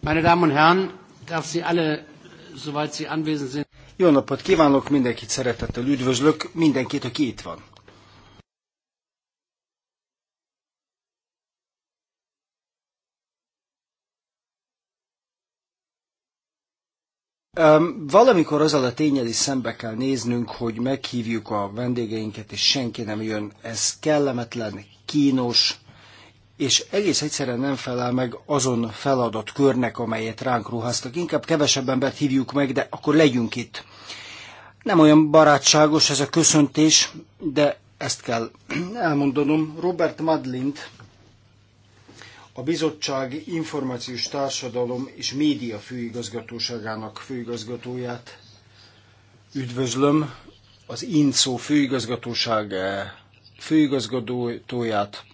Meine Damen und Herren, darf Sie alle, soweit Sie anwesend sind. Jó napot kívánok, mindenkit szeretettel üdvözlök, mindenkit, aki itt van. Valamikor azzal a tényel is szembe kell néznünk, hogy meghívjuk a vendégeinket, és senki nem jön. Ez kellemetlen, kínos, és egész egyszerűen nem felel meg azon körnek, amelyet ránk ruháztak. Inkább kevesebb embert hívjuk meg, de akkor legyünk itt. Nem olyan barátságos ez a köszöntés, de ezt kell elmondanom. Robert Madlint, a bizottság információs társadalom és média főigazgatóságának főigazgatóját üdvözlöm, az INSZO főigazgatóság eh, főigazgatóját,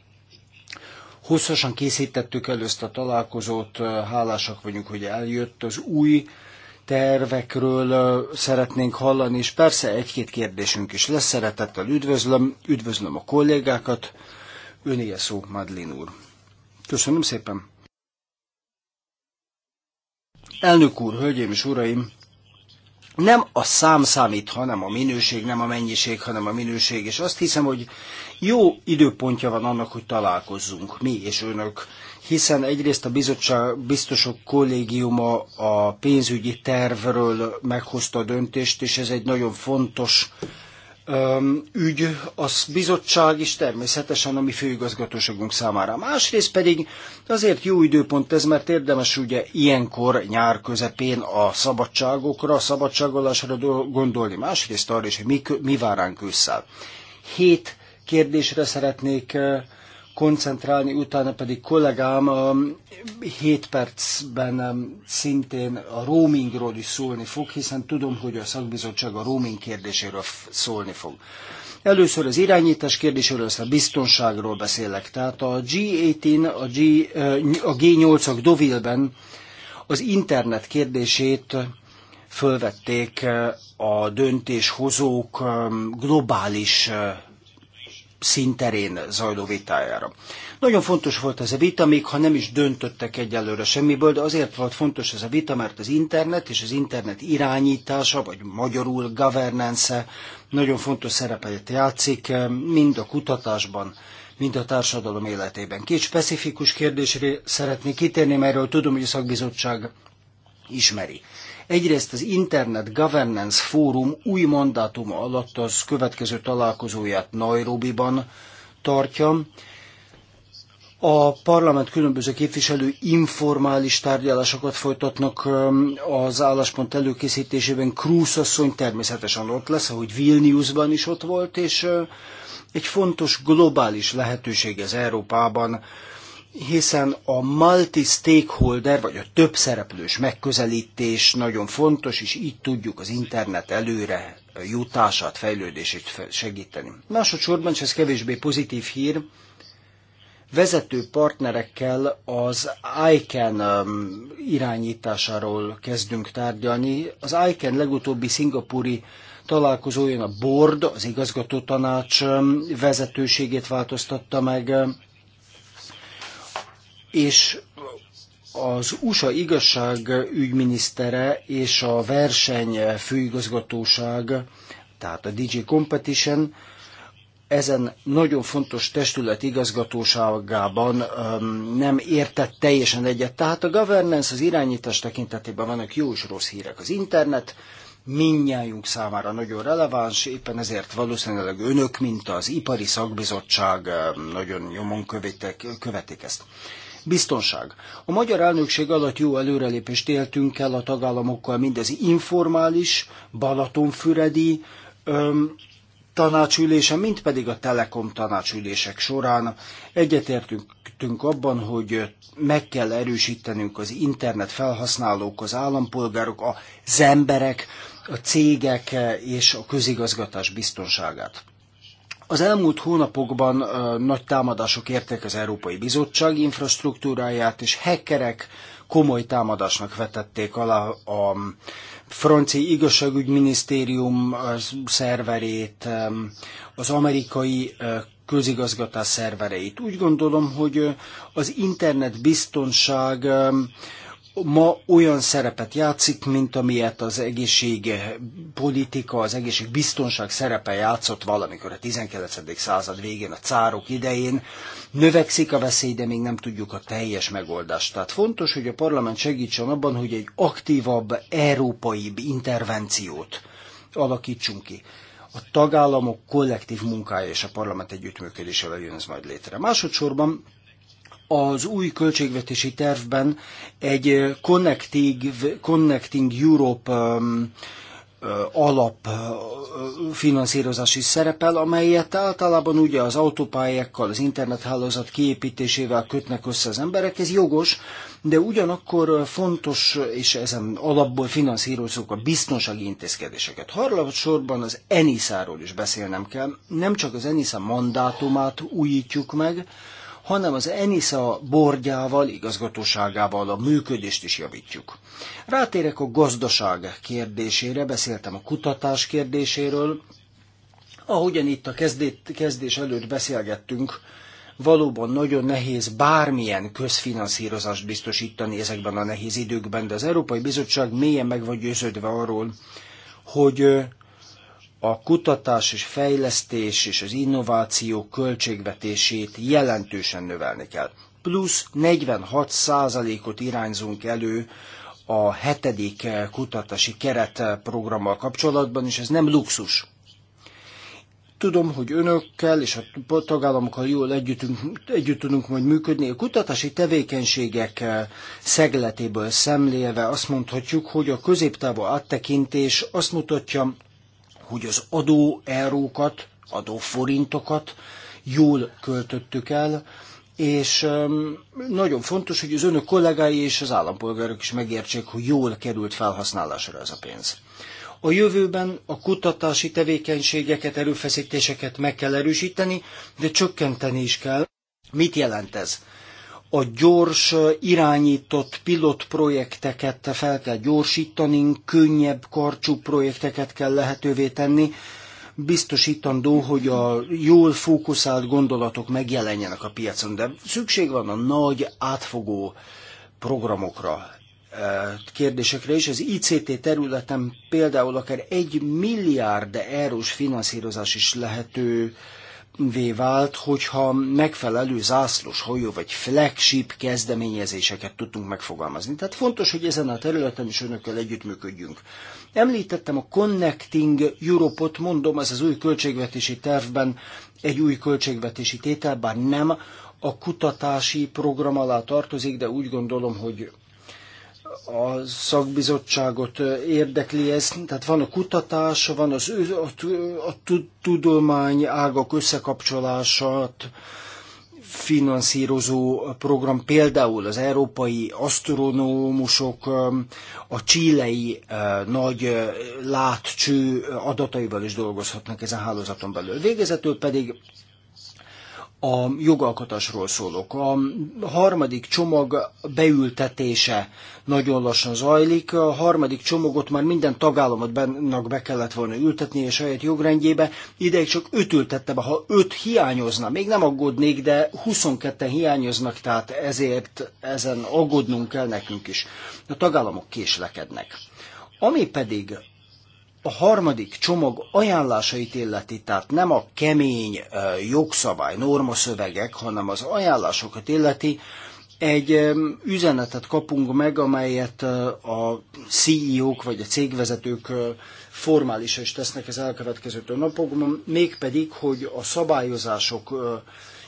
Hosszasan készítettük elő ezt a találkozót, hálásak vagyunk, hogy eljött az új tervekről szeretnénk hallani, és persze egy-két kérdésünk is lesz. Szeretettel üdvözlöm, üdvözlöm a kollégákat. Önéje szó, Madlin úr. Köszönöm szépen. Elnök úr, hölgyeim és uraim, nem a szám számít, hanem a minőség, nem a mennyiség, hanem a minőség. És azt hiszem, hogy jó időpontja van annak, hogy találkozzunk, mi és önök, hiszen egyrészt a bizottság, biztosok kollégiuma a pénzügyi tervről meghozta a döntést, és ez egy nagyon fontos ügy, az bizottság is természetesen a mi főigazgatóságunk számára. Másrészt pedig azért jó időpont ez, mert érdemes ugye ilyenkor nyár közepén a szabadságokra, a szabadságolásra gondolni. Másrészt arra is, hogy mi, mi vár ránk ősszel. Hét kérdésre szeretnék koncentrálni, utána pedig kollégám 7 percben szintén a roamingról is szólni fog, hiszen tudom, hogy a szakbizottság a roaming kérdéséről szólni fog. Először az irányítás kérdéséről, aztán a biztonságról beszélek. Tehát a G18, a, G, a G8-ak Dovilben az internet kérdését fölvették a döntéshozók globális színterén zajló vitájára. Nagyon fontos volt ez a vita, még ha nem is döntöttek egyelőre semmiből, de azért volt fontos ez a vita, mert az internet és az internet irányítása, vagy magyarul governance nagyon fontos szerepet játszik eh, mind a kutatásban, mind a társadalom életében. Két specifikus kérdésre szeretnék kitérni, mert erről tudom, hogy a szakbizottság ismeri. Egyrészt az Internet Governance Fórum új mandátum alatt az következő találkozóját Nairobiban tartja. A parlament különböző képviselő informális tárgyalásokat folytatnak az álláspont előkészítésében. Krúz asszony természetesen ott lesz, ahogy Vilniusban is ott volt, és egy fontos globális lehetőség az Európában, hiszen a multi-stakeholder, vagy a több szereplős megközelítés nagyon fontos, és így tudjuk az internet előre jutását, fejlődését segíteni. Másodszorban, és ez kevésbé pozitív hír, vezető partnerekkel az ICANN um, irányításáról kezdünk tárgyalni. Az ICANN legutóbbi szingapúri találkozóján a board, az igazgató tanács um, vezetőségét változtatta meg, um, és az USA igazságügyminisztere és a verseny főigazgatóság, tehát a DJ Competition, ezen nagyon fontos testület igazgatóságában um, nem értett teljesen egyet. Tehát a governance, az irányítás tekintetében vannak jó és rossz hírek. Az internet mindnyájunk számára nagyon releváns, éppen ezért valószínűleg önök, mint az ipari szakbizottság um, nagyon nyomon követik, követik ezt. Biztonság. A magyar elnökség alatt jó előrelépést éltünk el a tagállamokkal, mindez informális, Balatonfüredi, öm, tanácsülésen, mint pedig a Telekom tanácsülések során egyetértünk abban, hogy meg kell erősítenünk az internet felhasználók, az állampolgárok, az emberek, a cégek és a közigazgatás biztonságát. Az elmúlt hónapokban nagy támadások értek az Európai Bizottság infrastruktúráját, és hackerek komoly támadásnak vetették alá a francia igazságügyminisztérium szerverét, az amerikai közigazgatás szervereit. Úgy gondolom, hogy az internet biztonság ma olyan szerepet játszik, mint amilyet az egészségpolitika, az egészségbiztonság szerepe játszott valamikor a 19. század végén, a cárok idején. Növekszik a veszély, de még nem tudjuk a teljes megoldást. Tehát fontos, hogy a parlament segítsen abban, hogy egy aktívabb, európai intervenciót alakítsunk ki a tagállamok kollektív munkája és a parlament együttműködése jön ez majd létre. Másodszorban az új költségvetési tervben egy Connecting, Connecting Europe alap finanszírozási szerepel, amelyet általában ugye az autópályákkal, az internethálózat kiépítésével kötnek össze az emberek, ez jogos, de ugyanakkor fontos, és ezen alapból finanszírozók a biztonsági intézkedéseket. sorban az enisa ról is beszélnem kell, nem csak az ENISA mandátumát újítjuk meg, hanem az ENISA bordjával, igazgatóságával a működést is javítjuk. Rátérek a gazdaság kérdésére, beszéltem a kutatás kérdéséről. Ahogyan itt a kezdés előtt beszélgettünk, valóban nagyon nehéz bármilyen közfinanszírozást biztosítani ezekben a nehéz időkben, de az Európai Bizottság mélyen meg van győződve arról, hogy a kutatás és fejlesztés és az innováció költségvetését jelentősen növelni kell. Plusz 46 százalékot irányzunk elő a hetedik kutatási keretprogrammal kapcsolatban, és ez nem luxus. Tudom, hogy önökkel és a tagállamokkal jól együtt, együtt tudunk majd működni. A kutatási tevékenységek szegletéből szemlélve azt mondhatjuk, hogy a középtávú áttekintés azt mutatja, hogy az adó eurókat, adó forintokat jól költöttük el, és nagyon fontos, hogy az önök kollégái és az állampolgárok is megértsék, hogy jól került felhasználásra ez a pénz. A jövőben a kutatási tevékenységeket, erőfeszítéseket meg kell erősíteni, de csökkenteni is kell. Mit jelent ez? a gyors irányított pilotprojekteket fel kell gyorsítani, könnyebb, karcsú projekteket kell lehetővé tenni, biztosítandó, hogy a jól fókuszált gondolatok megjelenjenek a piacon, de szükség van a nagy, átfogó programokra, kérdésekre is. Az ICT területen például akár egy milliárd eurós finanszírozás is lehető, vé vált, hogyha megfelelő zászlós hajó vagy flagship kezdeményezéseket tudtunk megfogalmazni. Tehát fontos, hogy ezen a területen is önökkel együttműködjünk. Említettem a Connecting Europe-ot, mondom, ez az új költségvetési tervben egy új költségvetési tétel, bár nem a kutatási program alá tartozik, de úgy gondolom, hogy a szakbizottságot érdekli ez, tehát van a kutatás, van az, a, a tudomány ágak összekapcsolását finanszírozó program, például az európai asztronómusok a csílei eh, nagy eh, látcső adataival is dolgozhatnak ezen hálózaton belül. Végezetül pedig a jogalkotásról szólok. A harmadik csomag beültetése nagyon lassan zajlik. A harmadik csomagot már minden tagállamnak be kellett volna ültetni a saját jogrendjébe. Ideig csak öt ültette be. Ha öt hiányozna, még nem aggódnék, de 22-en hiányoznak, tehát ezért ezen aggódnunk kell nekünk is. A tagállamok késlekednek. Ami pedig a harmadik csomag ajánlásait illeti, tehát nem a kemény jogszabály, normaszövegek, hanem az ajánlásokat illeti, egy üzenetet kapunk meg, amelyet a CEO-k vagy a cégvezetők formálisan is tesznek az elkövetkező napokban, mégpedig, hogy a szabályozások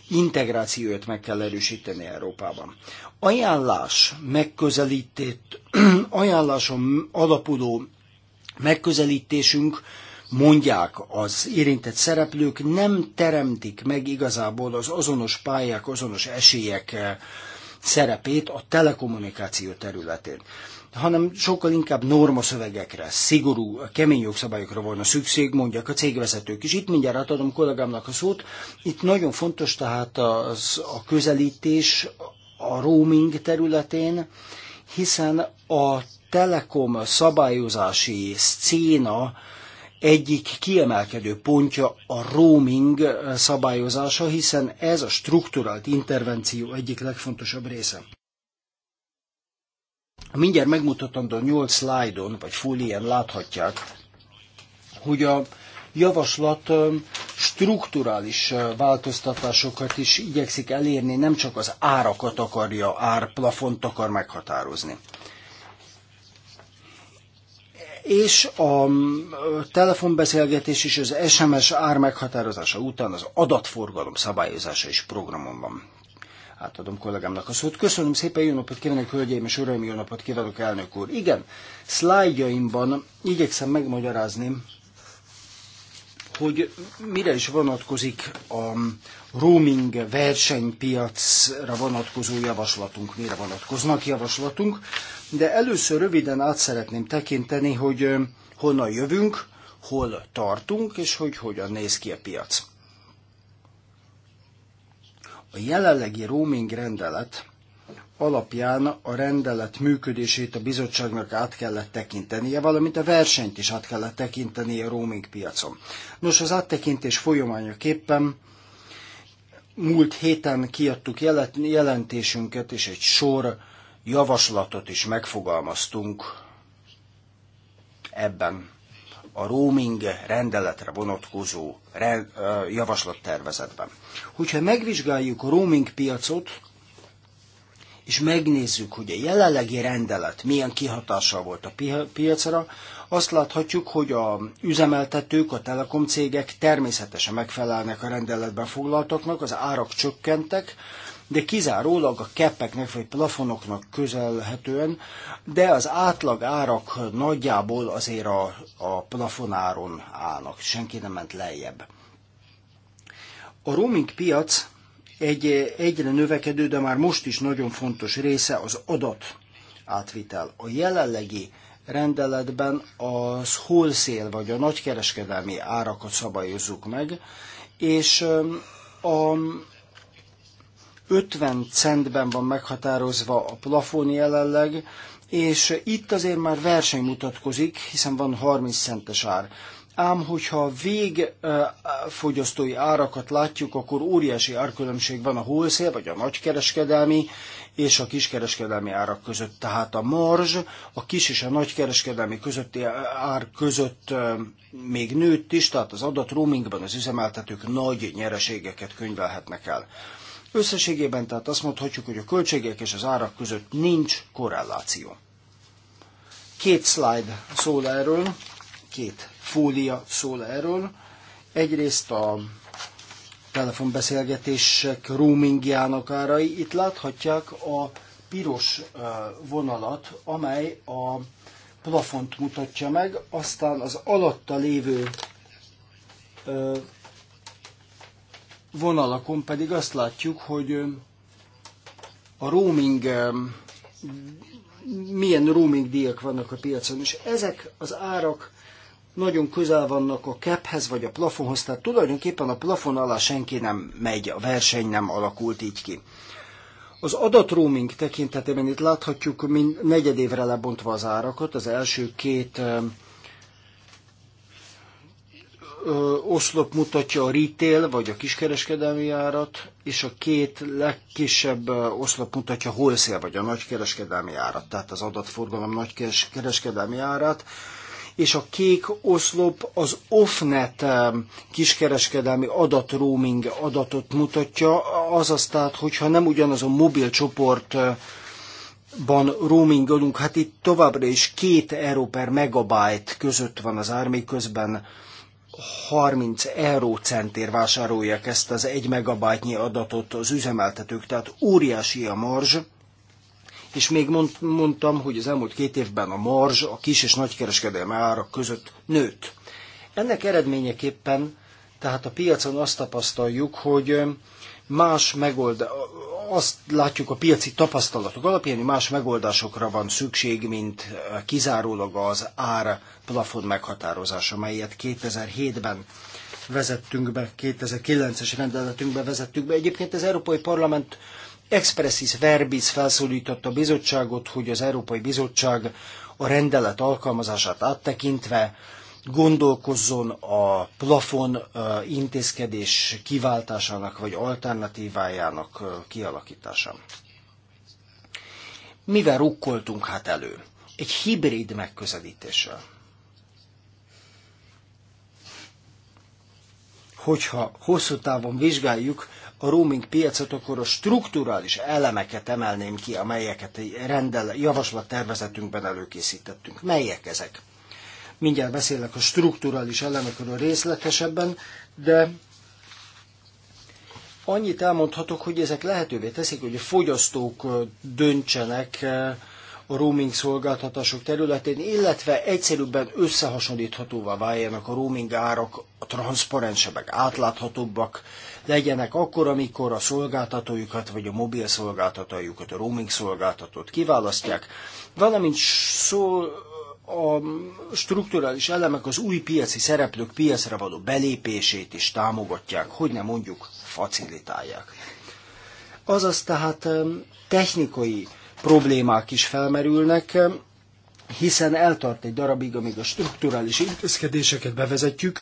integrációt meg kell erősíteni Európában. Ajánlás megközelítét, ajánláson alapuló megközelítésünk, mondják az érintett szereplők, nem teremtik meg igazából az azonos pályák, azonos esélyek eh, szerepét a telekommunikáció területén hanem sokkal inkább szövegekre, szigorú, kemény jogszabályokra volna szükség, mondják a cégvezetők is. Itt mindjárt átadom kollégámnak a szót. Itt nagyon fontos tehát az, a közelítés a roaming területén, hiszen a telekom szabályozási szcéna egyik kiemelkedő pontja a roaming szabályozása, hiszen ez a strukturált intervenció egyik legfontosabb része. Mindjárt megmutatandó 8 slide-on, vagy fólián láthatják, hogy a javaslat strukturális változtatásokat is igyekszik elérni, nem csak az árakat akarja, árplafont akar meghatározni és mm, a telefonbeszélgetés és az SMS ár meghatározása után az adatforgalom szabályozása is programon van. Átadom kollégámnak a szót. Köszönöm szépen, jó napot kívánok, hölgyeim és uraim, jó napot kívánok, elnök úr. Igen, szlájdjaimban igyekszem megmagyarázni, hogy mire is vonatkozik a mm, roaming versenypiacra vonatkozó javaslatunk, mire vonatkoznak javaslatunk de először röviden át szeretném tekinteni, hogy honnan jövünk, hol tartunk, és hogy hogyan néz ki a piac. A jelenlegi roaming rendelet alapján a rendelet működését a bizottságnak át kellett tekintenie, valamint a versenyt is át kellett tekintenie a roaming piacon. Nos, az áttekintés folyamányaképpen múlt héten kiadtuk jelentésünket, és egy sor javaslatot is megfogalmaztunk ebben a roaming rendeletre vonatkozó javaslattervezetben. Hogyha megvizsgáljuk a roaming piacot, és megnézzük, hogy a jelenlegi rendelet milyen kihatással volt a piacra, azt láthatjuk, hogy a üzemeltetők, a telekom cégek természetesen megfelelnek a rendeletben foglaltaknak, az árak csökkentek, de kizárólag a keppeknek vagy plafonoknak közelhetően, de az átlag árak nagyjából azért a, a plafonáron állnak, senki nem ment lejjebb. A roaming piac egy egyre növekedő, de már most is nagyon fontos része az adat átvitel. A jelenlegi rendeletben az wholesale vagy a nagykereskedelmi árakat szabályozzuk meg, és a 50 centben van meghatározva a plafon jelenleg, és itt azért már verseny mutatkozik, hiszen van 30 centes ár. Ám hogyha a végfogyasztói árakat látjuk, akkor óriási árkülönbség van a holszél, vagy a nagykereskedelmi és a kiskereskedelmi árak között. Tehát a marzs a kis és a nagykereskedelmi közötti ár között még nőtt is, tehát az adat roamingban az üzemeltetők nagy nyereségeket könyvelhetnek el. Összességében tehát azt mondhatjuk, hogy a költségek és az árak között nincs korreláció. Két slide szól erről, két fólia szól erről. Egyrészt a telefonbeszélgetések roamingjának árai. Itt láthatják a piros vonalat, amely a plafont mutatja meg, aztán az alatta lévő vonalakon pedig azt látjuk, hogy a roaming milyen roaming díjak vannak a piacon, és ezek az árak nagyon közel vannak a kephez vagy a plafonhoz, tehát tulajdonképpen a plafon alá senki nem megy, a verseny nem alakult így ki. Az adat roaming tekintetében itt láthatjuk negyed negyedévre lebontva az árakat, az első két oszlop mutatja a retail, vagy a kiskereskedelmi árat, és a két legkisebb oszlop mutatja a wholesale, vagy a nagykereskedelmi árat, tehát az adatforgalom nagykereskedelmi árat és a kék oszlop az offnet kiskereskedelmi roaming adatot mutatja, azaz tehát, hogyha nem ugyanaz a mobil csoport ban roamingolunk, hát itt továbbra is két euró per megabyte között van az ár, miközben 30 eurócentért vásárolják ezt az 1 megabájtnyi adatot az üzemeltetők, tehát óriási a marzs, és még mond, mondtam, hogy az elmúlt két évben a marzs a kis és nagykereskedelmi árak között nőtt. Ennek eredményeképpen tehát a piacon azt tapasztaljuk, hogy más megold, azt látjuk a piaci tapasztalatok alapján, hogy más megoldásokra van szükség, mint eh, kizárólag az ár plafon meghatározása, melyet 2007-ben vezettünk be, 2009-es rendeletünkbe vezettük be. Egyébként az Európai Parlament expressis verbis felszólította a bizottságot, hogy az Európai Bizottság a rendelet alkalmazását áttekintve gondolkozzon a plafon intézkedés kiváltásának vagy alternatívájának kialakításán. Mivel rukkoltunk hát elő? Egy hibrid megközelítéssel. Hogyha hosszú távon vizsgáljuk a roaming piacot, akkor a strukturális elemeket emelném ki, amelyeket rendel, javaslattervezetünkben előkészítettünk. Melyek ezek? Mindjárt beszélek a strukturális elemekről részletesebben, de annyit elmondhatok, hogy ezek lehetővé teszik, hogy a fogyasztók döntsenek eh, a roaming szolgáltatások területén, illetve egyszerűbben összehasonlíthatóvá váljanak a roaming árak, a transzparensebbek, átláthatóbbak legyenek akkor, amikor a szolgáltatójukat vagy a mobil szolgáltatójukat, a roaming szolgáltatót kiválasztják, valamint szól, a strukturális elemek az új piaci szereplők piacra való belépését is támogatják, hogy ne mondjuk facilitálják. Azaz tehát technikai problémák is felmerülnek, hiszen eltart egy darabig, amíg a strukturális intézkedéseket bevezetjük,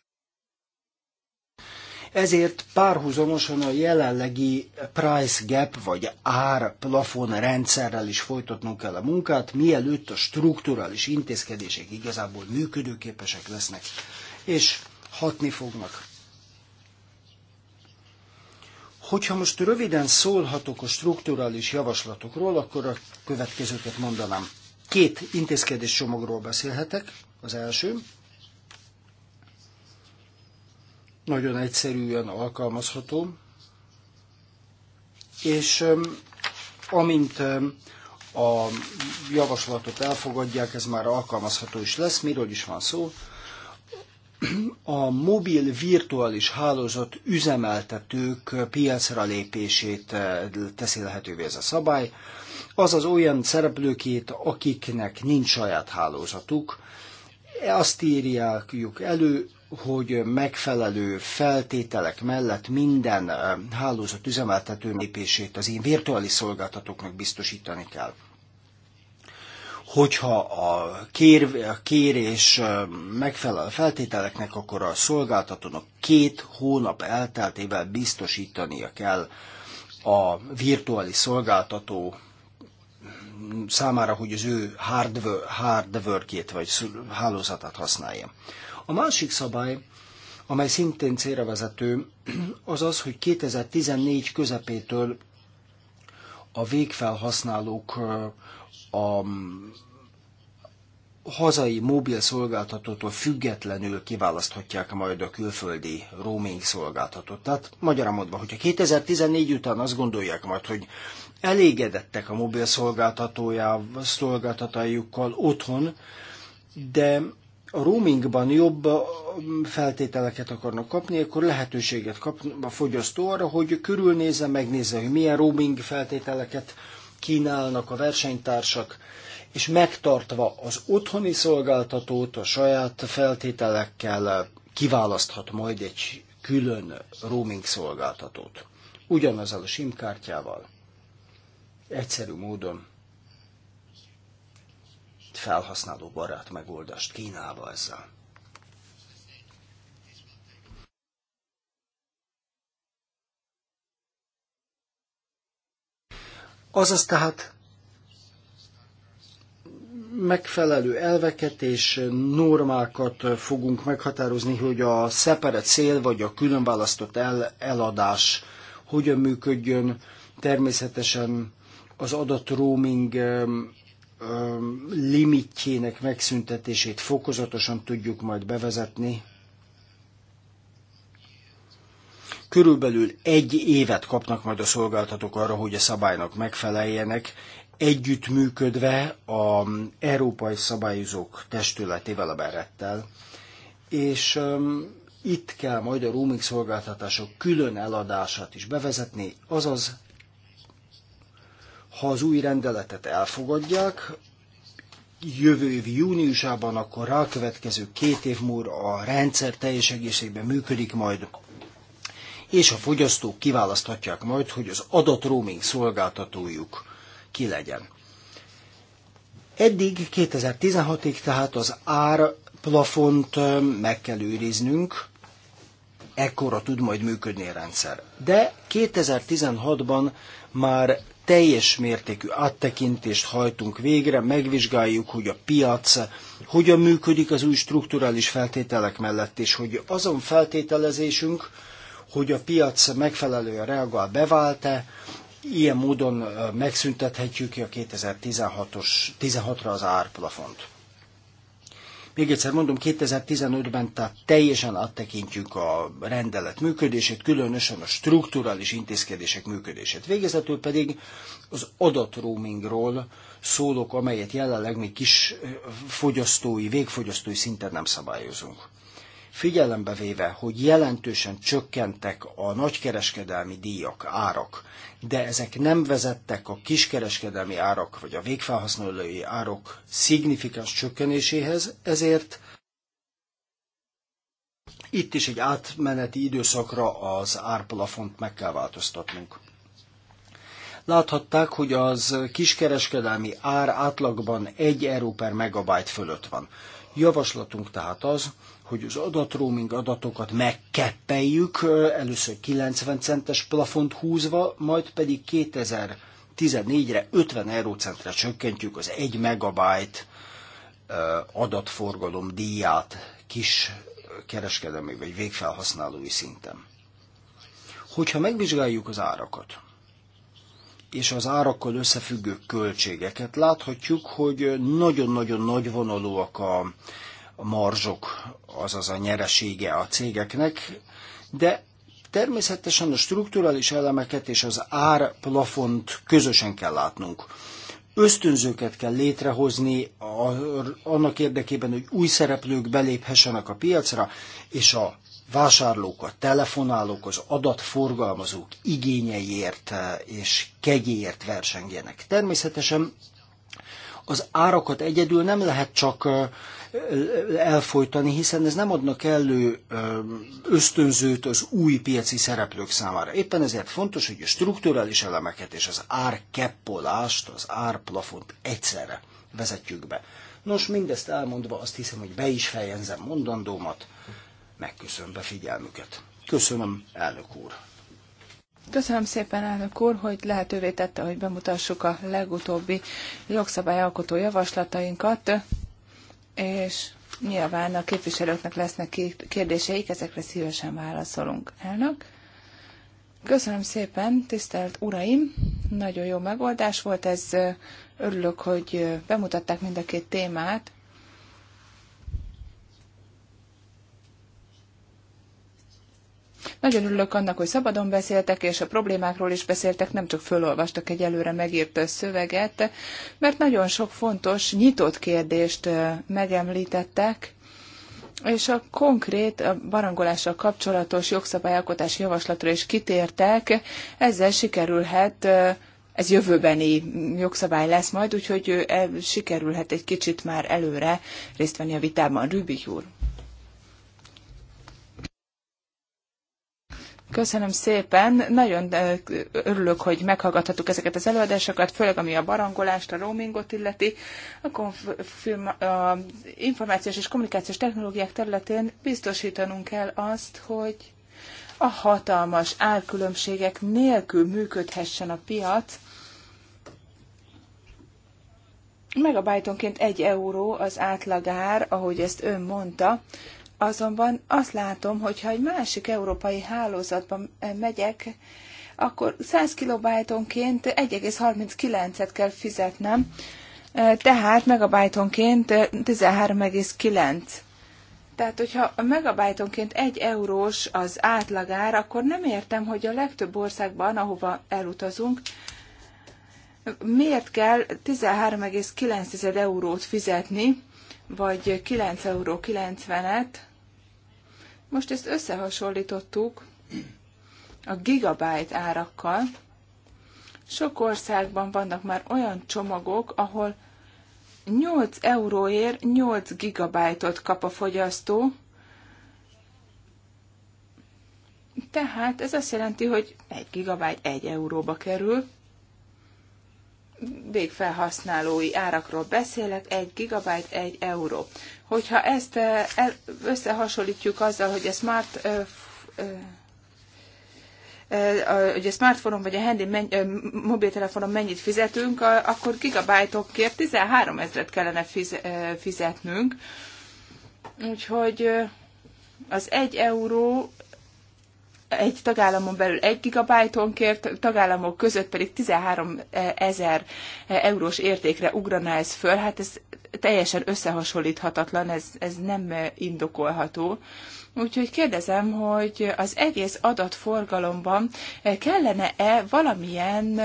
ezért párhuzamosan a jelenlegi price gap, vagy ár plafon rendszerrel is folytatnunk kell a munkát, mielőtt a strukturális intézkedések igazából működőképesek lesznek, és hatni fognak Hogyha most röviden szólhatok a strukturális javaslatokról, akkor a következőket mondanám. Két intézkedés beszélhetek. Az első, nagyon egyszerűen alkalmazható, és amint a javaslatot elfogadják, ez már alkalmazható is lesz, miről is van szó. A mobil virtuális hálózat üzemeltetők piacra lépését teszi lehetővé ez a szabály, azaz olyan szereplőkét, akiknek nincs saját hálózatuk, azt írják elő, hogy megfelelő feltételek mellett minden hálózat üzemeltető lépését az én virtuális szolgáltatóknak biztosítani kell. Hogyha a, kér, a kérés megfelel a feltételeknek, akkor a szolgáltatónak két hónap elteltével biztosítania kell a virtuális szolgáltató számára, hogy az ő hardware, hardware-két vagy hálózatát használja. A másik szabály, amely szintén vezető, az az, hogy 2014 közepétől a végfelhasználók a hazai mobil szolgáltatótól függetlenül kiválaszthatják majd a külföldi roaming szolgáltatót. Tehát magyarán mondva, hogyha 2014 után azt gondolják majd, hogy elégedettek a mobil szolgáltatójával, szolgáltatójukkal otthon, de a roamingban jobb feltételeket akarnak kapni, akkor lehetőséget kap a fogyasztó arra, hogy körülnézze, megnézze, hogy milyen roaming feltételeket kínálnak a versenytársak, és megtartva az otthoni szolgáltatót a saját feltételekkel kiválaszthat majd egy külön roaming szolgáltatót. Ugyanazzal a SIM kártyával. Egyszerű módon felhasználó barát megoldást kínálva ezzel. Azaz tehát megfelelő elveket és normákat fogunk meghatározni, hogy a szeperett cél vagy a különválasztott el, eladás hogyan működjön. Természetesen az adat roaming limitjének megszüntetését fokozatosan tudjuk majd bevezetni. Körülbelül egy évet kapnak majd a szolgáltatók arra, hogy a szabálynak megfeleljenek, együttműködve a Európai Szabályozók Testületével, a Berettel. És um, itt kell majd a roaming szolgáltatások külön eladását is bevezetni, azaz ha az új rendeletet elfogadják, jövő év júniusában, akkor következő két év múlva a rendszer teljes egészében működik majd, és a fogyasztók kiválaszthatják majd, hogy az roaming szolgáltatójuk ki legyen. Eddig 2016-ig tehát az ár plafont meg kell őriznünk, ekkora tud majd működni a rendszer. De 2016-ban már teljes mértékű áttekintést hajtunk végre, megvizsgáljuk, hogy a piac hogyan működik az új strukturális feltételek mellett, és hogy azon feltételezésünk, hogy a piac megfelelően reagál, bevált-e, ilyen módon megszüntethetjük a 2016-ra az árplafont. Még egyszer mondom, 2015-ben tehát teljesen áttekintjük a rendelet működését, különösen a strukturális intézkedések működését. Végezetül pedig az adatroamingról szólok, amelyet jelenleg még kis fogyasztói, végfogyasztói szinten nem szabályozunk figyelembe véve, hogy jelentősen csökkentek a nagykereskedelmi díjak, árak, de ezek nem vezettek a kiskereskedelmi árak vagy a végfelhasználói árak szignifikáns csökkenéséhez, ezért itt is egy átmeneti időszakra az árplafont meg kell változtatnunk. Láthatták, hogy az kiskereskedelmi ár átlagban 1 euró per megabyte fölött van. Javaslatunk tehát az, hogy az adatroaming adatokat megkeppeljük először 90 centes plafont húzva, majd pedig 2014-re 50 eurocentre csökkentjük az 1 megabyte adatforgalom díját kis kereskedelmi vagy végfelhasználói szinten. Hogyha megvizsgáljuk az árakat, és az árakkal összefüggő költségeket, láthatjuk, hogy nagyon-nagyon nagy vonalúak a a marzsok, azaz a nyeresége a cégeknek, de természetesen a strukturális elemeket és az árplafont közösen kell látnunk. Ösztönzőket kell létrehozni annak érdekében, hogy új szereplők beléphessenek a piacra, és a vásárlók, a telefonálók, az adatforgalmazók igényeiért eh, és kegyéért versengjenek. Természetesen az árakat egyedül nem lehet csak eh, elfolytani, hiszen ez nem adnak elő ösztönzőt az új piaci szereplők számára. Éppen ezért fontos, hogy a strukturális elemeket és az árkeppolást, az árplafont egyszerre vezetjük be. Nos, mindezt elmondva azt hiszem, hogy be is fejezem mondandómat, megköszönve figyelmüket. Köszönöm, elnök úr! Köszönöm szépen, elnök úr, hogy lehetővé tette, hogy bemutassuk a legutóbbi jogszabályalkotó javaslatainkat és nyilván a képviselőknek lesznek kérdéseik, ezekre szívesen válaszolunk. Elnök. Köszönöm szépen, tisztelt uraim! Nagyon jó megoldás volt ez. Örülök, hogy bemutatták mind a két témát. Nagyon örülök annak, hogy szabadon beszéltek, és a problémákról is beszéltek, nem csak fölolvastak egy előre megírt szöveget, mert nagyon sok fontos, nyitott kérdést megemlítettek, és a konkrét a barangolással kapcsolatos jogszabályalkotási javaslatra is kitértek, ezzel sikerülhet ez jövőbeni jogszabály lesz majd, úgyhogy e, sikerülhet egy kicsit már előre részt venni a vitában. Rübik úr. Köszönöm szépen. Nagyon eh, örülök, hogy meghallgathattuk ezeket az előadásokat, főleg ami a barangolást, a roamingot illeti. A, konfirma, a információs és kommunikációs technológiák területén biztosítanunk kell azt, hogy a hatalmas árkülönbségek nélkül működhessen a piac, Megabajtonként egy euró az átlagár, ahogy ezt ön mondta, Azonban azt látom, hogy ha egy másik európai hálózatban megyek, akkor 100 kilobajtonként 1,39-et kell fizetnem, eh, tehát megabajtonként 13,9. Eh, tehát, hogyha megabajtonként egy eurós az átlagár, akkor nem értem, hogy a legtöbb országban, ahova elutazunk, miért kell 13,9 eurót fizetni, vagy 9,90 eurót most ezt összehasonlítottuk a gigabyte árakkal. Sok országban vannak már olyan csomagok, ahol 8 euróért 8 gigabájtot kap a fogyasztó, tehát ez azt jelenti, hogy 1 gigabájt 1 euróba kerül végfelhasználói árakról beszélek, 1 gigabyte 1 euró. Hogyha ezt eh, összehasonlítjuk azzal, hogy a smart eh, eh, hogy a smartphone vagy a handy men, mobiltelefonon mennyit fizetünk, akkor gigabájtokért 13 ezret kellene fizetnünk. Úgyhogy az 1 euró egy tagállamon belül 1 gigabájtonkért, tagállamok között pedig 13 e, ezer e, eurós értékre ugrana ez föl. Hát ez teljesen összehasonlíthatatlan, ez, ez nem indokolható. Úgyhogy kérdezem, hogy az egész adatforgalomban e, kellene-e valamilyen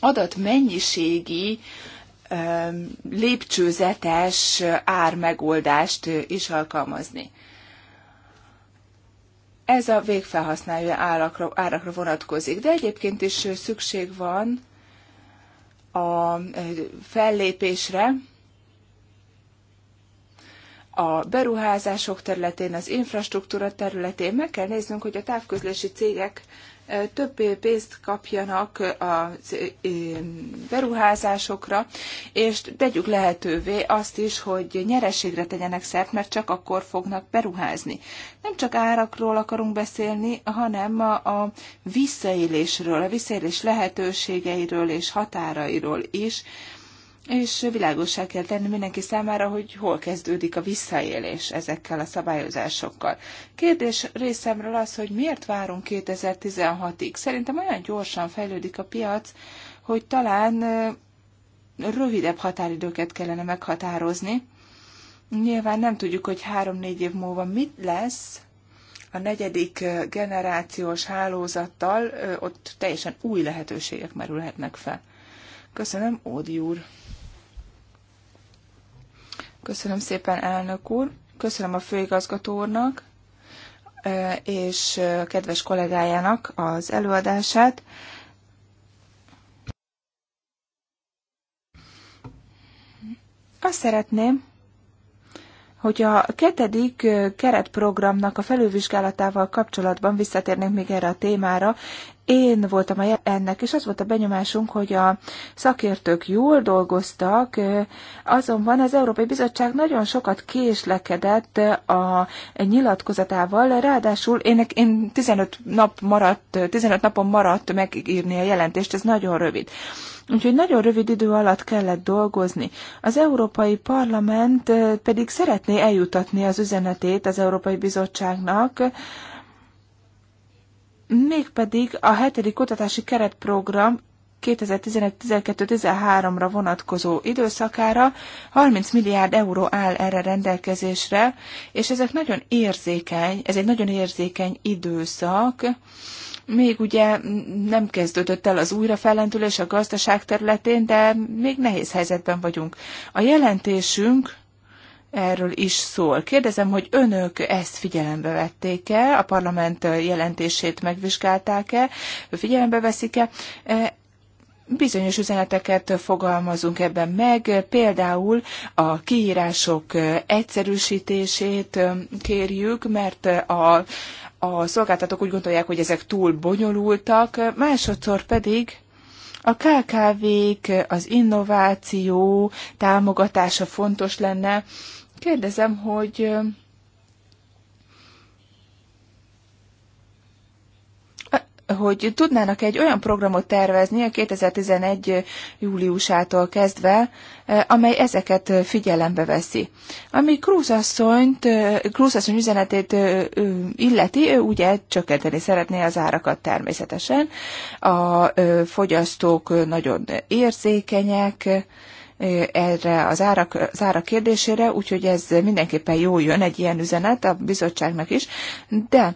adatmennyiségi lépcsőzetes ármegoldást is alkalmazni. Ez a végfelhasználó árakra, árakra vonatkozik, de egyébként is szükség van a fellépésre, a beruházások területén, az infrastruktúra területén meg kell néznünk, hogy a távközlési cégek több pénzt kapjanak a beruházásokra, és tegyük lehetővé azt is, hogy nyereségre tegyenek szert, mert csak akkor fognak beruházni. Nem csak árakról akarunk beszélni, hanem a, a visszaélésről, a visszaélés lehetőségeiről és határairól is, és világosá kell tenni mindenki számára, hogy hol kezdődik a visszaélés ezekkel a szabályozásokkal. Kérdés részemről az, hogy miért várunk 2016-ig. Szerintem olyan gyorsan fejlődik a piac, hogy talán rövidebb határidőket kellene meghatározni. Nyilván nem tudjuk, hogy három-négy év múlva mit lesz a negyedik generációs hálózattal, ott teljesen új lehetőségek merülhetnek fel. Köszönöm, Ódi úr! Köszönöm szépen, elnök úr. Köszönöm a főigazgató úrnak és kedves kollégájának az előadását. Azt szeretném, hogy a ketedik keretprogramnak a felülvizsgálatával kapcsolatban visszatérnénk még erre a témára, én voltam a ennek, és az volt a benyomásunk, hogy a szakértők jól dolgoztak, azonban az Európai Bizottság nagyon sokat késlekedett a nyilatkozatával, ráadásul én, én 15, nap maradt, 15 napon maradt megírni a jelentést, ez nagyon rövid. Úgyhogy nagyon rövid idő alatt kellett dolgozni. Az Európai Parlament pedig szeretné eljutatni az üzenetét az Európai Bizottságnak, mégpedig a hetedik kutatási keretprogram 2011-12-13-ra vonatkozó időszakára 30 milliárd euró áll erre rendelkezésre, és ezek nagyon érzékeny, ez egy nagyon érzékeny időszak, még ugye nem kezdődött el az újrafellendülés a gazdaság területén, de még nehéz helyzetben vagyunk. A jelentésünk erről is szól. Kérdezem, hogy önök ezt figyelembe vették-e, a parlament jelentését megvizsgálták-e, figyelembe veszik-e? E, bizonyos üzeneteket fogalmazunk ebben meg, például a kiírások egyszerűsítését kérjük, mert a, a szolgáltatók úgy gondolják, hogy ezek túl bonyolultak, másodszor pedig a KKV-k, az innováció támogatása fontos lenne, Kérdezem, hogy hogy tudnának egy olyan programot tervezni a 2011. júliusától kezdve, amely ezeket figyelembe veszi. Ami Krúz asszony üzenetét illeti, ő ugye csökkenteni szeretné az árakat természetesen. A fogyasztók nagyon érzékenyek, erre az árak, az árak kérdésére, úgyhogy ez mindenképpen jó jön egy ilyen üzenet a bizottságnak is, de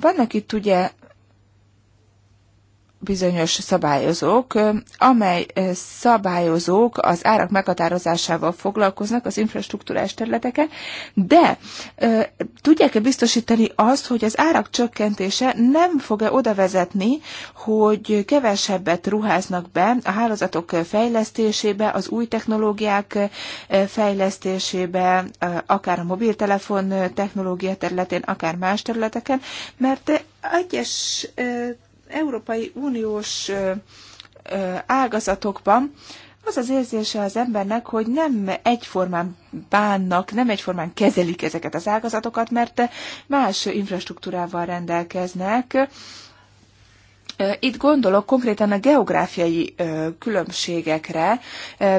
vannak itt ugye bizonyos szabályozók, amely szabályozók az árak meghatározásával foglalkoznak az infrastruktúrás területeken, de tudják-e biztosítani azt, hogy az árak csökkentése nem fog-e oda vezetni, hogy kevesebbet ruháznak be a hálózatok fejlesztésébe, az új technológiák fejlesztésébe, akár a mobiltelefon technológia területén, akár más területeken, mert egyes Európai Uniós ágazatokban az az érzése az embernek, hogy nem egyformán bánnak, nem egyformán kezelik ezeket az ágazatokat, mert más infrastruktúrával rendelkeznek, itt gondolok konkrétan a geográfiai különbségekre,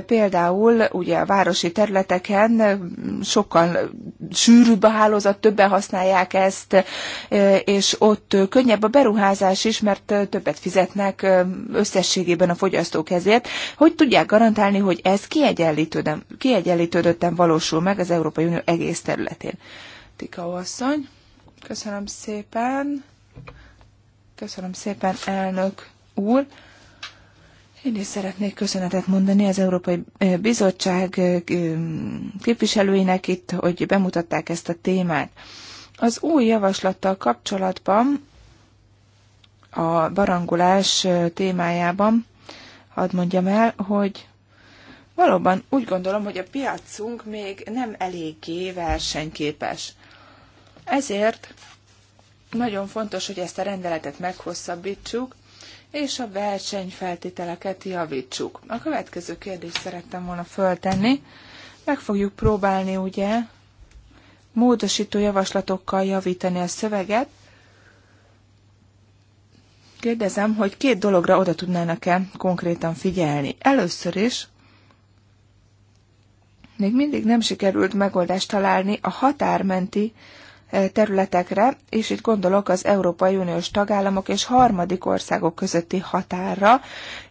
például ugye a városi területeken sokkal sűrűbb a hálózat, többen használják ezt, és ott könnyebb a beruházás is, mert többet fizetnek összességében a fogyasztók ezért. Hogy tudják garantálni, hogy ez kiegyenlítődöttem valósul meg az Európai Unió egész területén? Tika asszony, köszönöm szépen. Köszönöm szépen, elnök úr. Én is szeretnék köszönetet mondani az Európai eh, Bizottság eh, képviselőinek itt, hogy bemutatták ezt a témát. Az új javaslattal kapcsolatban, a barangolás eh, témájában, hadd mondjam el, hogy valóban úgy gondolom, hogy a piacunk még nem eléggé versenyképes. Ezért nagyon fontos, hogy ezt a rendeletet meghosszabbítsuk, és a versenyfeltételeket javítsuk. A következő kérdést szerettem volna föltenni. Meg fogjuk próbálni, ugye, módosító javaslatokkal javítani a szöveget. Kérdezem, hogy két dologra oda tudnának-e konkrétan figyelni. Először is, még mindig nem sikerült megoldást találni a határmenti Eh, területekre, és itt gondolok az Európai Uniós tagállamok és harmadik országok közötti határra.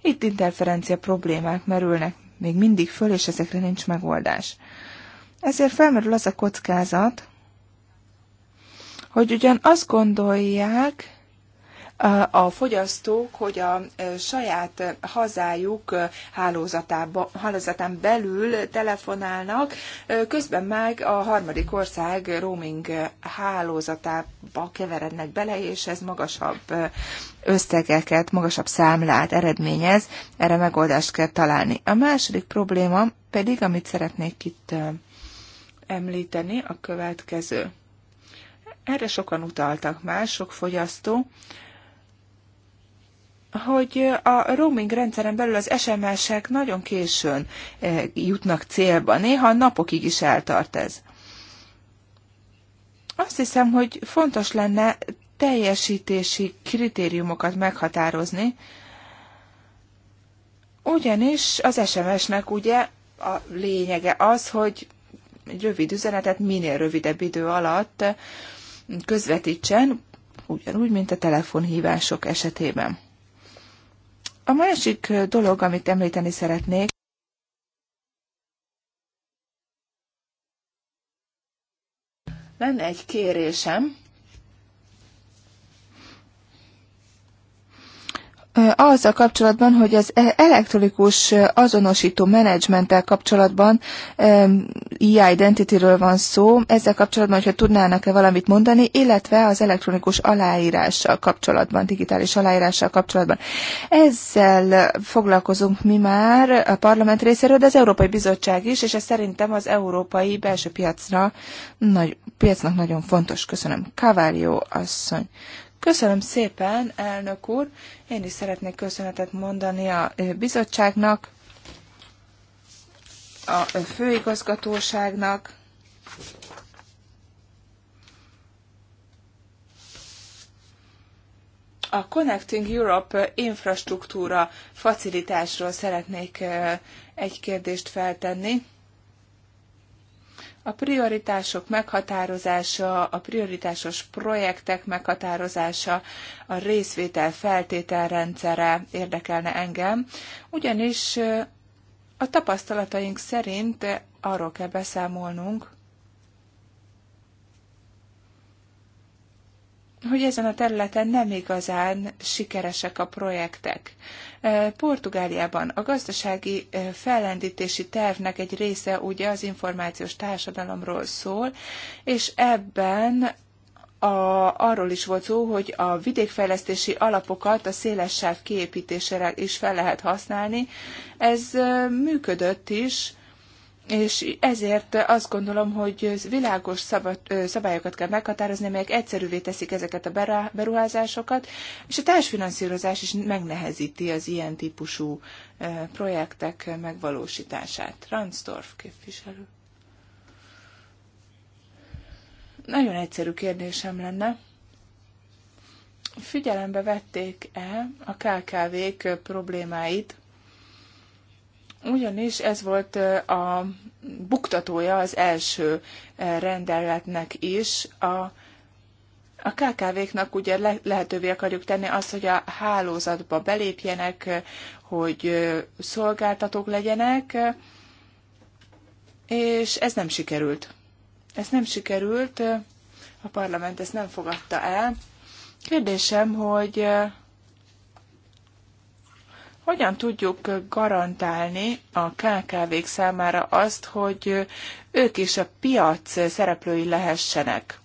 Itt interferencia problémák merülnek még mindig föl, és ezekre nincs megoldás. Ezért felmerül az a kockázat, hogy ugyan azt gondolják, a fogyasztók, hogy a saját hazájuk hálózatán belül telefonálnak, közben meg a harmadik ország roaming hálózatába keverednek bele, és ez magasabb összegeket, magasabb számlát eredményez, erre megoldást kell találni. A második probléma pedig, amit szeretnék itt említeni, a következő. Erre sokan utaltak már, sok fogyasztó, hogy a roaming rendszeren belül az SMS-ek nagyon későn eh, jutnak célba. Néha napokig is eltart ez. Azt hiszem, hogy fontos lenne teljesítési kritériumokat meghatározni, ugyanis az SMS-nek ugye a lényege az, hogy egy rövid üzenetet minél rövidebb idő alatt közvetítsen, ugyanúgy, mint a telefonhívások esetében. A másik dolog, amit említeni szeretnék, lenne egy kérésem, azzal kapcsolatban, hogy az e- elektronikus azonosító menedzsmenttel kapcsolatban e-identity-ről van szó, ezzel kapcsolatban, hogyha tudnának-e valamit mondani, illetve az elektronikus aláírással kapcsolatban, digitális aláírással kapcsolatban. Ezzel foglalkozunk mi már a parlament részéről, de az Európai Bizottság is, és ez szerintem az európai belső piacra, nagy, piacnak nagyon fontos. Köszönöm. Kavárió asszony. Köszönöm szépen, elnök úr. Én is szeretnék köszönetet mondani a bizottságnak, a főigazgatóságnak, a Connecting Europe infrastruktúra facilitásról szeretnék egy kérdést feltenni. A prioritások meghatározása, a prioritásos projektek meghatározása, a részvétel feltételrendszere érdekelne engem, ugyanis a tapasztalataink szerint arról kell beszámolnunk, hogy ezen a területen nem igazán sikeresek a projektek. Portugáliában a gazdasági fellendítési tervnek egy része ugye az információs társadalomról szól, és ebben a, arról is volt szó, hogy a vidékfejlesztési alapokat a széles sáv kiépítésére is fel lehet használni. Ez működött is, és ezért azt gondolom, hogy világos szabad, szabályokat kell meghatározni, amelyek egyszerűvé teszik ezeket a beruházásokat, és a társfinanszírozás is megnehezíti az ilyen típusú projektek megvalósítását. Ransdorf képviselő. Nagyon egyszerű kérdésem lenne. Figyelembe vették-e a KKV-k problémáit, ugyanis ez volt a buktatója az első rendeletnek is. A, a KKV-knak ugye le, lehetővé akarjuk tenni azt, hogy a hálózatba belépjenek, hogy szolgáltatók legyenek, és ez nem sikerült. Ez nem sikerült, a parlament ezt nem fogadta el. Kérdésem, hogy hogyan tudjuk garantálni a KKV-k számára azt, hogy ők is a piac szereplői lehessenek?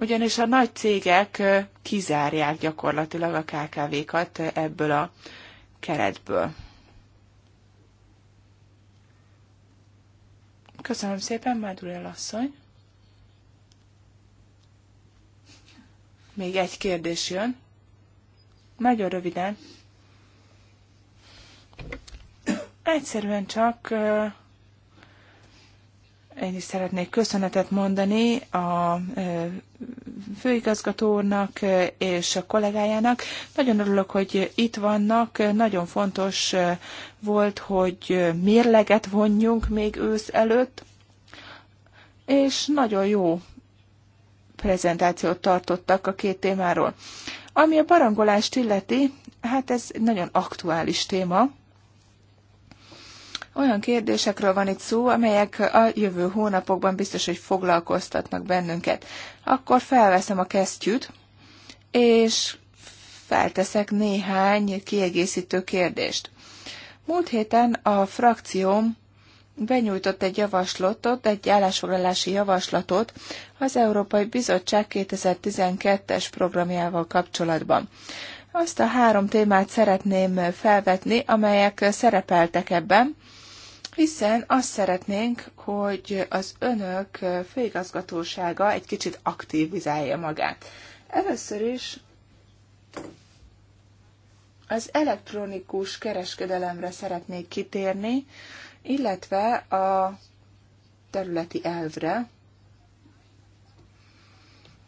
Ugyanis a nagy cégek kizárják gyakorlatilag a KKV-kat ebből a keretből. Köszönöm szépen, Mádurel asszony. Még egy kérdés jön. Nagyon röviden. Egyszerűen csak én is szeretnék köszönetet mondani a főigazgatónak és a kollégájának. Nagyon örülök, hogy itt vannak. Nagyon fontos volt, hogy mérleget vonjunk még ősz előtt, és nagyon jó prezentációt tartottak a két témáról. Ami a barangolást illeti, hát ez nagyon aktuális téma. Olyan kérdésekről van itt szó, amelyek a jövő hónapokban biztos, hogy foglalkoztatnak bennünket. Akkor felveszem a kesztyűt, és felteszek néhány kiegészítő kérdést. Múlt héten a frakcióm benyújtott egy javaslatot, egy állásfoglalási javaslatot az Európai Bizottság 2012-es programjával kapcsolatban. Azt a három témát szeretném felvetni, amelyek szerepeltek ebben, hiszen azt szeretnénk, hogy az önök főigazgatósága egy kicsit aktivizálja magát. Először is az elektronikus kereskedelemre szeretnék kitérni, illetve a területi elvre.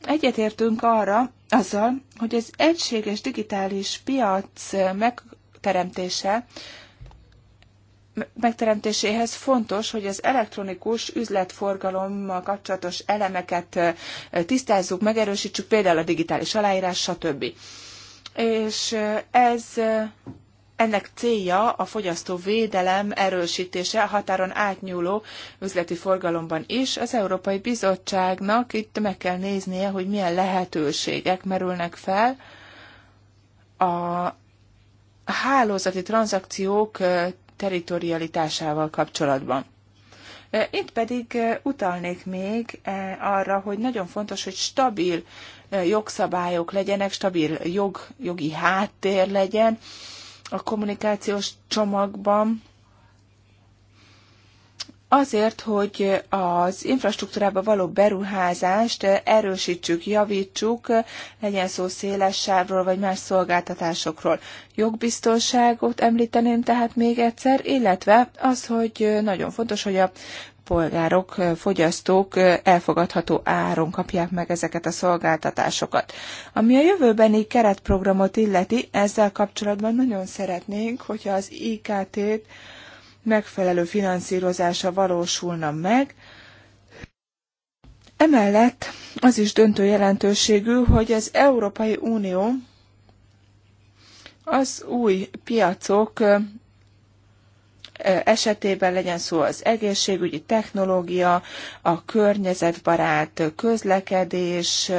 Egyetértünk arra azzal, hogy az egységes digitális piac megteremtése megteremtéséhez fontos, hogy az elektronikus üzletforgalommal kapcsolatos elemeket tisztázzuk, megerősítsük, például a digitális aláírás, stb. És ez ennek célja a fogyasztó védelem erősítése a határon átnyúló üzleti forgalomban is. Az Európai Bizottságnak itt meg kell néznie, hogy milyen lehetőségek merülnek fel a hálózati tranzakciók territorialitásával kapcsolatban. E, itt pedig e, utalnék még e, arra, hogy nagyon fontos, hogy stabil jogszabályok legyenek, stabil jog, jogi háttér legyen a kommunikációs csomagban, azért, hogy az infrastruktúrába való beruházást erősítsük, javítsuk, legyen szó széles sávról vagy más szolgáltatásokról. Jogbiztonságot említeném tehát még egyszer, illetve az, hogy nagyon fontos, hogy a polgárok, fogyasztók elfogadható áron kapják meg ezeket a szolgáltatásokat. Ami a jövőbeni keretprogramot illeti, ezzel kapcsolatban nagyon szeretnénk, hogyha az IKT-t megfelelő finanszírozása valósulna meg. Emellett az is döntő jelentőségű, hogy az Európai Unió az új piacok esetében legyen szó az egészségügyi technológia, a környezetbarát közlekedés,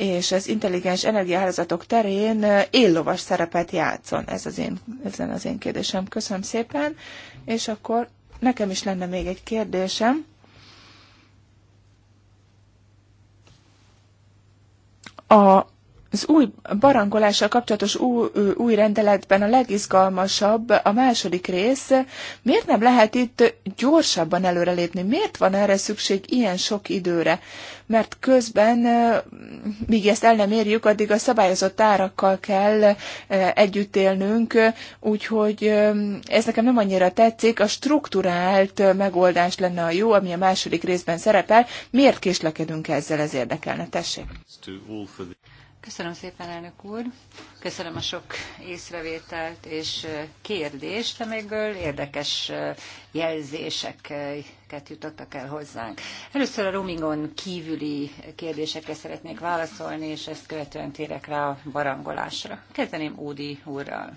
és az intelligens energiahálózatok terén eh, éllovas szerepet játszon. Ez az én, ez az én kérdésem. Köszönöm szépen, és akkor nekem is lenne még egy kérdésem. A az új barangolással kapcsolatos új, új rendeletben a legizgalmasabb a második rész. Miért nem lehet itt gyorsabban előrelépni? Miért van erre szükség ilyen sok időre? Mert közben, míg ezt el nem érjük, addig a szabályozott árakkal kell együtt élnünk, úgyhogy ez nekem nem annyira tetszik. A strukturált megoldás lenne a jó, ami a második részben szerepel. Miért késlekedünk ezzel? Ez érdekelne, tessék. Köszönöm szépen, elnök úr. Köszönöm a sok észrevételt és kérdést, amelyekből érdekes jelzéseket jutottak el hozzánk. Először a roamingon kívüli kérdésekre szeretnék válaszolni, és ezt követően térek rá a barangolásra. Kezdeném Ódi úrral.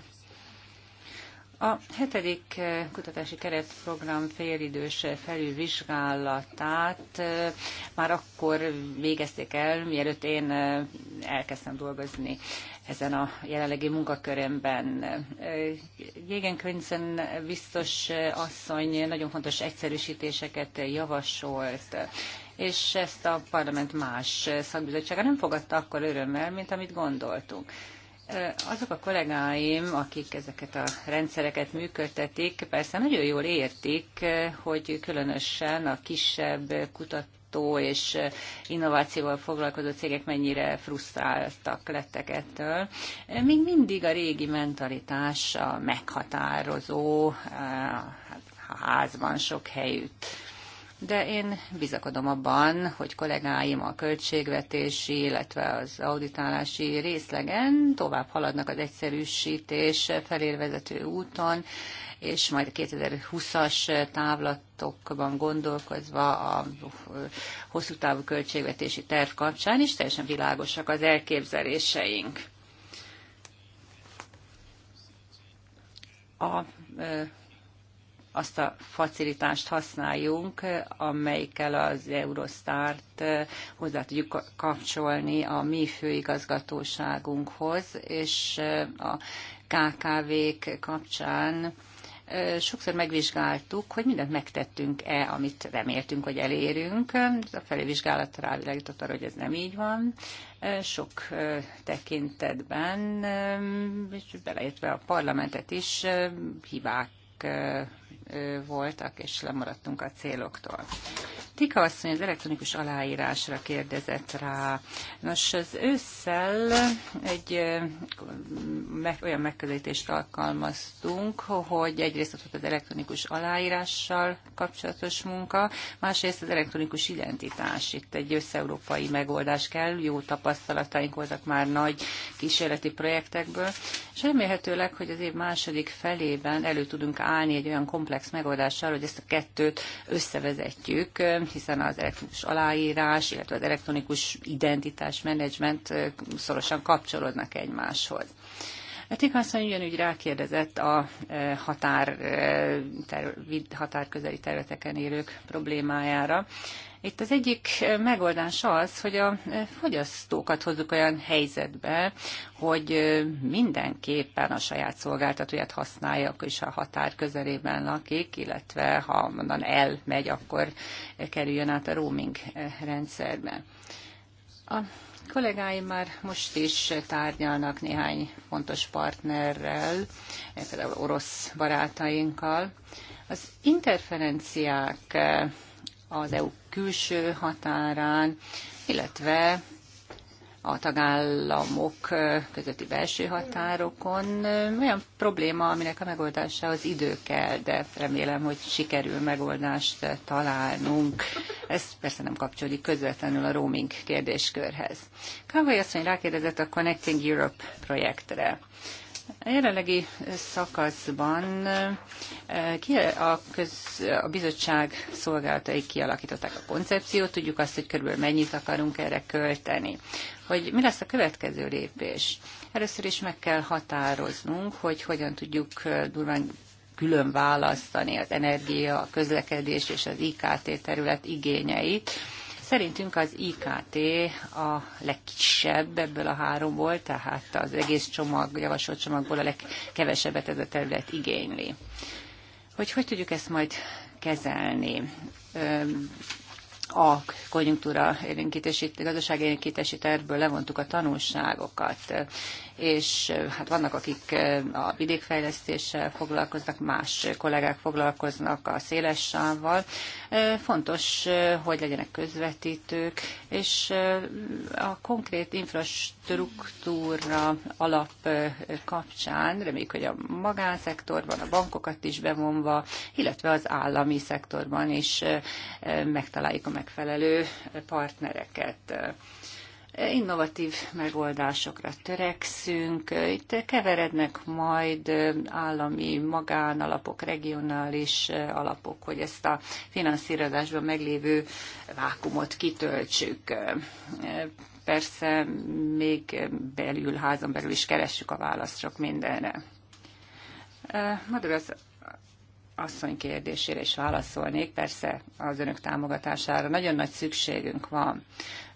A hetedik eh, kutatási keretprogram félidős felülvizsgálatát eh, már akkor végezték el, mielőtt én eh, elkezdtem dolgozni ezen a jelenlegi munkakörömben. Jégen Könzen biztos asszony nagyon fontos egyszerűsítéseket javasolt és ezt a parlament más szakbizottsága nem fogadta akkor örömmel, mint amit gondoltunk azok a kollégáim, akik ezeket a rendszereket működtetik, persze nagyon jól értik, hogy különösen a kisebb kutató és innovációval foglalkozó cégek mennyire frusztráltak lettek ettől. Még mindig a régi mentalitás a meghatározó a hát házban sok helyütt de én bizakodom abban, hogy kollégáim a költségvetési, illetve az auditálási részlegen tovább haladnak az egyszerűsítés felérvezető úton, és majd a 2020-as távlatokban gondolkozva a hosszú távú költségvetési terv kapcsán is teljesen világosak az elképzeléseink. A azt a facilitást használjunk, amelyikkel az Eurostart eh, hozzá tudjuk kapcsolni a mi főigazgatóságunkhoz, és eh, a KKV-k kapcsán eh, sokszor megvizsgáltuk, hogy mindent megtettünk-e, amit reméltünk, hogy elérünk. A felülvizsgálat rávilágított arra, hogy ez nem így van. Sok tekintetben, és beleértve a parlamentet is, hibák voltak, és lemaradtunk a céloktól. Tika mondja, az elektronikus aláírásra kérdezett rá. Nos, az ősszel egy meg, olyan megközelítést alkalmaztunk, hogy egyrészt ott az elektronikus aláírással kapcsolatos munka, másrészt az elektronikus identitás. Itt egy összeurópai megoldás kell, jó tapasztalataink voltak már nagy kísérleti projektekből, és remélhetőleg, hogy az év második felében elő tudunk állni egy olyan komoly komplex megoldással, hogy ezt a kettőt összevezetjük, hiszen az elektronikus aláírás, illetve az elektronikus identitás menedzsment szorosan kapcsolódnak egymáshoz. a hát Tikhasszony ugyanúgy rákérdezett a határ, ter, határközeli területeken élők problémájára. Itt az egyik megoldás az, hogy a fogyasztókat hozzuk olyan helyzetbe, hogy mindenképpen a saját szolgáltatóját használja, és a határ közelében lakik, illetve ha mondan elmegy, akkor kerüljön át a roaming rendszerbe. A kollégáim már most is tárgyalnak néhány fontos partnerrel, például orosz barátainkkal. Az interferenciák az EU külső határán, illetve a tagállamok közötti belső határokon. Olyan probléma, aminek a megoldása az idő kell, de remélem, hogy sikerül megoldást találnunk. Ez persze nem kapcsolódik közvetlenül a roaming kérdéskörhez. Kávai asszony rákérdezett a Connecting Europe projektre. A jelenlegi szakaszban eh, ki a, köz, a bizottság szolgálatai kialakították a koncepciót, tudjuk azt, hogy körülbelül mennyit akarunk erre költeni. Hogy mi lesz a következő lépés? Először is meg kell határoznunk, hogy hogyan tudjuk eh, durván külön választani az energia, a közlekedés és az IKT terület igényeit, Szerintünk az IKT a legkisebb ebből a háromból, tehát az egész csomag, javasolt csomagból a legkevesebbet ez a terület igényli. Hogy hogy tudjuk ezt majd kezelni? a konjunktúra élénkítési, gazdaság élénkítési tervből levontuk a tanulságokat és hát vannak, akik a vidékfejlesztéssel foglalkoznak, más kollégák foglalkoznak a széles sávval. Fontos, hogy legyenek közvetítők, és a konkrét infrastruktúra alap kapcsán reméljük, hogy a magánszektorban, a bankokat is bevonva, illetve az állami szektorban is megtaláljuk a megfelelő partnereket innovatív megoldásokra törekszünk. Itt keverednek majd állami magánalapok, regionális alapok, hogy ezt a finanszírozásban meglévő vákumot kitöltsük. Persze még belül, házon belül is keressük a válaszok mindenre. Madagaszkár asszony kérdésére is válaszolnék, persze az önök támogatására nagyon nagy szükségünk van.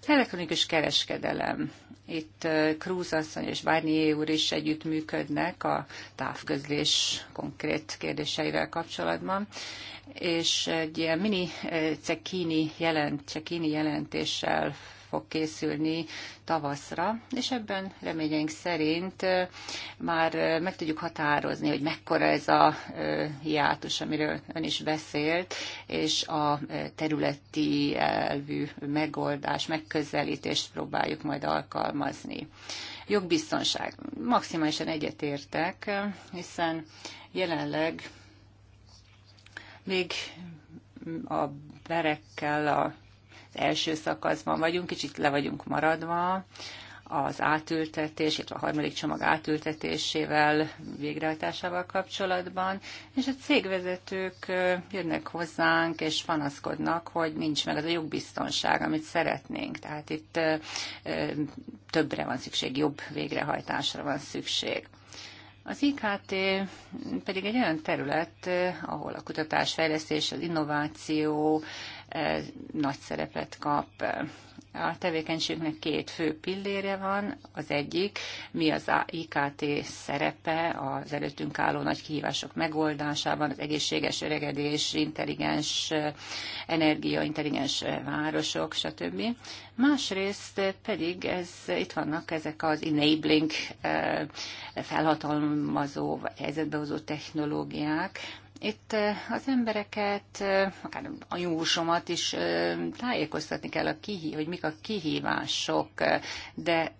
Az elektronikus kereskedelem. Itt Krúz asszony és Barnier úr is együttműködnek a távközlés konkrét kérdéseivel kapcsolatban, és egy ilyen mini cekini, jelent, cekini jelentéssel fog készülni tavaszra, és ebben reményeink szerint már meg tudjuk határozni, hogy mekkora ez a hiátus, amiről ön is beszélt, és a területi elvű megoldás, megközelítést próbáljuk majd alkalmazni. Jogbiztonság. Maximálisan egyetértek, hiszen jelenleg még a berekkel, a első szakaszban vagyunk, kicsit le vagyunk maradva az átültetés, illetve a harmadik csomag átültetésével, végrehajtásával kapcsolatban, és a cégvezetők jönnek hozzánk, és panaszkodnak, hogy nincs meg az a jogbiztonság, amit szeretnénk. Tehát itt többre van szükség, jobb végrehajtásra van szükség. Az IKT pedig egy olyan terület, ahol a kutatás, fejlesztés, az innováció E, nagy szerepet kap. A tevékenységnek két fő pillére van. Az egyik, mi az IKT szerepe az előttünk álló nagy kihívások megoldásában, az egészséges öregedés, intelligens e, energia, intelligens e, városok, stb. Másrészt pedig ez, itt vannak ezek az enabling, felhatalmazó, helyzetbehozó technológiák, itt az embereket, akár a jósomat is tájékoztatni kell, a kihív, hogy mik a kihívások, de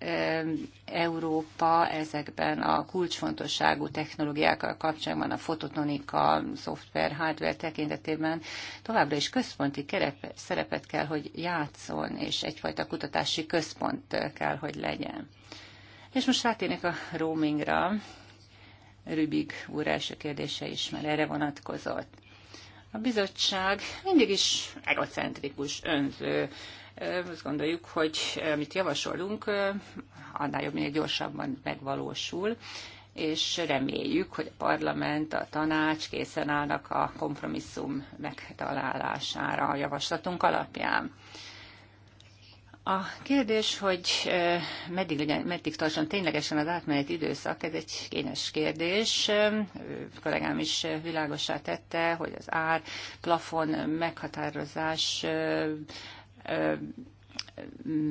Európa ezekben a kulcsfontosságú technológiákkal kapcsolatban, a fototonika, szoftver, hardware tekintetében továbbra is központi kerep, szerepet kell, hogy játszon, és egyfajta kutatási központ kell, hogy legyen. És most rátérnek a roamingra, Rübig úr első kérdése is már erre vonatkozott. A bizottság mindig is egocentrikus, önző. Azt gondoljuk, hogy amit javasolunk, annál jobb, minél gyorsabban megvalósul és reméljük, hogy a parlament, a tanács készen állnak a kompromisszum megtalálására a javaslatunk alapján. A kérdés, hogy meddig, legyen, meddig tartson ténylegesen az átmeneti időszak, ez egy kényes kérdés. A kollégám is világosá tette, hogy az ár plafon meghatározás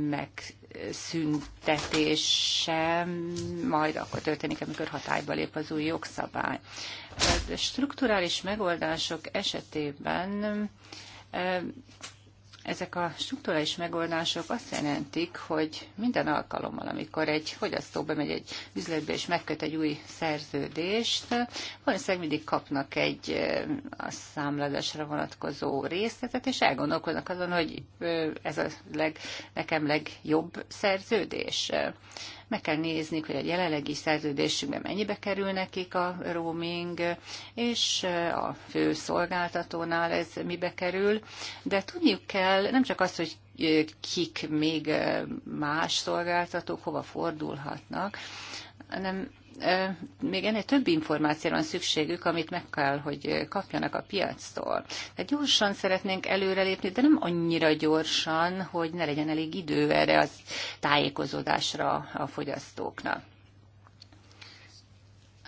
megszüntetése majd akkor történik, amikor hatályba lép az új jogszabály. A strukturális megoldások esetében ezek a struktúrális megoldások azt jelentik, hogy minden alkalommal, amikor egy fogyasztó bemegy egy üzletbe és megköt egy új szerződést, valószínűleg mindig kapnak egy a számlázásra vonatkozó részletet, és elgondolkodnak azon, hogy ez a leg, nekem legjobb szerződés meg kell nézni, hogy a jelenlegi szerződésünkben mennyibe kerül nekik a roaming, és a fő szolgáltatónál ez mibe kerül, de tudniuk kell nem csak azt, hogy kik még más szolgáltatók hova fordulhatnak, hanem még ennél több információra van szükségük, amit meg kell, hogy kapjanak a piactól. Tehát gyorsan szeretnénk előrelépni, de nem annyira gyorsan, hogy ne legyen elég idő erre az tájékozódásra a fogyasztóknak.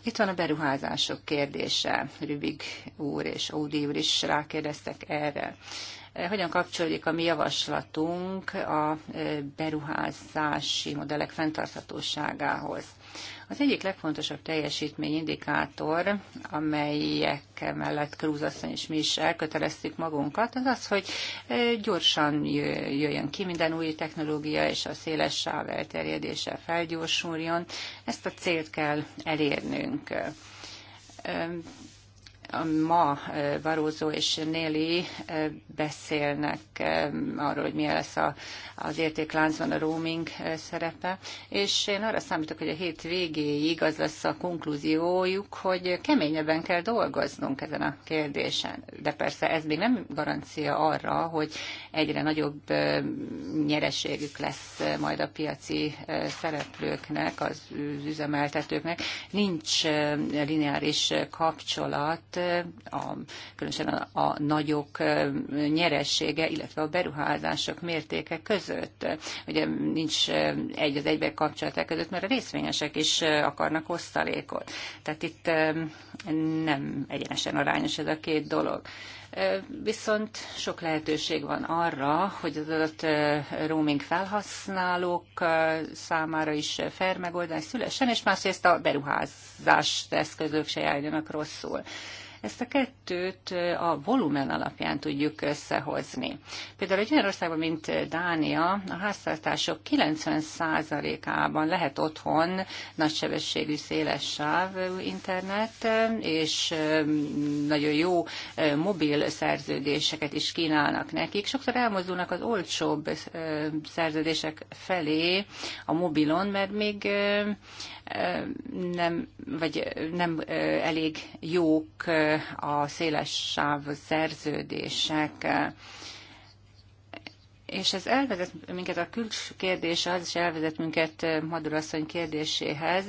Itt van a beruházások kérdése. Rübig úr és Ódi úr is rákérdeztek erre hogyan kapcsolódik a mi javaslatunk a e, beruházási modellek fenntarthatóságához. Az egyik legfontosabb teljesítményindikátor, amelyek mellett Krúz asszony és mi is elköteleztük magunkat, az az, hogy e, gyorsan jöjjön ki minden új technológia, és a széles sáv elterjedése felgyorsuljon. Ezt a célt kell elérnünk e, Ma eh, Barózó és Néli eh, beszélnek eh, arról, hogy milyen lesz a, az értékláncban a roaming szerepe, és én arra számítok, hogy a hét végéig az lesz a konklúziójuk, hogy keményebben kell dolgoznunk ezen a kérdésen. De persze ez még nem garancia arra, hogy egyre nagyobb nyereségük lesz majd a piaci szereplőknek, az üzemeltetőknek. Nincs lineáris kapcsolat a, különösen a, a nagyok nyeressége, illetve a beruházások mértéke között. Ugye nincs egy az egybe kapcsolata között, mert a részvényesek is akarnak osztalékot. Tehát itt nem egyenesen arányos ez a két dolog. Viszont sok lehetőség van arra, hogy az adott roaming felhasználók számára is fair megoldás szülessen, és másrészt a beruházást eszközök se járjanak rosszul. Ezt a kettőt a volumen alapján tudjuk összehozni. Például egy olyan országban, mint Dánia, a háztartások 90%-ában lehet otthon nagysebességű széles sáv internet, és nagyon jó mobil szerződéseket is kínálnak nekik. Sokszor elmozdulnak az olcsóbb szerződések felé a mobilon, mert még nem, vagy nem elég jók a széles sáv szerződések. És ez elvezet minket a külső kérdés az is elvezet minket Madurasszony kérdéséhez,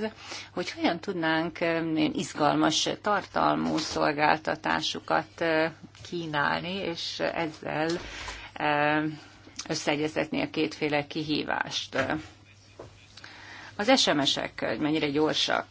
hogy hogyan tudnánk ilyen izgalmas, tartalmú szolgáltatásukat kínálni, és ezzel összeegyeztetni a kétféle kihívást. Az SMS-ek mennyire gyorsak.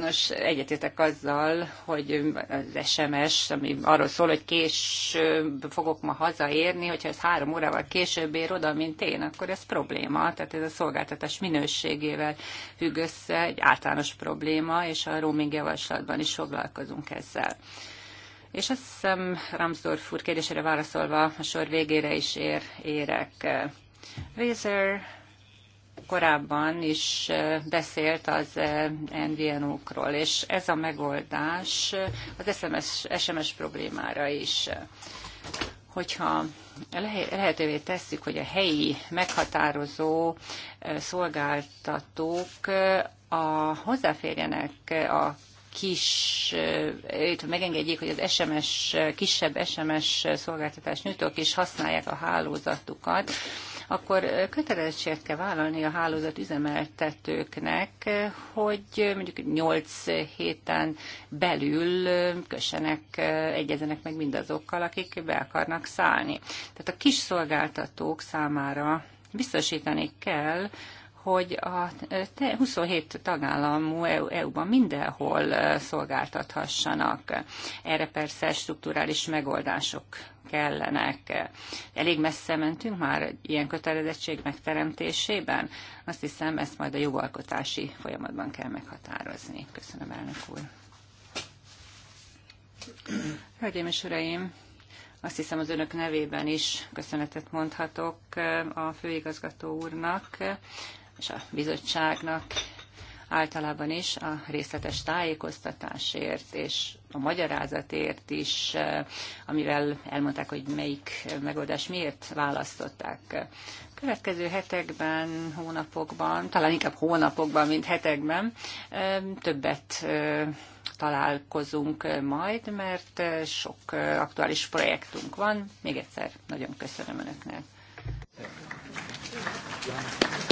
Nos, egyetértek azzal, hogy az SMS, ami arról szól, hogy később fogok ma hazaérni, hogyha ez három órával később ér oda, mint én, akkor ez probléma. Tehát ez a szolgáltatás minőségével függ össze, egy általános probléma, és a roaming javaslatban is foglalkozunk ezzel. És azt hiszem, Ramsdorf úr kérdésére válaszolva a sor végére is ér, érek. Razer korábban is beszélt az NVNO-król, és ez a megoldás az SMS, SMS problémára is. Hogyha lehetővé tesszük, hogy a helyi meghatározó szolgáltatók a, hozzáférjenek a kis, megengedjék, hogy az SMS, kisebb SMS szolgáltatás nyújtók is használják a hálózatukat, akkor kötelezettséget kell vállalni a hálózat üzemeltetőknek, hogy mondjuk 8 héten belül kössenek, egyezenek meg mindazokkal, akik be akarnak szállni. Tehát a kis szolgáltatók számára biztosítani kell, hogy a 27 tagállamú EU-ban e mindenhol szolgáltathassanak. Erre persze strukturális megoldások kellenek. Elég messze mentünk már ilyen kötelezettség megteremtésében. Azt hiszem, ezt majd a jogalkotási folyamatban kell meghatározni. Köszönöm, elnök úr. Hölgyeim és uraim, azt hiszem az önök nevében is köszönetet mondhatok a főigazgató úrnak és a bizottságnak általában is a részletes tájékoztatásért és a magyarázatért is, amivel elmondták, hogy melyik megoldás miért választották. Következő hetekben, hónapokban, talán inkább hónapokban, mint hetekben többet találkozunk majd, mert sok aktuális projektunk van. Még egyszer nagyon köszönöm Önöknek. you.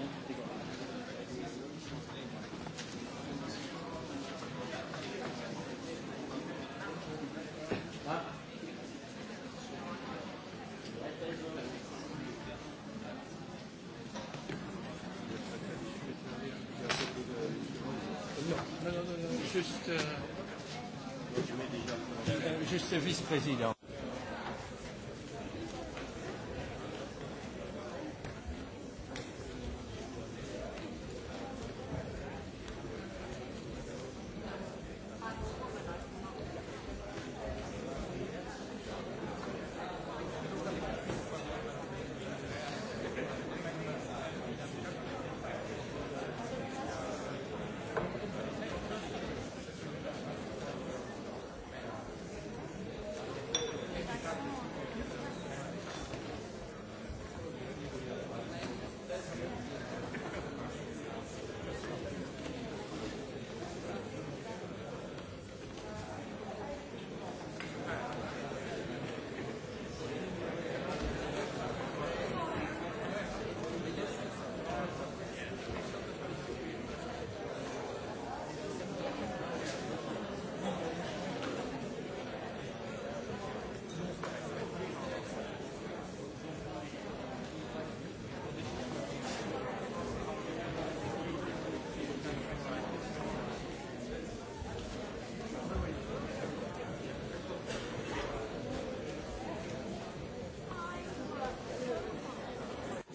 vice-président.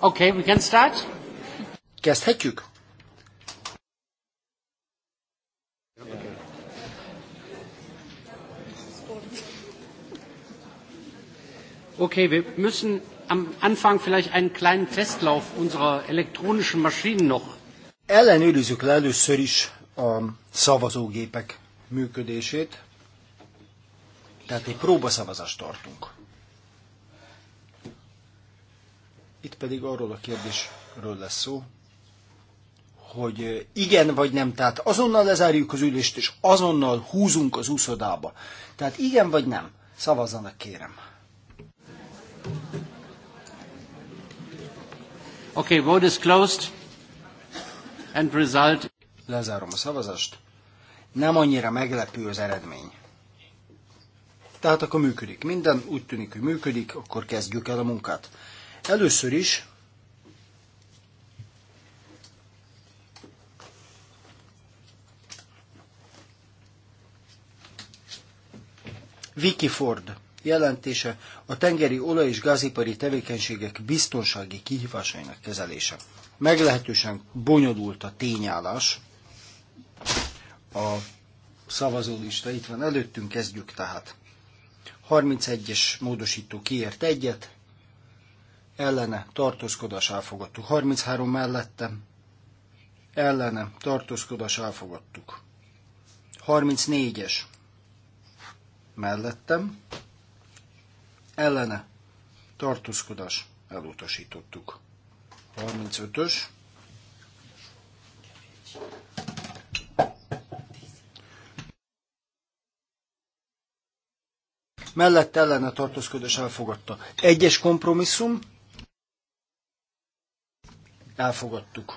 Okay, we can start. Kezdhetjük? Okay, wir müssen am Anfang vielleicht einen kleinen Testlauf unserer elektronischen Maschinen noch. Ellenőrizzük le először is a szavazógépek működését, tehát egy próbaszavazást tartunk. pedig arról a kérdésről lesz szó, hogy igen vagy nem, tehát azonnal lezárjuk az ülést, és azonnal húzunk az úszodába. Tehát igen vagy nem, szavazzanak kérem. Okay, vote is closed. And result. Lezárom a szavazást. Nem annyira meglepő az eredmény. Tehát akkor működik minden, úgy tűnik, hogy működik, akkor kezdjük el a munkát. Először is Vicky Ford jelentése a tengeri olaj- és gázipari tevékenységek biztonsági kihívásainak kezelése. Meglehetősen bonyolult a tényállás. A szavazólista itt van előttünk, kezdjük tehát. 31-es módosító kiért egyet, ellene tartózkodás elfogadtuk. 33 mellette ellene tartózkodás elfogadtuk. 34-es mellettem ellene tartózkodás elutasítottuk. 35-ös mellett ellene tartózkodás elfogadta. Egyes kompromisszum elfogadtuk.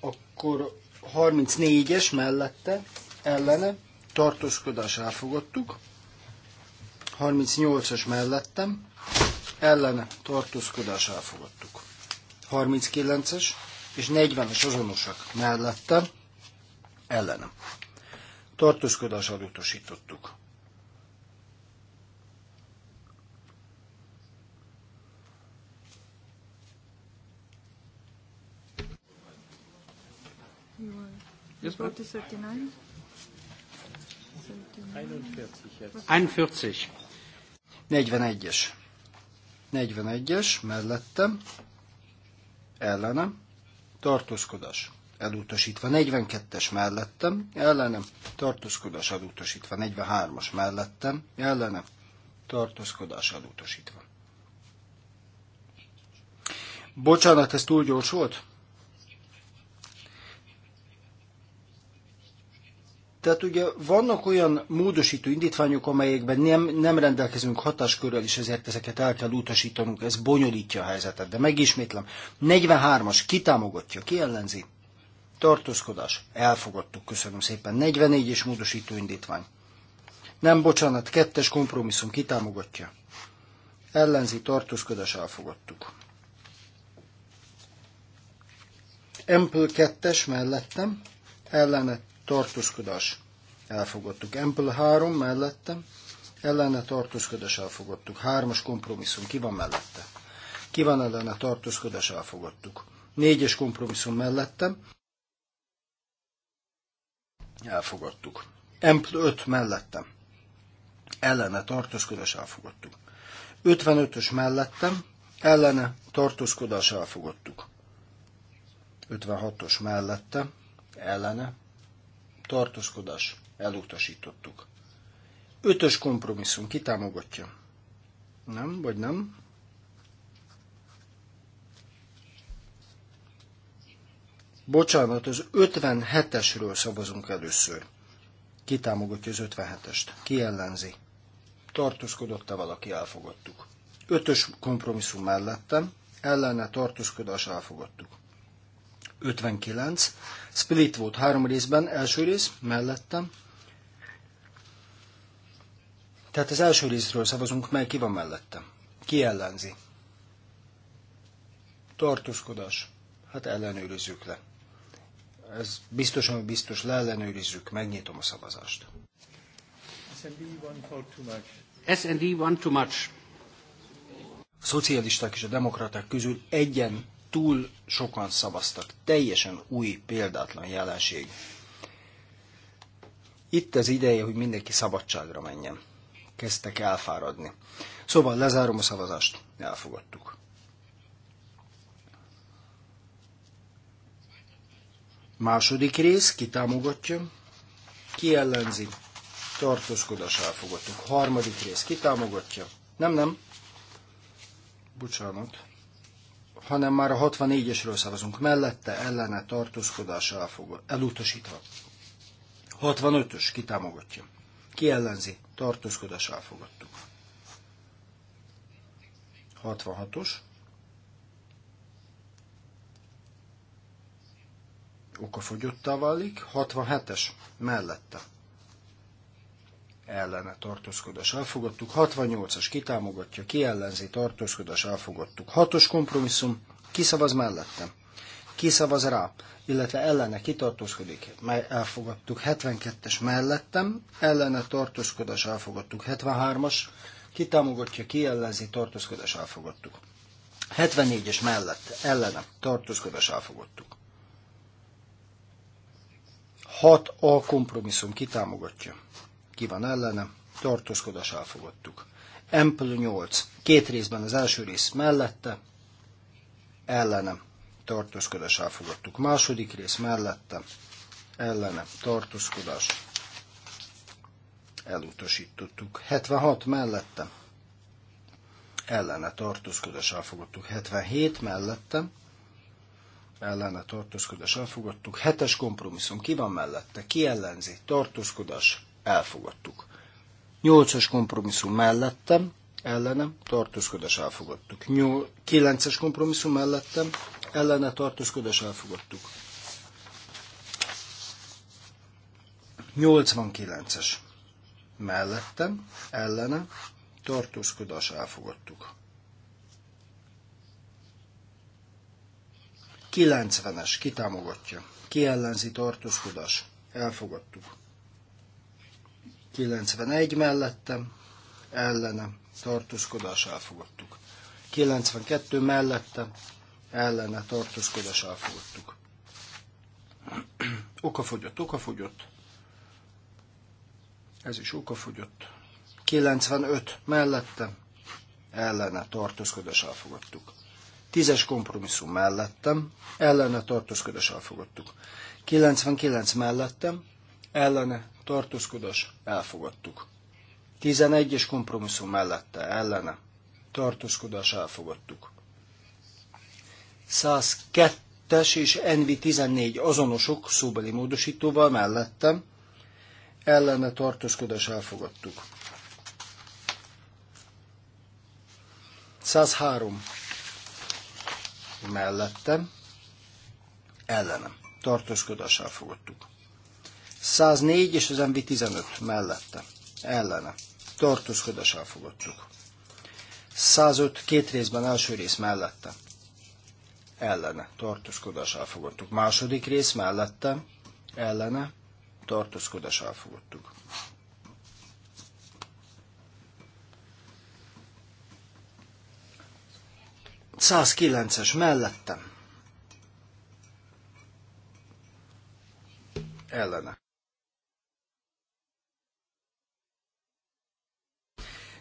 Akkor 34-es mellette, ellene, tartózkodás elfogadtuk. 38-as mellettem, ellene, tartózkodás elfogadtuk. 39-es és 40-es azonosak mellettem, ellenem. Tartózkodás utasítottuk. 41 41-es. 41-es mellettem, ellenem, tartózkodás elutasítva, 42-es mellettem, ellenem, tartózkodás elutasítva, 43-as mellettem, ellenem, tartózkodás elutasítva. Bocsánat, ez túl gyors volt? Tehát ugye vannak olyan módosító indítványok, amelyekben nem, nem rendelkezünk hatáskörrel, és ezért ezeket el kell utasítanunk, ez bonyolítja a helyzetet. De megismétlem, 43-as kitámogatja, ki ellenzi? Tartózkodás. Elfogadtuk, köszönöm szépen. 44 és módosító indítvány. Nem, bocsánat, kettes kompromisszum kitámogatja. Ellenzi, tartózkodás, elfogadtuk. Empl 2-es mellettem, ellenet tartózkodás elfogadtuk. Ample 3 mellette, ellene tartózkodás elfogadtuk. Hármas kompromisszum ki van mellette? Ki van ellene tartózkodás elfogadtuk. Négyes kompromisszum mellette, elfogadtuk. Ample 5 mellette, ellene tartózkodás elfogadtuk. 55-ös mellettem, ellene tartózkodás elfogadtuk. 56-os mellette, ellene tartózkodás, elutasítottuk. Ötös kompromisszum, ki támogatja? Nem, vagy nem? Bocsánat, az 57-esről szavazunk először. Ki támogatja az 57-est? Ki ellenzi? Tartózkodott-e valaki? Elfogadtuk. Ötös kompromisszum mellettem, ellene tartózkodás elfogadtuk. 59. Split volt három részben, első rész, mellettem. Tehát az első részről szavazunk, mely ki van mellettem. Ki ellenzi? Tartózkodás. Hát ellenőrizzük le. Ez biztos, ami biztos, leellenőrizzük, megnyitom a szavazást. SND one too much. SND one too much. A szocialisták és a demokraták közül egyen túl sokan szavaztak. Teljesen új, példátlan jelenség. Itt az ideje, hogy mindenki szabadságra menjen. Kezdtek elfáradni. Szóval lezárom a szavazást. Elfogadtuk. Második rész, ki támogatja, ki ellenzi, tartózkodás elfogadtuk. Harmadik rész, ki támogatja, nem, nem, bocsánat, hanem már a 64-esről szavazunk. Mellette ellene tartózkodás elutasítva. 65-ös kitámogatja. Ki ellenzi? Tartózkodás elfogadtuk. 66-os. Okafogyottá válik. 67-es mellette ellene tartózkodás elfogadtuk, 68-as kitámogatja, ki ellenzi tartózkodás elfogadtuk, 6-os kompromisszum, kiszavaz mellettem kiszavaz rá, illetve ellene kitartózkodik, mely elfogadtuk, 72-es mellettem, ellene tartózkodás elfogadtuk, 73-as, kitámogatja, ki ellenzi tartózkodás elfogadtuk. 74-es mellett ellene tartózkodás elfogadtuk. 6 a kompromisszum kitámogatja, ki van ellene, tartózkodás elfogadtuk. Ample 8, két részben az első rész mellette, ellene, tartózkodás elfogadtuk. Második rész mellette, ellene, tartózkodás elutasítottuk. 76 mellette, ellene, tartózkodás elfogadtuk. 77 mellette, ellene tartózkodás elfogadtuk. Hetes kompromisszum ki van mellette, ki ellenzi, tartózkodás elfogadtuk. Nyolcas kompromisszum mellettem, ellenem, tartózkodás elfogadtuk. Nyol, kilences kompromisszum mellettem, ellene tartózkodás elfogadtuk. 89-es mellettem, ellene tartózkodás elfogadtuk. 90-es kitámogatja, kiellenzi tartózkodás, elfogadtuk. 91 mellettem, ellenem, tartózkodás elfogadtuk. 92 mellettem, ellene tartózkodás elfogadtuk. Okafogyott, okafogyott. Ez is okafogyott. 95 mellettem, ellene tartózkodás elfogadtuk. Tízes kompromisszum mellettem, ellene tartózkodás elfogadtuk. 99 mellettem, ellene tartózkodás elfogadtuk. 11 és kompromisszum mellette ellene tartózkodás elfogadtuk. 102-es és NV14 azonosok szóbeli módosítóval mellettem ellene tartózkodás elfogadtuk. 103 mellettem ellenem tartózkodás elfogadtuk. 104 és az MV 15 mellette, ellene. Tartózkodás elfogadtuk. 105 két részben első rész mellette, ellene. Tartózkodás elfogadtuk. Második rész mellette, ellene. Tartózkodás elfogadtuk. Százkilences mellettem. ellene.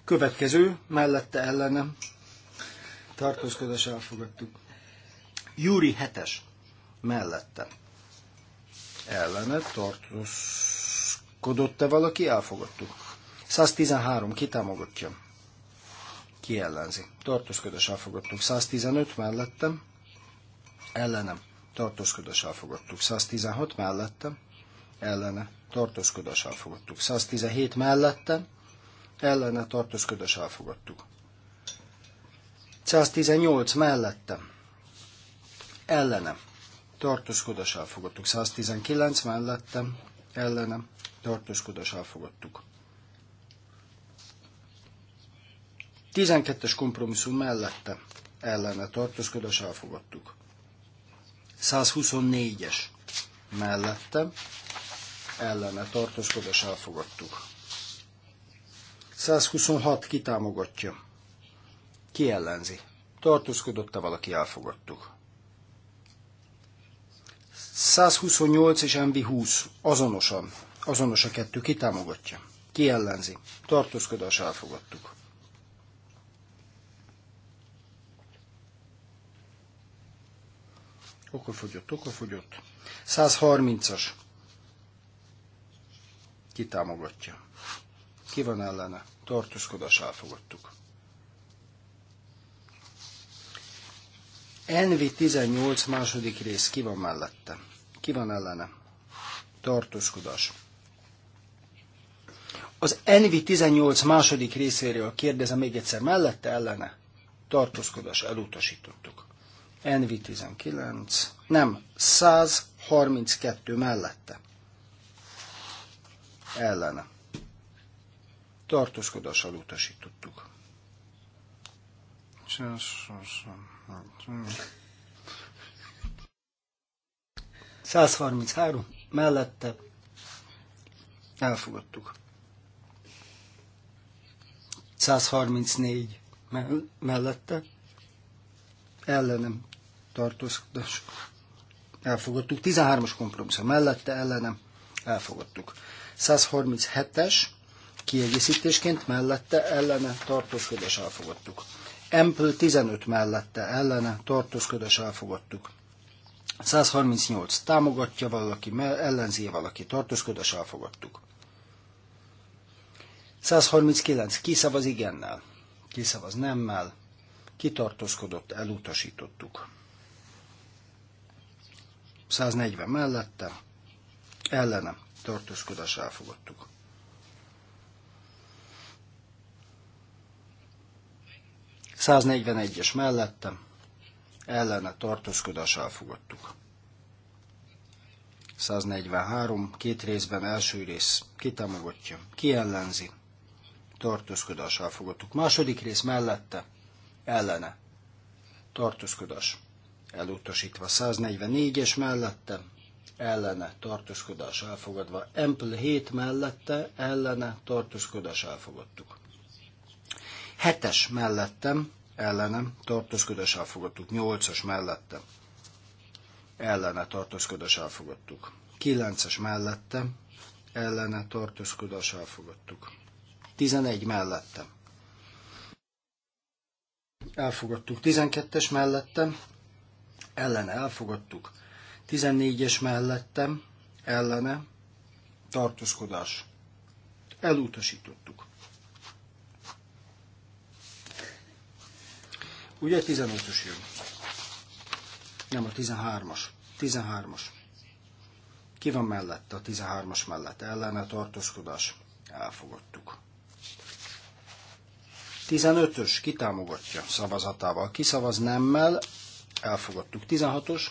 Következő, mellette ellenem tartózkodás elfogadtuk. Júri hetes, mellette ellene tartózkodott-e valaki? Elfogadtuk. 113, ki támogatja? Ki ellenzi? Tartózkodás elfogadtuk. 115 mellette ellenem tartózkodás elfogadtuk. 116 mellette ellene tartózkodás elfogadtuk. 117 mellette ellene tartózkodás elfogadtuk. 118 mellette ellenem tartózkodás elfogadtuk. 119 mellettem ellenem tartózkodás elfogadtuk. 12-es kompromisszum mellette ellene tartózkodás elfogadtuk. 124-es mellette ellene tartózkodás elfogadtuk. 126 kitámogatja. Ki ellenzi? Tartózkodott-e valaki? Elfogadtuk. 128 és MV20 azonosan, azonos a kettő, kitámogatja. Ki ellenzi? Tartózkodás elfogadtuk. 130-as. Kitámogatja. Ki van ellene? Tartózkodás elfogadtuk. Envi 18 második rész ki van mellette? Ki van ellene? Tartózkodás. Az Envi 18 második részéről kérdezem még egyszer, mellette ellene? Tartózkodás elutasítottuk. Envi 19, nem, 132 mellette. Ellene tartózkodással utasítottuk. Sosem. 133 mellette elfogadtuk. 134 mellette ellenem tartózkodás elfogadtuk. 13-as kompromisszum mellette ellenem elfogadtuk. 137-es kiegészítésként mellette ellene tartózkodás elfogadtuk. Empl 15 mellette ellene tartózkodás elfogadtuk. 138 támogatja valaki, ellenzi valaki, tartózkodás elfogadtuk. 139 kiszavaz igennel, kiszavaz nemmel, kitartózkodott, elutasítottuk. 140 mellette, ellene tartózkodás elfogadtuk. 141-es mellette ellene tartózkodás elfogadtuk. 143, két részben első rész kitámogatja, kiellenzi, ellenzi, tartózkodás elfogadtuk. Második rész mellette, ellene, tartózkodás elutasítva. 144-es mellette, ellene, tartózkodás elfogadva. Empl 7 mellette, ellene, tartózkodás elfogadtuk. Hetes mellettem, ellenem, tartózkodás elfogadtuk. Nyolcas mellettem, ellene tartózkodás elfogadtuk. Kilences mellettem, ellene tartózkodás elfogadtuk. Tizenegy mellettem. Elfogadtuk. Tizenkettes mellettem, ellene elfogadtuk. Tizennégyes mellettem, ellene tartózkodás. Elutasítottuk. Ugye 15-ös jön? Nem a 13-as. 13-as. Ki van mellette a 13-as mellett? Ellene tartózkodás. Elfogadtuk. 15-ös kitámogatja szavazatával. Kiszavaz nemmel, elfogadtuk. 16-os,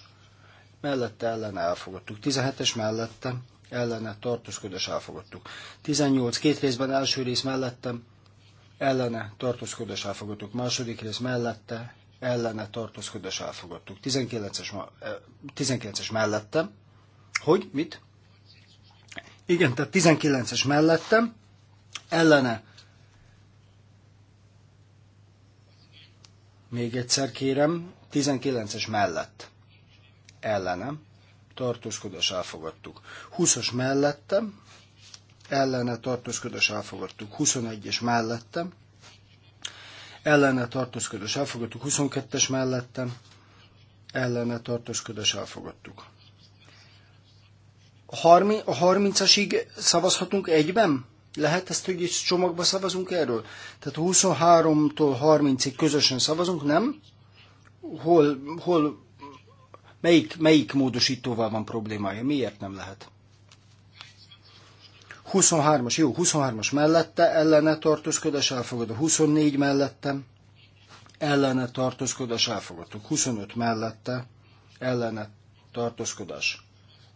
mellette ellene elfogadtuk. 17-es mellette ellene tartózkodás elfogadtuk. 18 két részben első rész mellettem ellene tartózkodás elfogadtuk. Második rész mellette ellene tartózkodás elfogadtuk. 19-es, 19-es eh, mellette. Hogy? Mit? Igen, tehát 19-es mellettem, ellene. Még egyszer kérem, 19-es mellett. Ellene. Tartózkodás elfogadtuk. 20-as mellettem, ellene tartózkodás elfogadtuk 21-es mellettem, ellene tartózkodás elfogadtuk 22-es mellettem, ellene tartózkodás elfogadtuk. A 30-asig szavazhatunk egyben? Lehet ezt, hogy egy csomagba szavazunk erről? Tehát 23-tól 30-ig közösen szavazunk, nem? Hol, hol, melyik, melyik módosítóval van problémája? Miért nem lehet? 23-as, jó, 23-as mellette, ellene tartózkodás elfogadó, 24 mellettem, ellene tartózkodás elfogadtuk, 25 mellette, ellene tartózkodás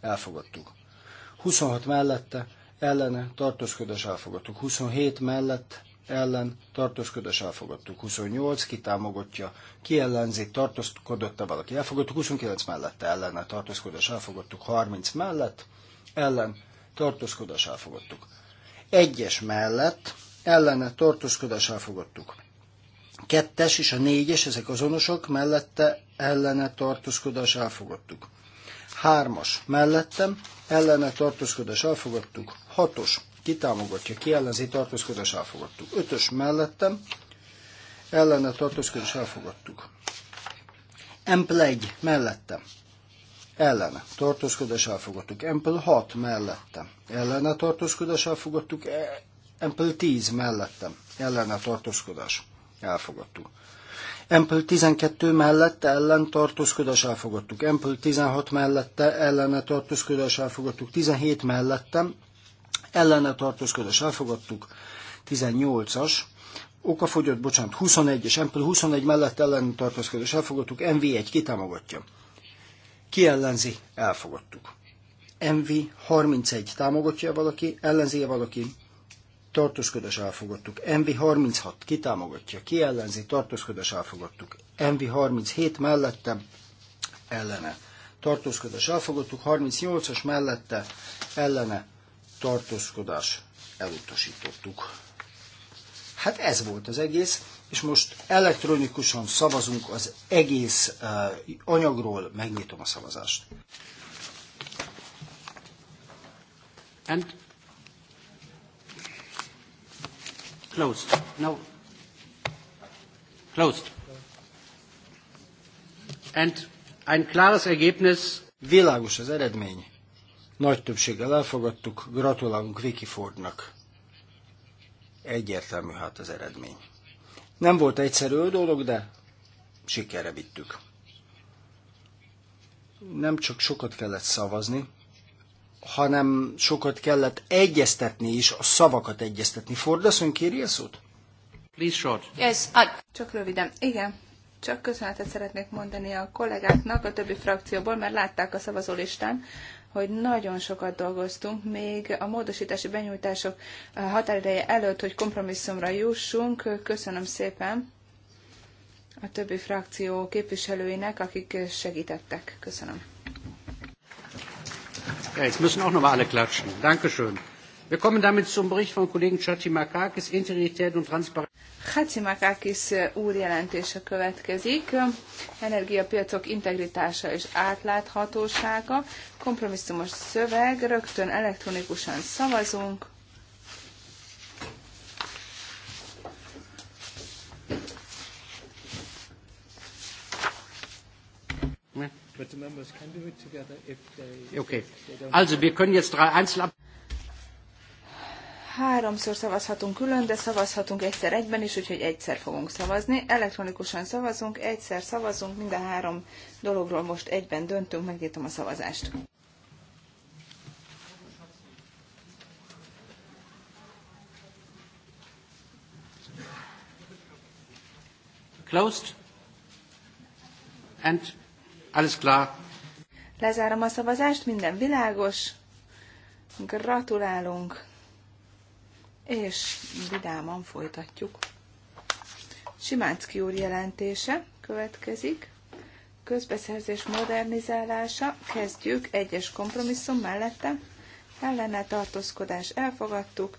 elfogadtuk, 26 mellette, ellene tartózkodás elfogadtuk, 27 mellett, ellen tartózkodás elfogadtuk, 28 kitámogatja, ki ellenzi, tartózkodott-e valaki, elfogadtuk, 29 mellette ellene tartózkodás elfogadtuk, 30 mellett, ellen tartózkodás elfogadtuk. Egyes mellett ellene tartózkodás elfogadtuk. Kettes és a négyes, ezek azonosok, mellette ellene tartózkodás elfogadtuk. Hármas mellettem, ellene tartózkodás elfogadtuk. Hatos, kitámogatja, ki ellenzi tartózkodás elfogadtuk. Ötös mellettem, ellene tartózkodás elfogadtuk. Emplegy mellettem, ellene tartózkodás elfogadtuk, Empel 6 e, mellette, ellene tartózkodás elfogadtuk, Empel 10 mellettem, ellene tartózkodás elfogadtuk. Empel 12 mellette ellen tartózkodás elfogadtuk, Empel 16 mellette ellene tartózkodás elfogadtuk, 17 mellettem, ellene tartózkodás elfogadtuk, 18-as, Oka fogyott, bocsánat, 21 es Empel 21 mellett ellen tartózkodás elfogadtuk, MV1 kitámogatja ki ellenzi? Elfogadtuk. MV 31 támogatja valaki, ellenzi -e valaki, tartózkodás elfogadtuk. MV 36 ki támogatja, ki ellenzi, tartózkodás elfogadtuk. MV 37 mellette ellene tartózkodás elfogadtuk, 38-as mellette ellene tartózkodás elutasítottuk. Hát ez volt az egész és most elektronikusan szavazunk az egész eh, anyagról, megnyitom a szavazást. And closed. Now closed. And ein klares Ergebnis. Világos az eredmény. Nagy többséggel elfogadtuk, gratulálunk Vicky Fordnak. Egyértelmű hát az eredmény. Nem volt egyszerű a dolog, de sikerre vittük. Nem csak sokat kellett szavazni, hanem sokat kellett egyeztetni is, a szavakat egyeztetni. Fordaszon kéri a szót? Please short. Yes, I... Csak röviden. Igen. Csak köszönetet szeretnék mondani a kollégáknak a többi frakcióból, mert látták a szavazólistán, hogy nagyon sokat dolgoztunk, még a módosítási benyújtások eh, határideje előtt, hogy kompromisszumra jussunk. Köszönöm szépen a többi frakció képviselőinek, akik segítettek. Köszönöm. Ja, jetzt müssen auch mal alle klatschen. Dankeschön. Wir kommen damit zum Bericht von Kollegen Chachimakakis, Integrität und Transparenz. Hatsimakakis úr jelentése következik. Energiapiacok integritása és átláthatósága. Kompromisszumos szöveg. Rögtön elektronikusan szavazunk. okay. also, wir können jetzt drei Einzelab Háromszor szavazhatunk külön, de szavazhatunk egyszer egyben is, úgyhogy egyszer fogunk szavazni. Elektronikusan szavazunk, egyszer szavazunk, mind a három dologról most egyben döntünk, megnyitom a szavazást. Closed. And alles klar. Lezárom a szavazást, minden világos. Gratulálunk! és vidáman folytatjuk. Simánszki úr jelentése következik. Közbeszerzés modernizálása. Kezdjük egyes kompromisszum mellette. Ellene tartózkodás elfogadtuk.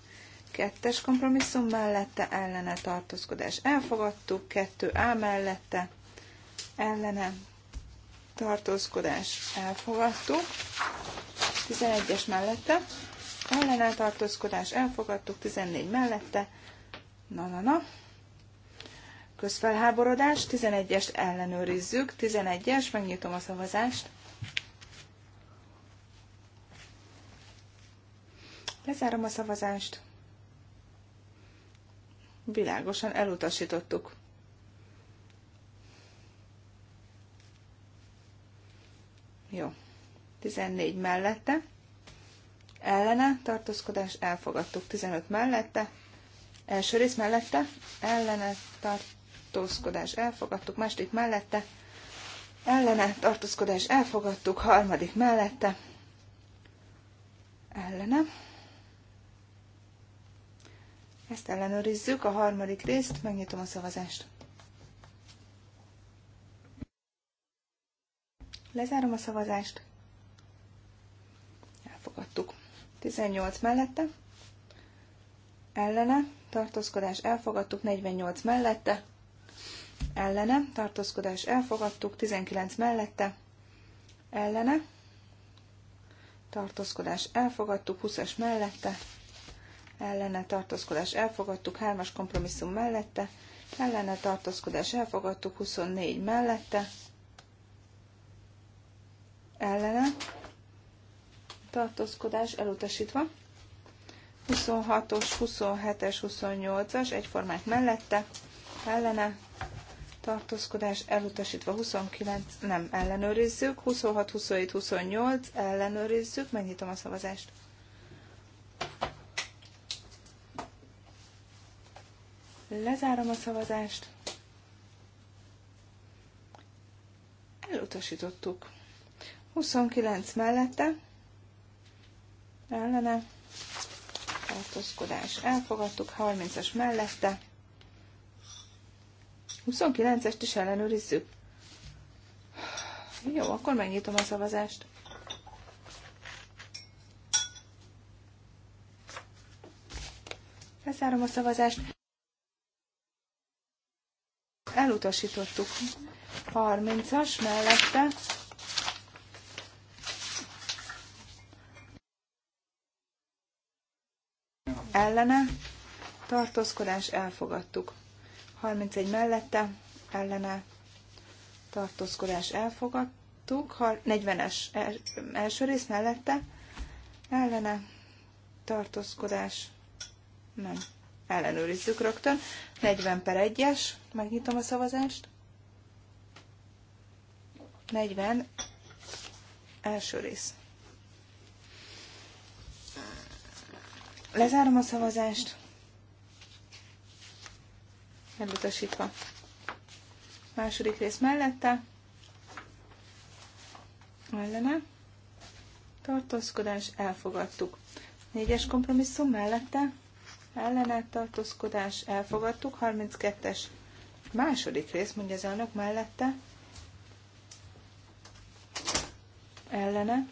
Kettes kompromisszum mellette ellene tartózkodás elfogadtuk. Kettő A mellette ellene tartózkodás elfogadtuk. 11-es mellette ellene elfogadtuk, 14 mellette, na-na-na, közfelháborodás, 11-est ellenőrizzük, 11-es, megnyitom a szavazást. Lezárom a szavazást. Világosan elutasítottuk. Jó. 14 mellette ellene, tartózkodás elfogadtuk. 15 mellette, első rész mellette, ellene, tartózkodás elfogadtuk. Második mellette, ellene, tartózkodás elfogadtuk. Harmadik mellette, ellene. Ezt ellenőrizzük, a harmadik részt, megnyitom a szavazást. Lezárom a szavazást. Elfogadtuk. 18 mellette, ellene, tartózkodás elfogadtuk, 48 mellette, ellene, tartózkodás elfogadtuk, 19 mellette, ellene, tartózkodás elfogadtuk, 20 es mellette, ellene tartózkodás elfogadtuk, 3-as kompromisszum mellette, ellene tartózkodás elfogadtuk, 24 mellette, ellene, tartózkodás elutasítva. 26-os, 27-es, 28-as egyformák mellette, ellene, tartózkodás elutasítva 29, nem ellenőrizzük, 26, 27, 28, ellenőrizzük, megnyitom a szavazást. Lezárom a szavazást. Elutasítottuk. 29 mellette, ellene, tartózkodás elfogadtuk, 30-as mellette, 29-est is ellenőrizzük. Jó, akkor megnyitom a szavazást. Leszárom a szavazást. Elutasítottuk. 30-as mellette ellene, tartózkodás elfogadtuk. 31 mellette, ellene, tartózkodás elfogadtuk. 40-es e- első rész mellette, ellene, tartózkodás nem. Ellenőrizzük rögtön. 40 per 1-es, megnyitom a szavazást. 40 első rész. Lezárom a szavazást. Elutasítva. Második rész mellette. Ellene. Tartózkodás. Elfogadtuk. Négyes kompromisszum mellette. Ellene. Tartózkodás. Elfogadtuk. 32-es. Második rész, mondja az elnök mellette. Ellene.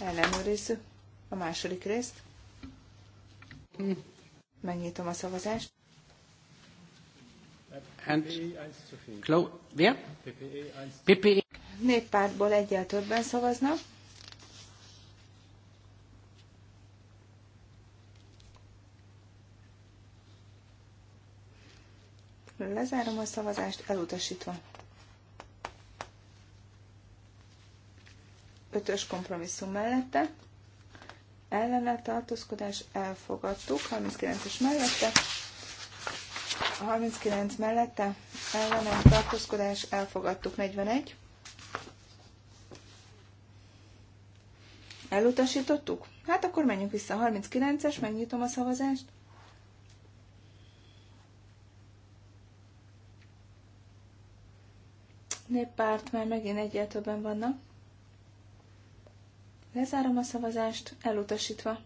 Ellenőrizzük. A második részt. Megnyitom a szavazást. And Klo- PPE. PPE. Néppártból egyel többen szavaznak. Lezárom a szavazást, elutasítva. Ötös kompromisszum mellette ellene tartózkodás elfogadtuk, 39 és mellette, 39 mellette ellene tartózkodás elfogadtuk, 41. Elutasítottuk? Hát akkor menjünk vissza 39-es, megnyitom a szavazást. Néppárt már megint egyel többen vannak. Lezárom a szavazást, elutasítva.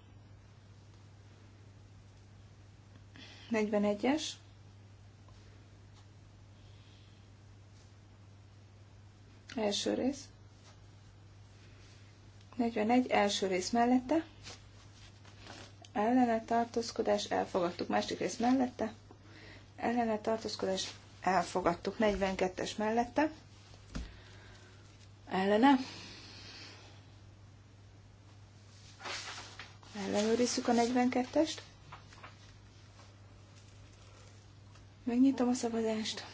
41-es. Első rész. 41 első rész mellette. Ellene tartózkodás, elfogadtuk. Másik rész mellette. Ellene tartózkodás, elfogadtuk. 42-es mellette. Ellene Ellenőrizzük a 42-est. Megnyitom a szavazást.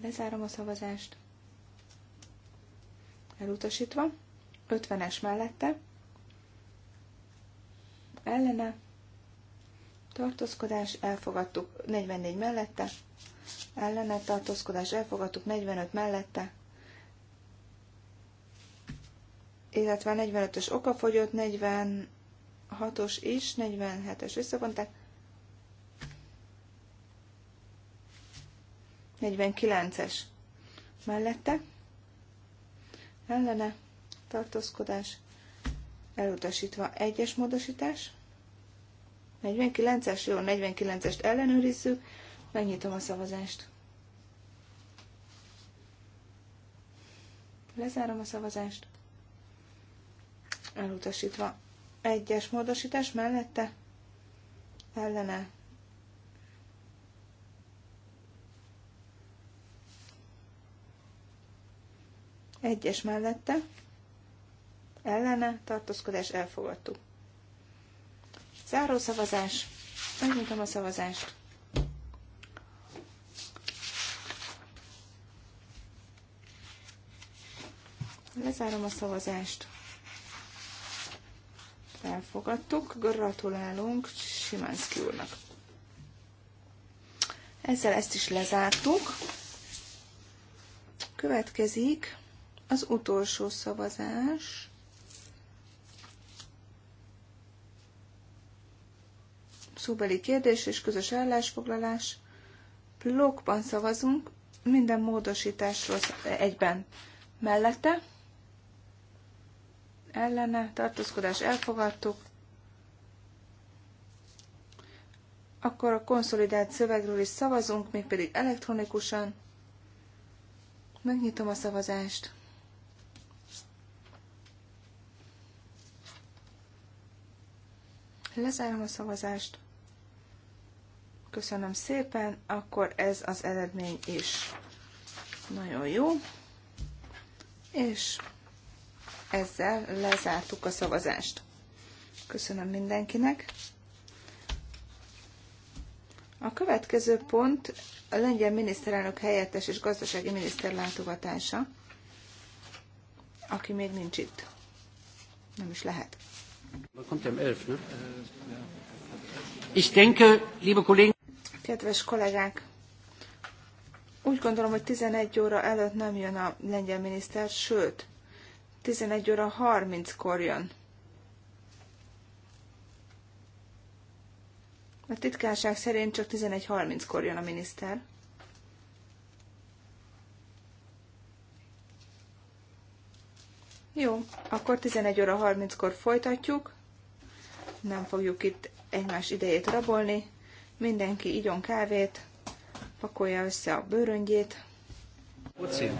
Lezárom a szavazást. Elutasítva. 50-es mellette. Ellene. Tartózkodás elfogadtuk 44 mellette. Ellene tartózkodás elfogadtuk 45 mellette. illetve 45-ös okafogyott, 46-os is, 47-es visszavonták, 49-es mellette, ellene, tartózkodás, elutasítva, 1-es módosítás, 49-es, jó, 49-est ellenőrizzük, megnyitom a szavazást. Lezárom a szavazást elutasítva. Egyes módosítás mellette ellene egyes mellette ellene tartózkodás elfogadtuk. Záró szavazás. Megnyitom a szavazást. Lezárom a szavazást elfogadtuk. Gratulálunk Simánszki úrnak. Ezzel ezt is lezártuk. Következik az utolsó szavazás. Szóbeli kérdés és közös állásfoglalás. Blokkban szavazunk, minden módosításról egyben mellette ellene tartózkodás elfogadtuk. Akkor a konszolidált szövegről is szavazunk, mégpedig elektronikusan. Megnyitom a szavazást. Lezárom a szavazást. Köszönöm szépen, akkor ez az eredmény is nagyon jó. És ezzel lezártuk a szavazást. Köszönöm mindenkinek. A következő pont a lengyel miniszterelnök helyettes és gazdasági miniszter látogatása, aki még nincs itt. Nem is lehet. Er um Kedves kollégák, úgy gondolom, hogy 11 óra előtt nem jön a lengyel miniszter, sőt, 11 óra 30-kor jön. A titkárság szerint csak 11.30-kor jön a miniszter. Jó, akkor 11 óra 30-kor folytatjuk. Nem fogjuk itt egymás idejét rabolni. Mindenki igyon kávét, pakolja össze a bőröngyét. Pucin.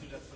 születve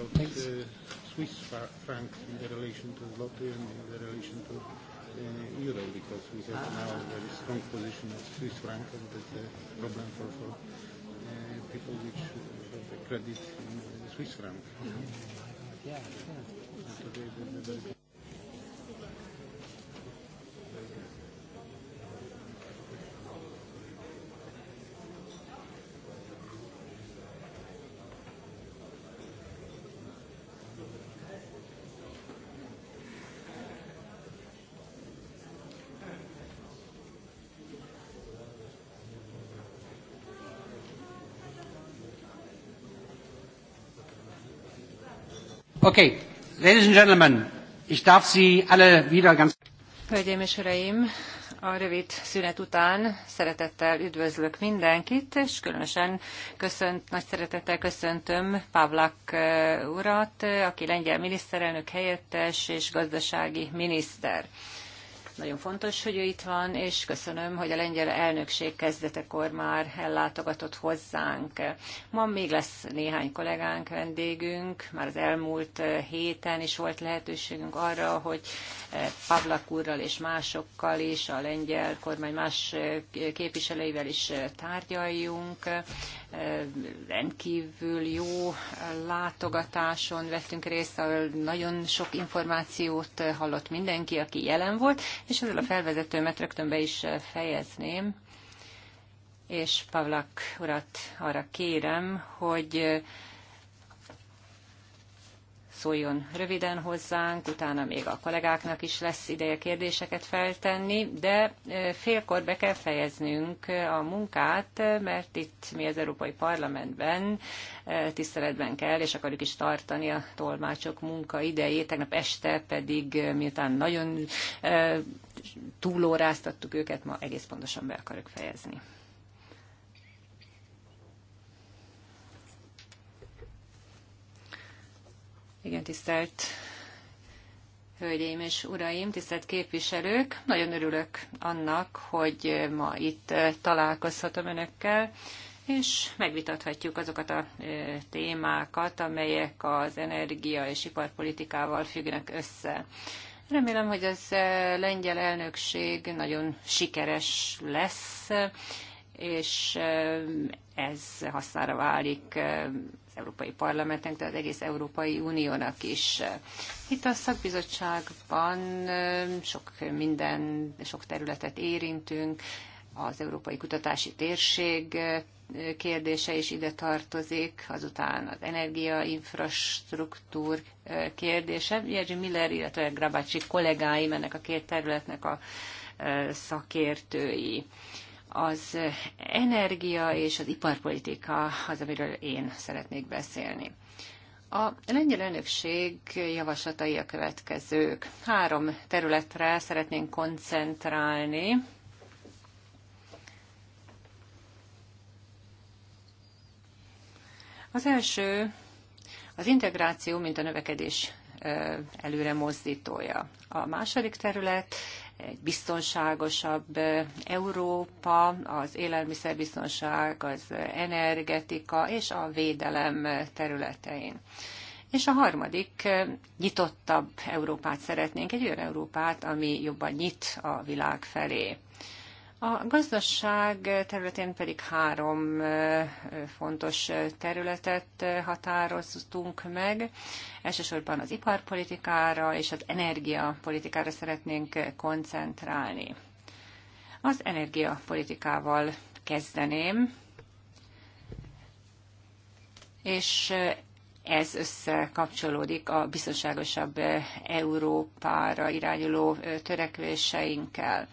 about the Swiss franc in the relation to zloty and in the relation to uh, euro, because we have ah. now a very strong position of Swiss franc, and that's a problem for, for uh, people which have the credit in the Swiss franc. Mm -hmm. Yeah, yeah. Okay, ladies and gentlemen, ich darf Sie alle wieder ganz... Hölgyeim és Uraim, a rövid szünet után szeretettel üdvözlök mindenkit, és különösen köszönt, nagy szeretettel köszöntöm Pavlak urat, aki lengyel miniszterelnök helyettes és gazdasági miniszter. Nagyon fontos, hogy ő itt van, és köszönöm, hogy a lengyel elnökség kezdetekor már ellátogatott hozzánk. Ma még lesz néhány kollégánk, vendégünk, már az elmúlt eh, héten is volt lehetőségünk arra, hogy eh, Pavlak úrral és másokkal is, a lengyel kormány más eh, képviselőivel is tárgyaljunk rendkívül jó látogatáson vettünk részt, ahol nagyon sok információt hallott mindenki, aki jelen volt, és ezzel a felvezetőmet rögtön be is fejezném és Pavlak urat arra kérem, hogy szóljon röviden hozzánk, utána még a kollégáknak is lesz ideje kérdéseket feltenni, de félkor be kell fejeznünk a munkát, mert itt mi az Európai Parlamentben tiszteletben kell, és akarjuk is tartani a tolmácsok munkaidejét. Tegnap este pedig, miután nagyon túlóráztattuk őket, ma egész pontosan be akarok fejezni. Igen, tisztelt Hölgyeim és Uraim, tisztelt képviselők! Nagyon örülök annak, hogy ma itt találkozhatom Önökkel, és megvitathatjuk azokat a témákat, amelyek az energia és iparpolitikával függnek össze. Remélem, hogy az lengyel elnökség nagyon sikeres lesz, és ez hasznára válik Európai Parlamentnek, de az egész Európai Uniónak is. Itt a szakbizottságban sok minden, sok területet érintünk, az Európai Kutatási Térség kérdése is ide tartozik, azután az energiainfrastruktúr kérdése. Jerzy Miller, illetve Grabácsi kollégáim ennek a két területnek a szakértői az energia és az iparpolitika az, amiről én szeretnék beszélni. A lengyel önökség javaslatai a következők. Három területre szeretnénk koncentrálni. Az első az integráció, mint a növekedés előre mozdítója. A második terület egy biztonságosabb Európa, az élelmiszerbiztonság, az energetika és a védelem területein. És a harmadik, nyitottabb Európát szeretnénk, egy olyan Európát, ami jobban nyit a világ felé. A gazdaság területén pedig három fontos területet határoztunk meg. Elsősorban az iparpolitikára és az energiapolitikára szeretnénk koncentrálni. Az energiapolitikával kezdeném, és ez összekapcsolódik a biztonságosabb Európára irányuló törekvéseinkkel.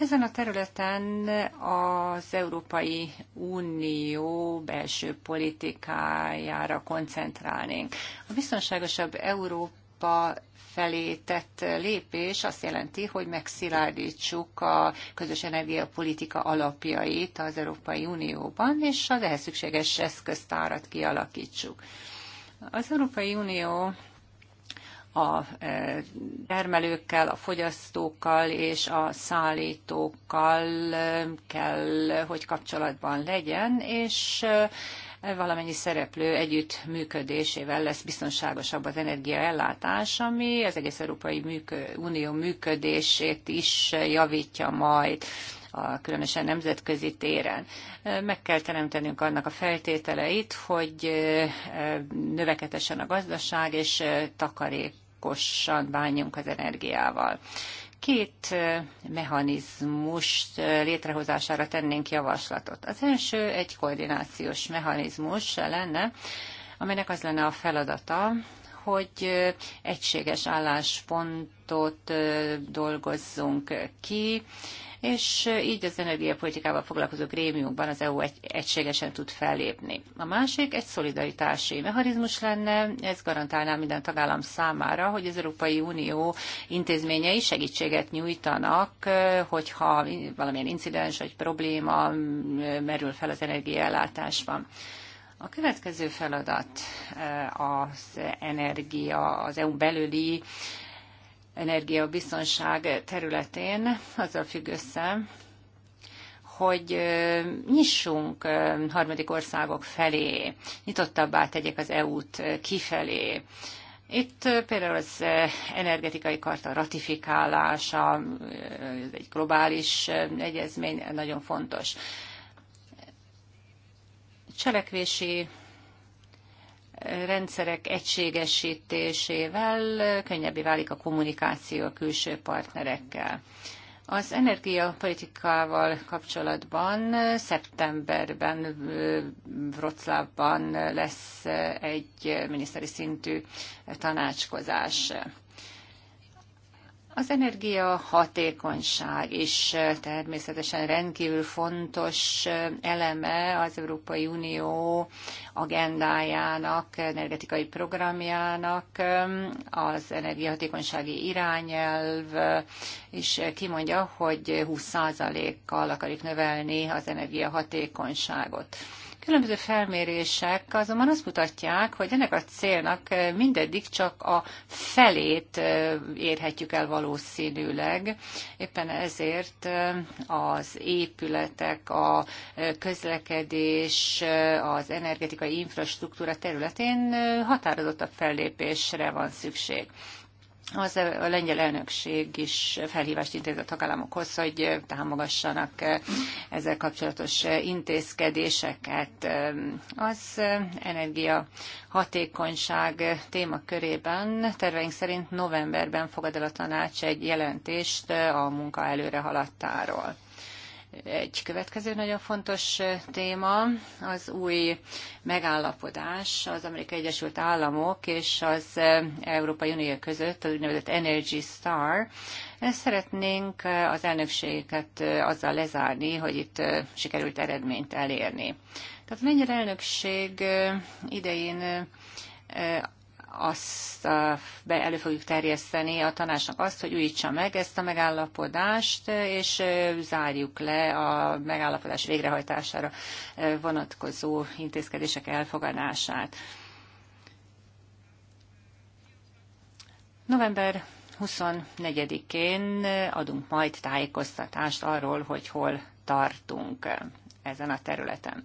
Ezen a területen az Európai Unió belső politikájára koncentrálnénk. A biztonságosabb Európa felé tett lépés azt jelenti, hogy megszilárdítsuk a közös energiapolitika alapjait az Európai Unióban, és az ehhez szükséges eszköztárat kialakítsuk. Az Európai Unió a e, termelőkkel, a fogyasztókkal és a szállítókkal e, kell, hogy kapcsolatban legyen, és e, valamennyi szereplő együtt működésével lesz biztonságosabb az energiaellátás, ami az egész Európai Unió működését is javítja majd a különösen nemzetközi téren. Meg kell teremtenünk annak a feltételeit, hogy növekedesen a gazdaság, és takarék okosan bánjunk az energiával. Két mechanizmus létrehozására tennénk javaslatot. Az első egy koordinációs mechanizmus lenne, amelynek az lenne a feladata, hogy egységes álláspontot dolgozzunk ki, és így az energiapolitikával foglalkozó grémiumban az EU egy, egységesen tud fellépni. A másik egy szolidaritási mechanizmus lenne, ez garantálná minden tagállam számára, hogy az Európai Unió intézményei segítséget nyújtanak, eh, hogyha valamilyen incidens vagy probléma mm, merül fel az energiaellátásban. A következő feladat eh, az energia, az EU belüli energiabiztonság területén azzal függ össze, hogy nyissunk harmadik országok felé, nyitottabbá tegyek az EU-t kifelé. Itt például az energetikai karta ratifikálása, ez egy globális egyezmény, nagyon fontos. Cselekvési rendszerek egységesítésével könnyebbé válik a kommunikáció a külső partnerekkel. Az energiapolitikával kapcsolatban szeptemberben Wroclawban lesz egy miniszteri szintű tanácskozás. Az energia hatékonyság is eh, természetesen rendkívül fontos eh, eleme az Európai Unió agendájának, energetikai programjának, eh, az energiahatékonysági irányelv is kimondja, hogy 20%-kal akarjuk növelni az energiahatékonyságot. Különböző felmérések azonban azt mutatják, hogy ennek a célnak eh, mindeddig csak a felét eh, érhetjük el valószínűleg. Éppen ezért eh, az épületek, a közlekedés, az energetikai infrastruktúra területén határozottabb fellépésre van szükség az a lengyel elnökség is felhívást intéz a tagállamokhoz, hogy támogassanak ezzel kapcsolatos intézkedéseket. Az energia hatékonyság témakörében terveink szerint novemberben fogad el a tanács egy jelentést a munka előre haladtáról. Egy következő nagyon fontos téma az új megállapodás az Amerikai Egyesült Államok és az Európai Unió között, az úgynevezett Energy Star. Szeretnénk az elnökséget azzal lezárni, hogy itt sikerült eredményt elérni. Tehát mennyire elnökség idején azt be elő fogjuk terjeszteni a tanácsnak azt, hogy újítsa meg ezt a megállapodást, és zárjuk le a megállapodás végrehajtására vonatkozó intézkedések elfogadását. November 24-én adunk majd tájékoztatást arról, hogy hol tartunk ezen a területen.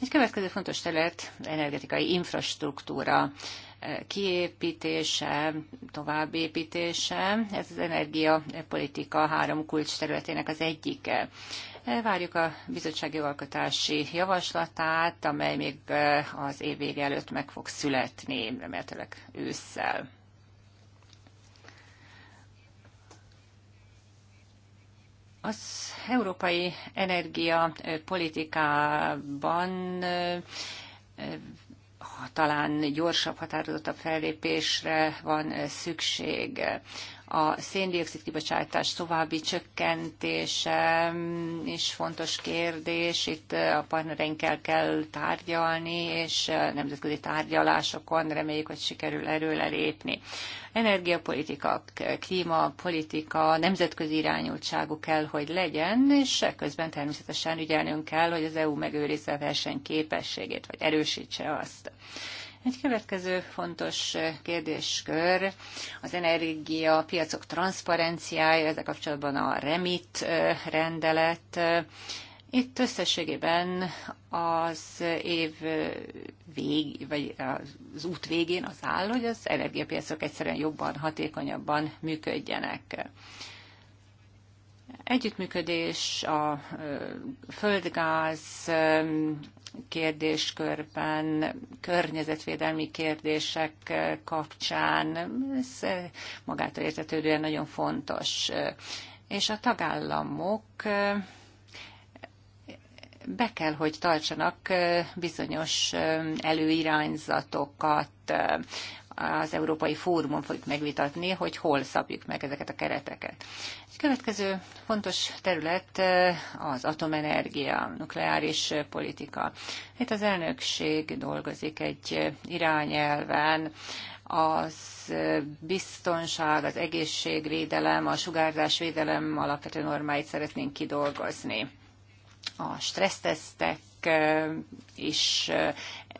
Egy következő fontos terület energetikai infrastruktúra kiépítése, továbbépítése, ez az energiapolitika három kulcs területének az egyike. Várjuk a bizottsági alkotási javaslatát, amely még az év vége előtt meg fog születni, remélhetőleg ősszel. Az európai energiapolitikában talán gyorsabb, határozottabb fellépésre van szükség a széndiokszid kibocsátás további csökkentése mm, is fontos kérdés. Itt a partnereinkkel kell tárgyalni, és nemzetközi tárgyalásokon reméljük, hogy sikerül erről lépni. Energiapolitika, klímapolitika, nemzetközi irányultságú kell, hogy legyen, és közben természetesen ügyelnünk kell, hogy az EU megőrizze a versenyképességét, vagy erősítse azt. Egy következő fontos kérdéskör az energia piacok transzparenciája, ezzel kapcsolatban a REMIT rendelet. Itt összességében az év vég, vagy az út végén az áll, hogy az energiapiacok egyszerűen jobban, hatékonyabban működjenek. Együttműködés a földgáz kérdéskörben, környezetvédelmi kérdések kapcsán, ez magától értetődően nagyon fontos. És a tagállamok be kell, hogy tartsanak bizonyos előirányzatokat az Európai Fórumon fogjuk megvitatni, hogy hol szabjuk meg ezeket a kereteket. Egy következő fontos terület az atomenergia, nukleáris politika. Itt az elnökség dolgozik egy irányelven, az biztonság, az egészségvédelem, a sugárzásvédelem alapvető normáit szeretnénk kidolgozni a stressztesztek is eh,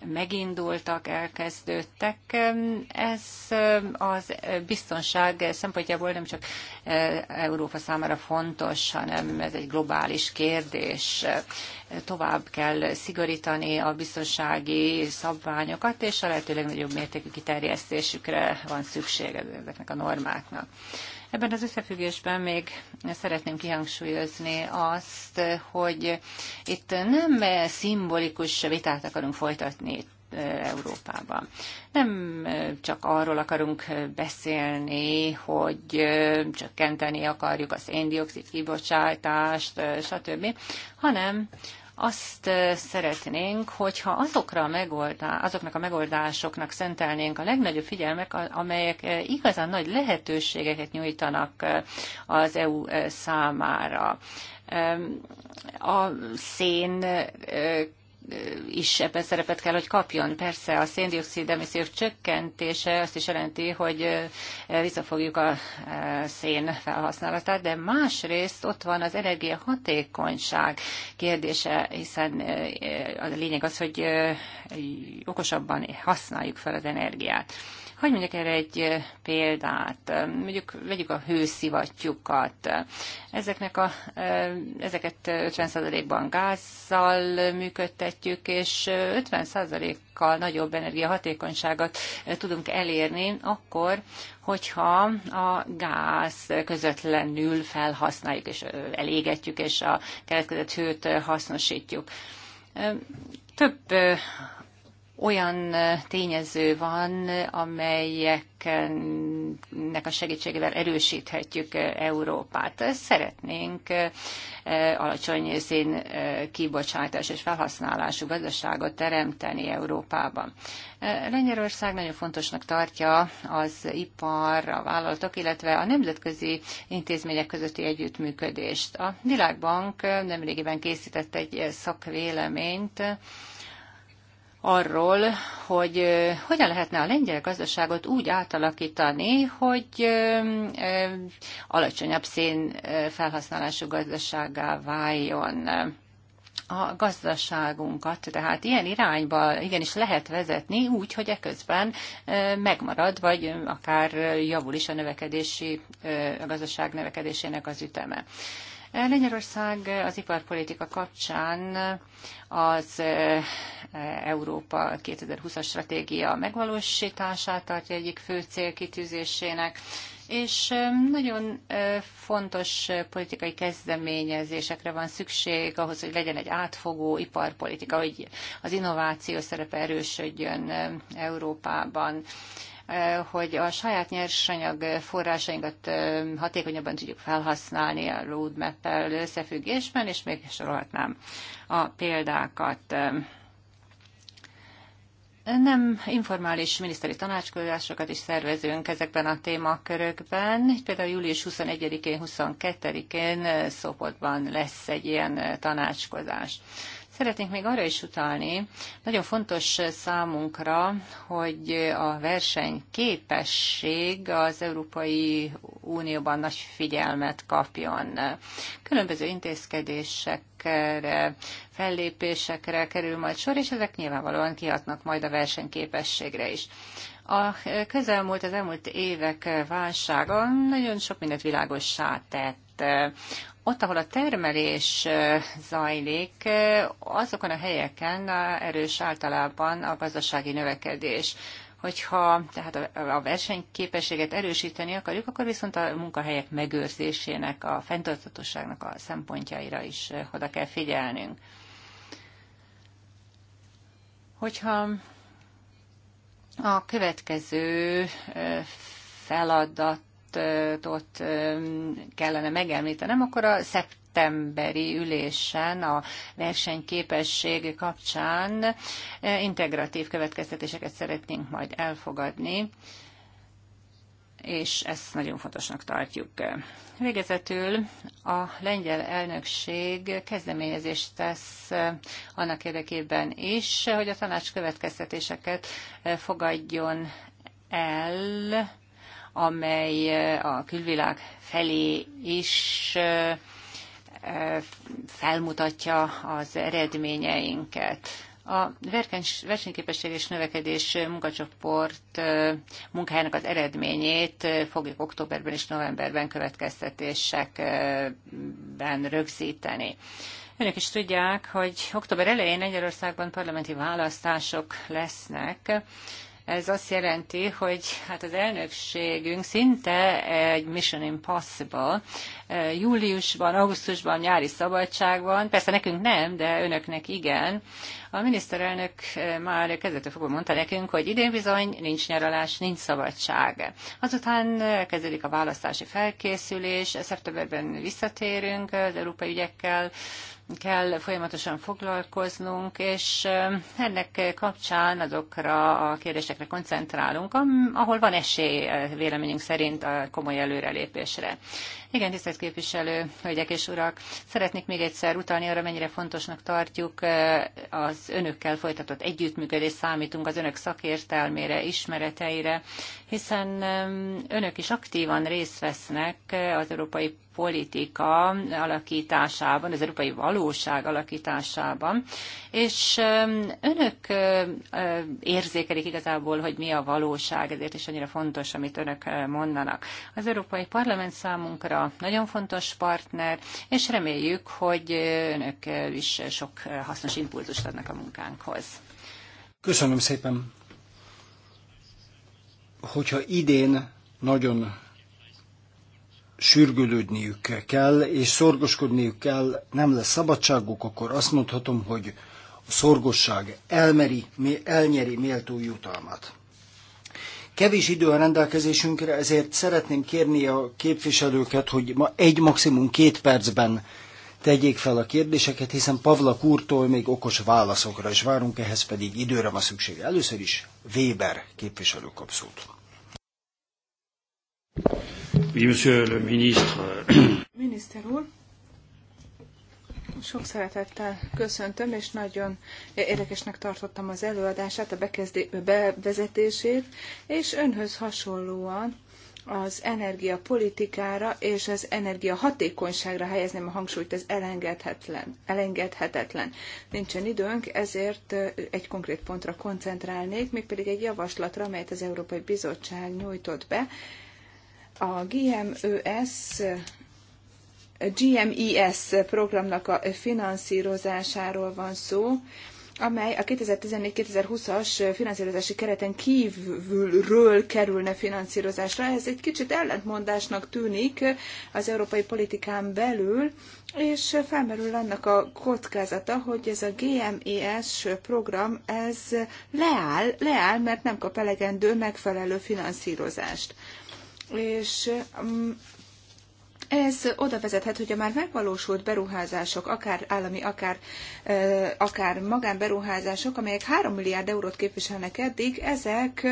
megindultak, elkezdődtek. Eh, ez eh, az biztonság szempontjából nem csak Európa számára fontos, hanem ez egy globális kérdés. Tovább kell szigorítani a biztonsági szabványokat, és a lehető legnagyobb mértékű kiterjesztésükre van szükség ezeknek a normáknak. Ebben az összefüggésben még szeretném kihangsúlyozni azt, hogy itt nem szimbolikus vitát akarunk folytatni eh, Európában. Nem eh, csak arról akarunk eh, beszélni, hogy csökkenteni akarjuk az széndiokszid kibocsátást, stb., hanem azt szeretnénk, hogyha azokra a azoknak a megoldásoknak szentelnénk a legnagyobb figyelmek, amelyek igazán nagy lehetőségeket nyújtanak az EU számára a szén is ebben szerepet kell, hogy kapjon. Persze a széndiokszid emissziók csökkentése azt is jelenti, hogy visszafogjuk a szén felhasználatát, de másrészt ott van az energiahatékonyság kérdése, hiszen a lényeg az, hogy okosabban használjuk fel az energiát. Hogy mondjak erre egy példát? Mondjuk vegyük a hőszivattyúkat. Ezeknek a, ezeket 50%-ban gázzal működtetjük, és 50%-kal nagyobb energiahatékonyságot tudunk elérni akkor, hogyha a gáz közvetlenül felhasználjuk, és elégetjük, és a keletkezett hőt hasznosítjuk. Több olyan tényező van, amelyeknek a segítségével erősíthetjük Európát. Szeretnénk alacsony szén kibocsátás és felhasználású gazdaságot teremteni Európában. Lengyelország nagyon fontosnak tartja az ipar, a vállalatok, illetve a nemzetközi intézmények közötti együttműködést. A Világbank nemrégiben készített egy szakvéleményt, arról, hogy hogyan lehetne a lengyel gazdaságot úgy átalakítani, hogy alacsonyabb szén felhasználású gazdasággá váljon a gazdaságunkat, tehát ilyen irányba igenis lehet vezetni úgy, hogy eközben megmarad, vagy akár javul is a növekedési, a gazdaság növekedésének az üteme. Lengyelország az iparpolitika kapcsán az Európa 2020-as stratégia megvalósítását tartja egyik fő célkitűzésének, és nagyon fontos politikai kezdeményezésekre van szükség ahhoz, hogy legyen egy átfogó iparpolitika, hogy az innováció szerepe erősödjön Európában hogy a saját nyersanyag forrásainkat hatékonyabban tudjuk felhasználni a roadmap-el összefüggésben, és még sorolhatnám a példákat. Nem informális miniszteri tanácskozásokat is szervezünk ezekben a témakörökben. például július 21-én, 22-én Szopotban lesz egy ilyen tanácskozás. Szeretnék még arra is utalni, nagyon fontos számunkra, hogy a versenyképesség az Európai Unióban nagy figyelmet kapjon. Különböző intézkedésekre, fellépésekre kerül majd sor, és ezek nyilvánvalóan kihatnak majd a versenyképességre is. A közelmúlt, az elmúlt évek válsága nagyon sok mindent világossá tett ott, ahol a termelés zajlik, azokon a helyeken erős általában a gazdasági növekedés. Hogyha tehát a versenyképességet erősíteni akarjuk, akkor viszont a munkahelyek megőrzésének, a fenntarthatóságnak a szempontjaira is oda kell figyelnünk. Hogyha a következő feladat pontot kellene megemlítenem, akkor a szeptemberi ülésen a versenyképesség kapcsán integratív következtetéseket szeretnénk majd elfogadni, és ezt nagyon fontosnak tartjuk. Végezetül a lengyel elnökség kezdeményezést tesz annak érdekében is, hogy a tanács következtetéseket fogadjon el amely a külvilág felé is felmutatja az eredményeinket. A versenyképesség és növekedés munkacsoport munkájának az eredményét fogjuk októberben és novemberben következtetésekben rögzíteni. Önök is tudják, hogy október elején Egyarországban parlamenti választások lesznek, ez azt jelenti, hogy hát az elnökségünk szinte egy Mission Impossible. Júliusban, augusztusban, nyári van, persze nekünk nem, de önöknek igen. A miniszterelnök már kezdetől fogva mondta nekünk, hogy idén bizony nincs nyaralás, nincs szabadság. Azután kezdődik a választási felkészülés, szeptemberben visszatérünk az európai ügyekkel, kell folyamatosan foglalkoznunk, és ennek kapcsán azokra a kérdésekre koncentrálunk, ahol van esély eh, véleményünk szerint a komoly előrelépésre. Igen, tisztelt képviselő, hölgyek és urak, szeretnék még egyszer utalni arra, mennyire fontosnak tartjuk az önökkel folytatott együttműködés, számítunk az önök szakértelmére, ismereteire, hiszen önök is aktívan részt vesznek az európai politika alakításában, az európai valóság alakításában, és önök érzékelik igazából, hogy mi a valóság, ezért is annyira fontos, amit önök mondanak. Az Európai Parlament számunkra nagyon fontos partner, és reméljük, hogy önök is sok hasznos impulzust adnak a munkánkhoz. Köszönöm szépen! Hogyha idén nagyon sürgülődniük kell, és szorgoskodniuk kell, nem lesz szabadságuk, akkor azt mondhatom, hogy a szorgosság elmeri, elnyeri méltó jutalmat. Kevés idő a rendelkezésünkre, ezért szeretném kérni a képviselőket, hogy ma egy maximum két percben tegyék fel a kérdéseket, hiszen Pavlak úrtól még okos válaszokra is várunk, ehhez pedig időre van szükség. Először is Weber képviselő kap szót. Miniszter úr, sok szeretettel köszöntöm, és nagyon érdekesnek tartottam az előadását, a bekezdé, bevezetését, és önhöz hasonlóan az energiapolitikára és az energiahatékonyságra helyezném a hangsúlyt, ez elengedhetetlen. elengedhetetlen. Nincsen időnk, ezért egy konkrét pontra koncentrálnék, mégpedig egy javaslatra, amelyet az Európai Bizottság nyújtott be. A GMÖS GMES programnak a finanszírozásáról van szó, amely a 2014-2020-as finanszírozási kereten kívülről kerülne finanszírozásra. Ez egy kicsit ellentmondásnak tűnik az európai politikán belül, és felmerül annak a kockázata, hogy ez a GMES program, ez leáll, leáll, mert nem kap elegendő megfelelő finanszírozást. És mm, ez oda vezethet, hogy a már megvalósult beruházások, akár állami, akár, akár magánberuházások, amelyek 3 milliárd eurót képviselnek eddig, ezek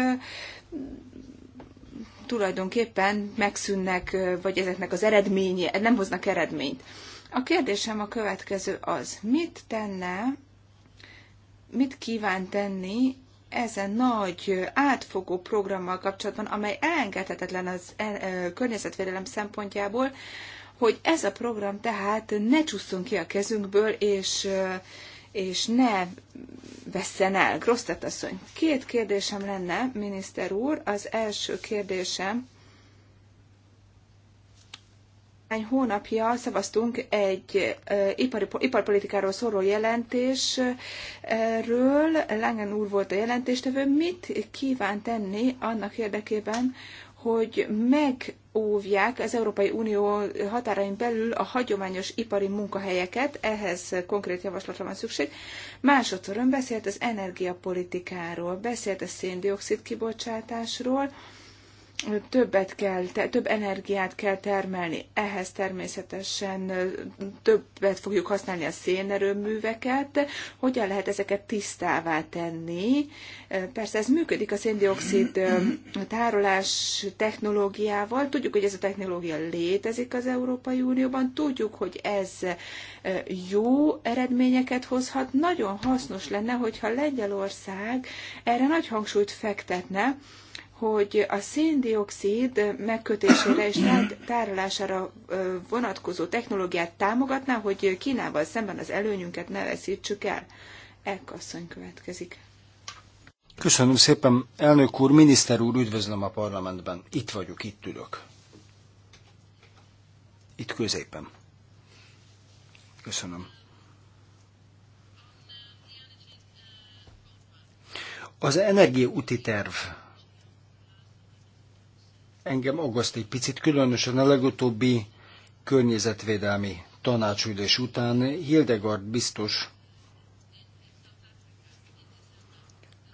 tulajdonképpen megszűnnek, vagy ezeknek az eredménye, nem hoznak eredményt. A kérdésem a következő az, mit tenne, mit kíván tenni ezen nagy átfogó programmal kapcsolatban, amely elengedhetetlen az e, e, környezetvédelem szempontjából, hogy ez a program tehát ne csúszson ki a kezünkből, és, e, és ne vesszen el. Grosztet asszony, két kérdésem lenne, miniszter úr. Az első kérdésem néhány hónapja szavaztunk egy ipari, iparpolitikáról szóló jelentésről. Langen úr volt a jelentéstevő. Mit kíván tenni annak érdekében, hogy megóvják az Európai Unió határain belül a hagyományos ipari munkahelyeket, ehhez konkrét javaslatra van szükség. Másodszor ön beszélt az energiapolitikáról, beszélt a széndiokszid kibocsátásról, többet kell, több energiát kell termelni. Ehhez természetesen többet fogjuk használni a szénerőműveket. Hogyan lehet ezeket tisztává tenni? Persze ez működik a széndiokszid tárolás technológiával. Tudjuk, hogy ez a technológia létezik az Európai Unióban. Tudjuk, hogy ez jó eredményeket hozhat. Nagyon hasznos lenne, hogyha Lengyelország erre nagy hangsúlyt fektetne, hogy a széndiokszid megkötésére és tárolására vonatkozó technológiát támogatná, hogy Kínával szemben az előnyünket ne veszítsük el. Ekkasszony következik. Köszönöm szépen, elnök úr, miniszter úr, üdvözlöm a parlamentben. Itt vagyok, itt ülök. Itt középen. Köszönöm. Az energia úti terv engem aggaszt egy picit, különösen a legutóbbi környezetvédelmi tanácsülés után Hildegard biztos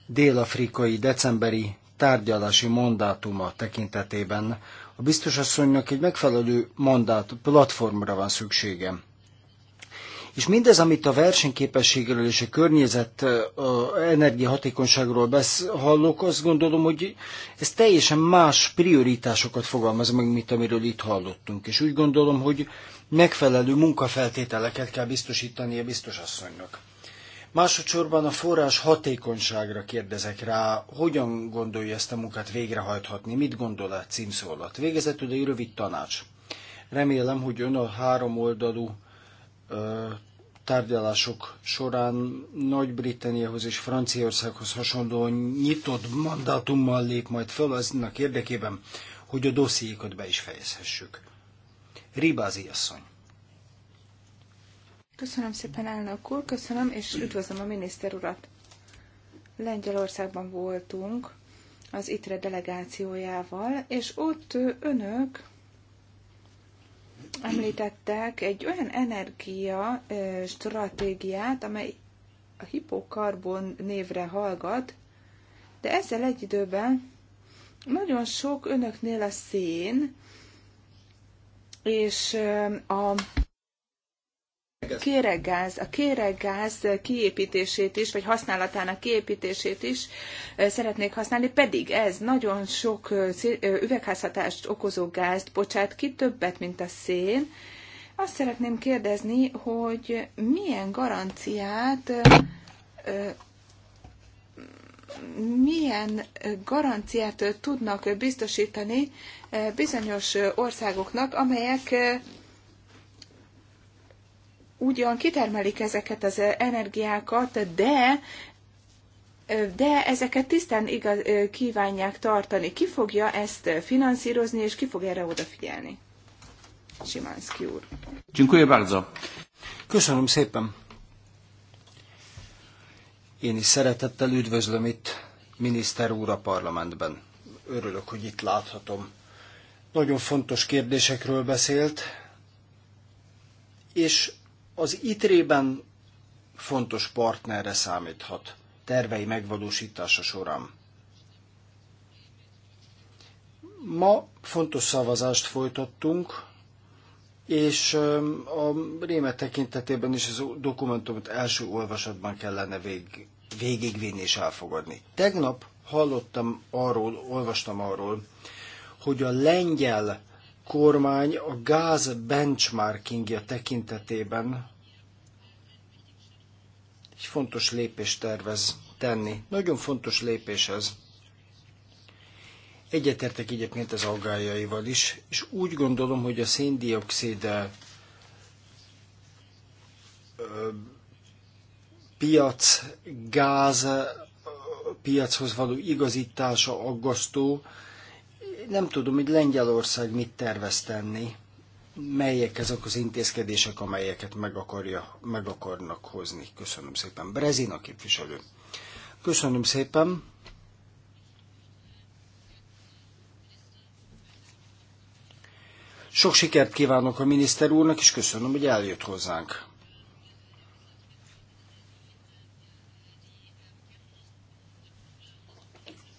dél-afrikai decemberi tárgyalási mandátuma tekintetében a biztosasszonynak egy megfelelő mandát platformra van szüksége. És mindez, amit a versenyképességről és a környezet a energiahatékonyságról besz hallok, azt gondolom, hogy ez teljesen más prioritásokat fogalmaz meg, mint amiről itt hallottunk. És úgy gondolom, hogy megfelelő munkafeltételeket kell biztosítani a biztos asszonynak. Másodszorban a forrás hatékonyságra kérdezek rá, hogyan gondolja ezt a munkát végrehajthatni, mit gondol a címszólat. Végezetül egy rövid tanács. Remélem, hogy ön a három oldalú tárgyalások során Nagy-Britanniához és Franciaországhoz hasonló nyitott mandátummal lép majd föl aznak érdekében, hogy a dossziékot be is fejezhessük. Ribázi asszony. Köszönöm szépen, elnök úr, köszönöm, és üdvözlöm a miniszter urat. Lengyelországban voltunk az ITRE delegációjával, és ott önök említettek egy olyan energia stratégiát, amely a hipokarbon névre hallgat, de ezzel egy időben nagyon sok önöknél a szén és a kéreggáz, a kéreggáz kiépítését is, vagy használatának kiépítését is szeretnék használni, pedig ez nagyon sok üvegházhatást okozó gázt bocsát ki, többet, mint a szén. Azt szeretném kérdezni, hogy milyen garanciát milyen garanciát tudnak biztosítani bizonyos országoknak, amelyek ugyan kitermelik ezeket az energiákat, de de ezeket tisztán igaz, kívánják tartani. Ki fogja ezt finanszírozni, és ki fog erre odafigyelni? Simánszki úr. Dziękuję bardzo. Köszönöm szépen. Én is szeretettel üdvözlöm itt miniszter úr a parlamentben. Örülök, hogy itt láthatom. Nagyon fontos kérdésekről beszélt, és az ITRE-ben fontos partnerre számíthat tervei megvalósítása során. Ma fontos szavazást folytattunk, és a réme tekintetében is az dokumentumot első olvasatban kellene vég, végigvinni és elfogadni. Tegnap hallottam arról, olvastam arról, hogy a lengyel kormány a gáz benchmarkingja tekintetében egy fontos lépést tervez tenni. Nagyon fontos lépés ez. Egyetértek egyébként az aggájaival is, és úgy gondolom, hogy a széndiokszid piac, gáz piachoz való igazítása aggasztó, nem tudom, hogy Lengyelország mit tervez tenni, melyek ezek az intézkedések, amelyeket meg, akarja, meg akarnak hozni. Köszönöm szépen. Brezina képviselő. Köszönöm szépen. Sok sikert kívánok a miniszter úrnak, és köszönöm, hogy eljött hozzánk.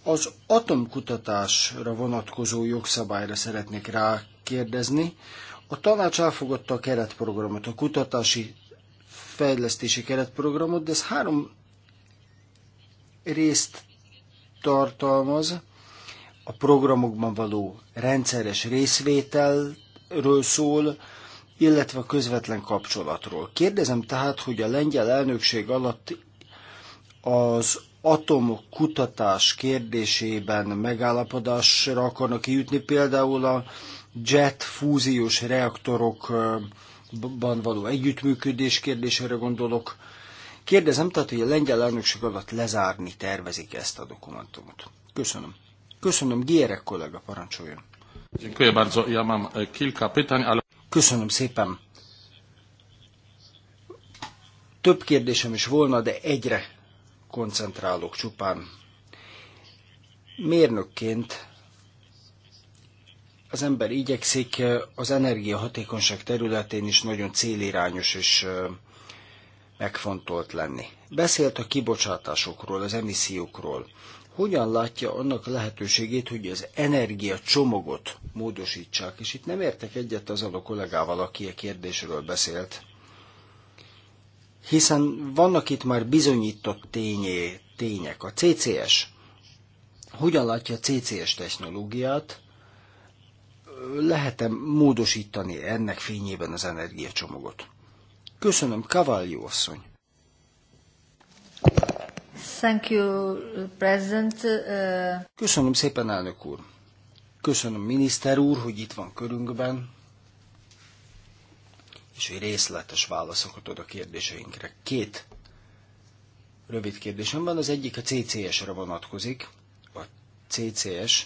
Az atomkutatásra vonatkozó jogszabályra szeretnék rákérdezni. A tanács elfogadta a keretprogramot, a kutatási fejlesztési keretprogramot, de ez három részt tartalmaz. A programokban való rendszeres részvételről szól, illetve a közvetlen kapcsolatról. Kérdezem tehát, hogy a lengyel elnökség alatt az kutatás kérdésében megállapodásra akarnak jutni, például a jet fúziós reaktorokban való együttműködés kérdésére gondolok. Kérdezem tehát, hogy a lengyel elnökség alatt lezárni tervezik ezt a dokumentumot. Köszönöm. Köszönöm, Gierek kollega, parancsoljon. E, Köszönöm szépen. Több kérdésem is volna, de egyre koncentrálok csupán. Mérnökként az ember igyekszik az energiahatékonyság területén is nagyon célirányos és megfontolt lenni. Beszélt a kibocsátásokról, az emissziókról. Hogyan látja annak lehetőségét, hogy az energia csomagot módosítsák? És itt nem értek egyet azzal a kollégával, aki a kérdésről beszélt hiszen vannak itt már bizonyított tényé, tények. A CCS, hogyan látja a CCS technológiát, lehet-e módosítani ennek fényében az energiacsomagot? Köszönöm, Kavaljú asszony. Thank you, President. Köszönöm szépen, elnök úr. Köszönöm, miniszter úr, hogy itt van körünkben és hogy részletes válaszokat ad a kérdéseinkre. Két rövid kérdésem van, az egyik a CCS-re vonatkozik. A CCS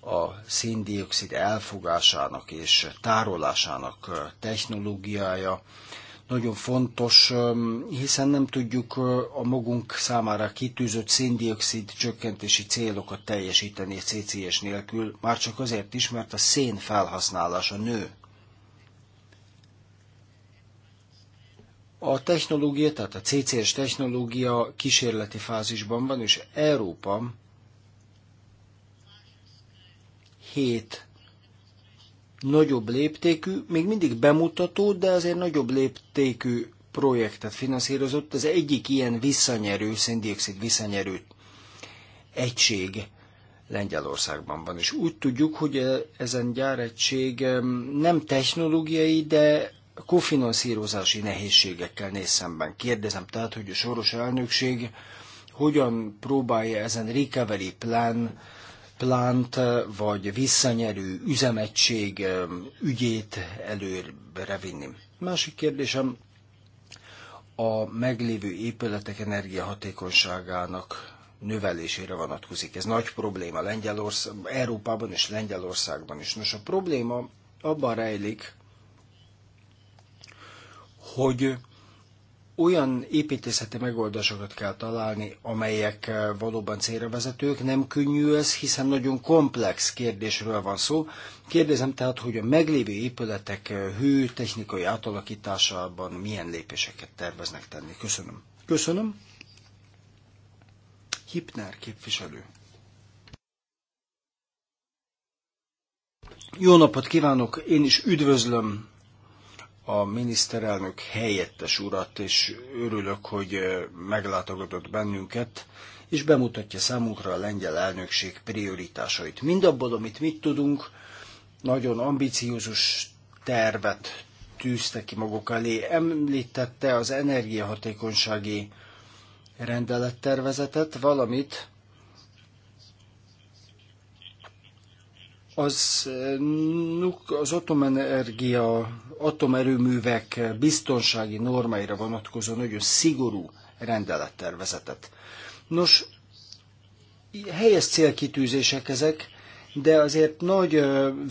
a széndiokszid elfogásának és tárolásának technológiája nagyon fontos, hiszen nem tudjuk a magunk számára kitűzött széndiokszid csökkentési célokat teljesíteni a CCS nélkül, már csak azért is, mert a szén felhasználása nő A technológia, tehát a CCS technológia kísérleti fázisban van, és Európa 7 nagyobb léptékű, még mindig bemutató, de azért nagyobb léptékű projektet finanszírozott. Az egyik ilyen visszanyerő, széndiokszid visszanyerő egység Lengyelországban van. És úgy tudjuk, hogy e- ezen gyáregység nem technológiai, de kofinanszírozási nehézségekkel néz szemben. Kérdezem tehát, hogy a soros elnökség hogyan próbálja ezen recovery plan, plant vagy visszanyerő üzemegység ügyét előre vinni. Másik kérdésem, a meglévő épületek energiahatékonyságának növelésére vonatkozik. Ez nagy probléma Lengyelország, Európában és Lengyelországban is. Nos, a probléma abban rejlik, hogy olyan építészeti megoldásokat kell találni, amelyek eh, valóban célra vezetők. Nem könnyű ez, hiszen nagyon komplex kérdésről van szó. Kérdezem tehát, hogy a meglévő épületek eh, hő technikai átalakításában milyen lépéseket terveznek tenni. Köszönöm. Köszönöm. Hipner képviselő. Jó napot kívánok, én is üdvözlöm a miniszterelnök helyettes urat, és örülök, hogy meglátogatott bennünket, és bemutatja számunkra a lengyel elnökség prioritásait. Mindabból, amit mit tudunk, nagyon ambiciózus tervet tűzte ki maguk elé. Említette az energiahatékonysági rendelettervezetet, valamit az, az atomenergia, atomerőművek biztonsági normáira vonatkozó nagyon szigorú rendelettervezetet. Nos, helyes célkitűzések ezek, de azért nagy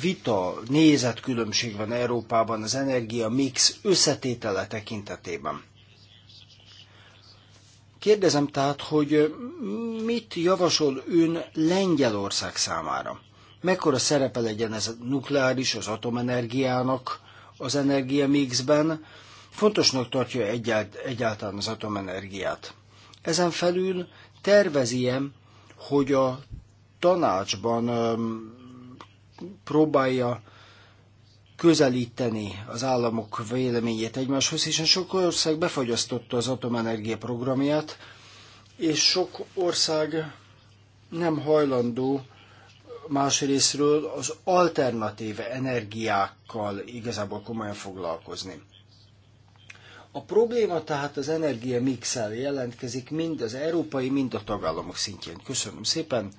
vita, nézetkülönbség van Európában az energia mix összetétele tekintetében. Kérdezem tehát, hogy mit javasol ön Lengyelország számára? mekkora szerepe legyen ez a nukleáris, az atomenergiának az energia mixben, fontosnak tartja egyált, egyáltalán az atomenergiát. Ezen felül tervezem, hogy a tanácsban öm, próbálja közelíteni az államok véleményét egymáshoz, hiszen sok ország befagyasztotta az atomenergia programját, és sok ország nem hajlandó másrésztről az alternatív energiákkal igazából komolyan foglalkozni. A probléma tehát az energia mixel jelentkezik mind az európai, mind a tagállamok szintjén. Köszönöm szépen,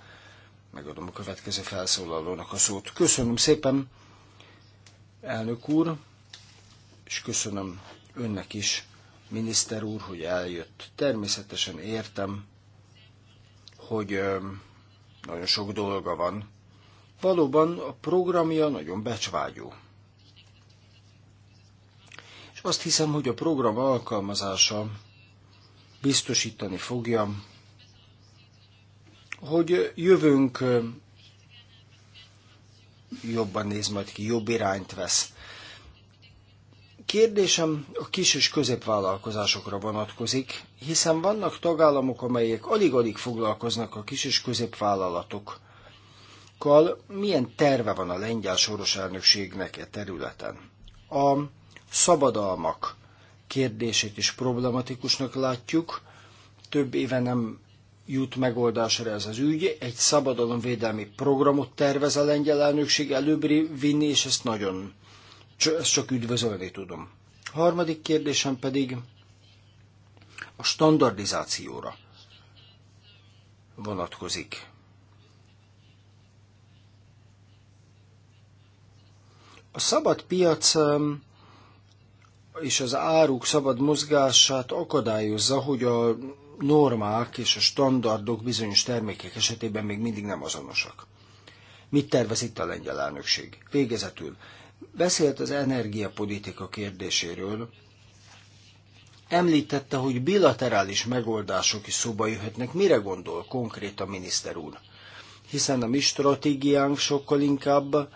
megadom a következő felszólalónak a szót. Köszönöm szépen, elnök úr, és köszönöm önnek is, miniszter úr, hogy eljött. Természetesen értem, hogy nagyon sok dolga van, Valóban a programja nagyon becsvágyó. És azt hiszem, hogy a program alkalmazása biztosítani fogja, hogy jövőnk jobban néz majd ki, jobb irányt vesz. Kérdésem a kis és középvállalkozásokra vonatkozik, hiszen vannak tagállamok, amelyek alig-alig foglalkoznak a kis és középvállalatok tagállamokkal milyen terve van a lengyel soros elnökségnek e területen? A szabadalmak kérdését is problematikusnak látjuk, több éve nem jut megoldásra ez az ügy. Egy szabadalomvédelmi programot tervez a lengyel elnökség Előbbi vinni, és ezt nagyon ezt csak üdvözölni tudom. Harmadik kérdésem pedig a standardizációra vonatkozik. A szabad piac és az áruk szabad mozgását akadályozza, hogy a normák és a standardok bizonyos termékek esetében még mindig nem azonosak. Mit tervez itt a lengyel elnökség? Végezetül beszélt az energiapolitika kérdéséről, említette, hogy bilaterális megoldások is szóba jöhetnek. Mire gondol konkrét a miniszter úr? Hiszen a mi stratégiánk sokkal inkább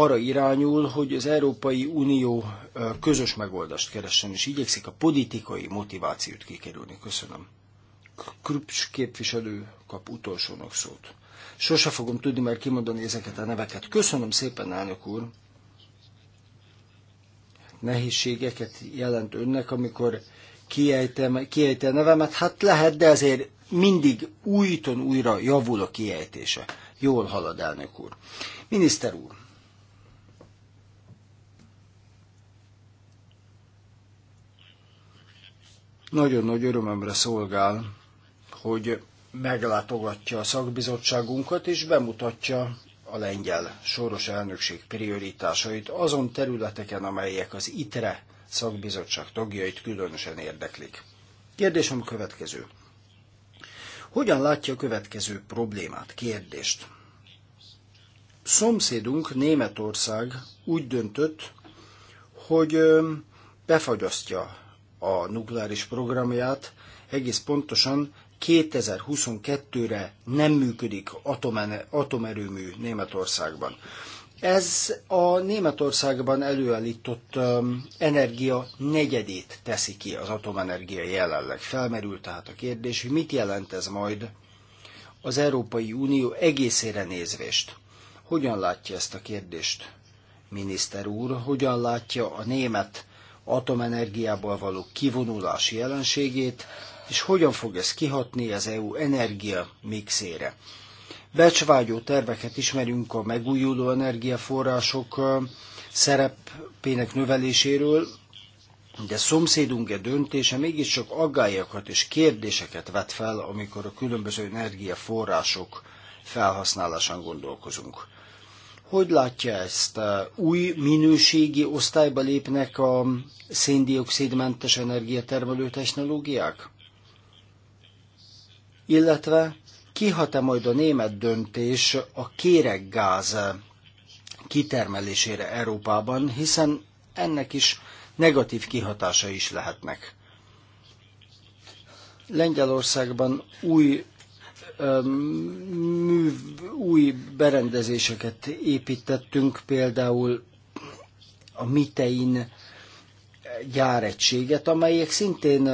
arra irányul, hogy az Európai Unió közös megoldást keressen, és igyekszik a politikai motivációt kikerülni. Köszönöm. Krups képviselő kap utolsónak szót. Sose fogom tudni már kimondani ezeket a neveket. Köszönöm szépen, elnök úr! Nehézségeket jelent önnek, amikor kiejtem, kiejte a nevemet. Hát lehet, de azért mindig újton újra javul a kiejtése. Jól halad, elnök úr. Miniszter úr, Nagyon nagy örömömre szolgál, hogy meglátogatja a szakbizottságunkat és bemutatja a lengyel soros elnökség prioritásait azon területeken, amelyek az ITRE szakbizottság tagjait különösen érdeklik. Kérdésem a következő. Hogyan látja a következő problémát, kérdést? Szomszédunk Németország úgy döntött, hogy befagyasztja a nukleáris programját, egész pontosan 2022-re nem működik atomerőmű Németországban. Ez a Németországban előállított energia negyedét teszi ki az atomenergia jelenleg. Felmerül tehát a kérdés, hogy mit jelent ez majd az Európai Unió egészére nézvést. Hogyan látja ezt a kérdést, miniszter úr? Hogyan látja a német atomenergiából való kivonulás jelenségét, és hogyan fog ez kihatni az EU energia mixére. Becsvágyó terveket ismerünk a megújuló energiaforrások szerepének növeléséről, de szomszédunk-e döntése mégiscsak aggályokat és kérdéseket vet fel, amikor a különböző energiaforrások felhasználásán gondolkozunk. Hogy látja ezt? Új minőségi osztályba lépnek a széndiokszidmentes energiatermelő technológiák? Illetve kihat-e majd a német döntés a kéreggáz kitermelésére Európában, hiszen ennek is negatív kihatása is lehetnek. Lengyelországban új mű új berendezéseket építettünk, például a Mitein gyáregységet, amelyek szintén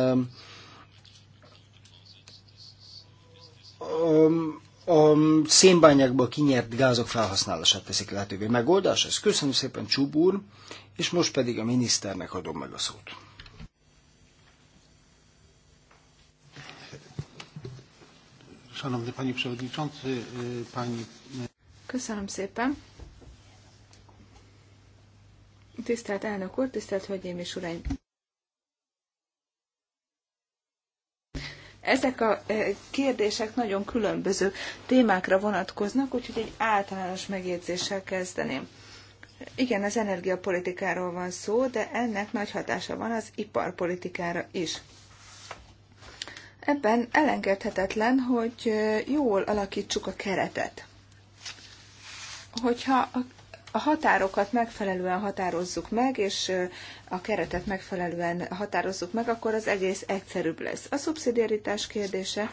a szénbányákból kinyert gázok felhasználását teszik lehetővé. Megoldás ez. Köszönöm szépen, Csúbúr, és most pedig a miniszternek adom meg a szót. Szanowny Panie Przewodniczący, Pani... Köszönöm szépen. Tisztelt elnök úr, tisztelt hölgyeim és uraim! Ezek a e, kérdések nagyon különböző témákra vonatkoznak, úgyhogy egy általános megjegyzéssel kezdeném. Igen, az energiapolitikáról van szó, de ennek nagy hatása van az iparpolitikára is. Ebben elengedhetetlen, hogy jól alakítsuk a keretet. Hogyha a határokat megfelelően határozzuk meg, és a keretet megfelelően határozzuk meg, akkor az egész egyszerűbb lesz. A szubszidiaritás kérdése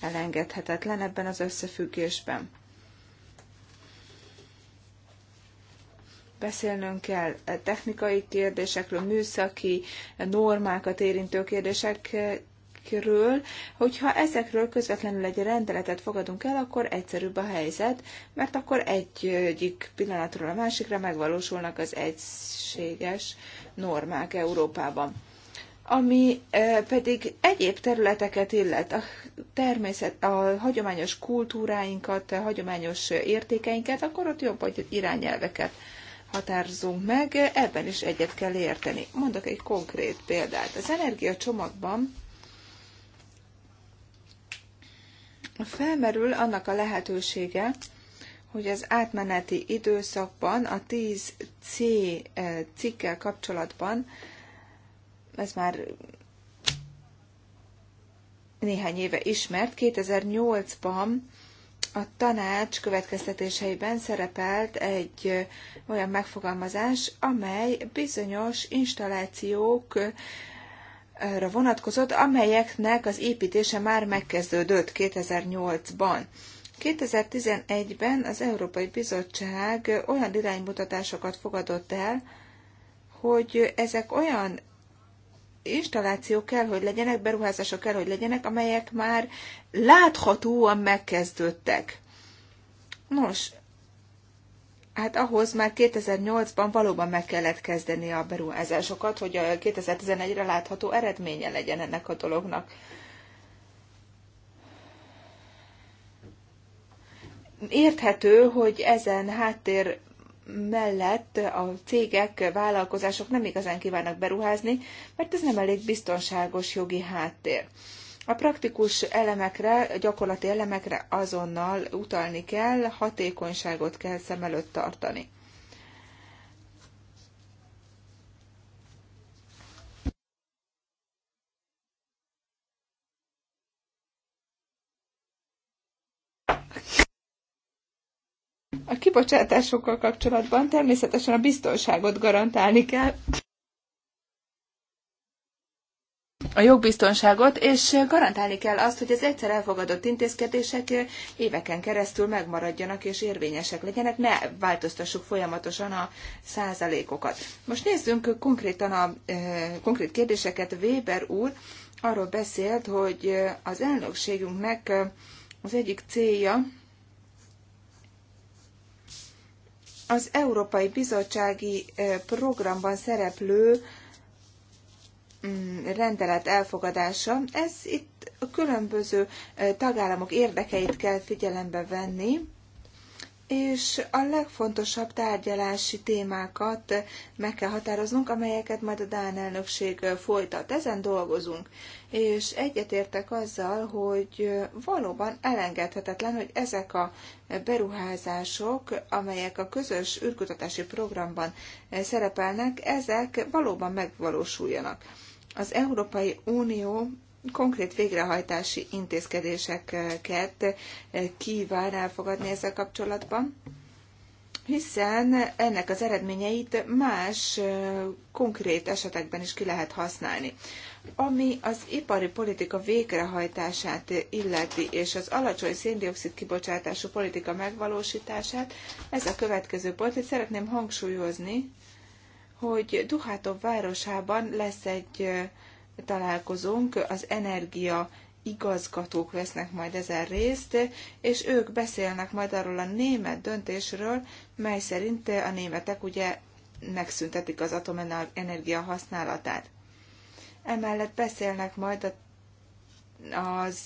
elengedhetetlen ebben az összefüggésben. beszélnünk kell technikai kérdésekről, műszaki normákat érintő kérdések, ezekről, hogyha ezekről közvetlenül egy rendeletet fogadunk el, akkor egyszerűbb a helyzet, mert akkor egy, egyik pillanatról a másikra megvalósulnak az egységes normák Európában. Ami e, pedig egyéb területeket illet, a természet, a hagyományos kultúráinkat, a hagyományos értékeinket, akkor ott jobb hogy irányelveket határozunk meg, ebben is egyet kell érteni. Mondok egy konkrét példát. Az energiacsomagban felmerül annak a lehetősége, hogy az átmeneti időszakban a 10C eh, cikkel kapcsolatban, ez már néhány éve ismert, 2008-ban a tanács következtetéseiben szerepelt egy eh, olyan megfogalmazás, amely bizonyos installációk eh, vonatkozott, amelyeknek az építése már megkezdődött 2008-ban. 2011-ben az Európai Bizottság olyan iránymutatásokat fogadott el, hogy ezek olyan installációk kell, hogy legyenek, beruházások kell, hogy legyenek, amelyek már láthatóan megkezdődtek. Nos, hát ahhoz már 2008-ban valóban meg kellett kezdeni a beruházásokat, hogy a 2011-re látható eredménye legyen ennek a dolognak. Érthető, hogy ezen háttér mellett a cégek, vállalkozások nem igazán kívánnak beruházni, mert ez nem elég biztonságos jogi háttér. A praktikus elemekre, gyakorlati elemekre azonnal utalni kell, hatékonyságot kell szem előtt tartani. A kibocsátásokkal kapcsolatban természetesen a biztonságot garantálni kell. a jogbiztonságot, és garantálni kell azt, hogy az egyszer elfogadott intézkedések éveken keresztül megmaradjanak és érvényesek legyenek, ne változtassuk folyamatosan a százalékokat. Most nézzünk konkrétan a eh, konkrét kérdéseket. Weber úr arról beszélt, hogy az elnökségünknek eh, az egyik célja, az Európai Bizottsági eh, Programban szereplő Mm, rendelet elfogadása, ez itt a különböző eh, tagállamok érdekeit kell figyelembe venni, és a legfontosabb tárgyalási témákat meg kell határoznunk, amelyeket majd a Dán elnökség folytat. Ezen dolgozunk, és egyetértek azzal, hogy valóban elengedhetetlen, hogy ezek a beruházások, amelyek a közös űrkutatási programban szerepelnek, ezek valóban megvalósuljanak. Az Európai Unió konkrét végrehajtási intézkedéseket eh, kíván elfogadni ezzel kapcsolatban, hiszen ennek az eredményeit más eh, konkrét esetekben is ki lehet használni. Ami az ipari politika végrehajtását illeti, és az alacsony széndiokszid kibocsátású politika megvalósítását, ez a következő pont, hogy szeretném hangsúlyozni, hogy Duhátov városában lesz egy eh, találkozunk, az energia igazgatók vesznek majd ezen részt, és ők beszélnek majd arról a német döntésről, mely szerint a németek ugye megszüntetik az atomenergia használatát. Emellett beszélnek majd a az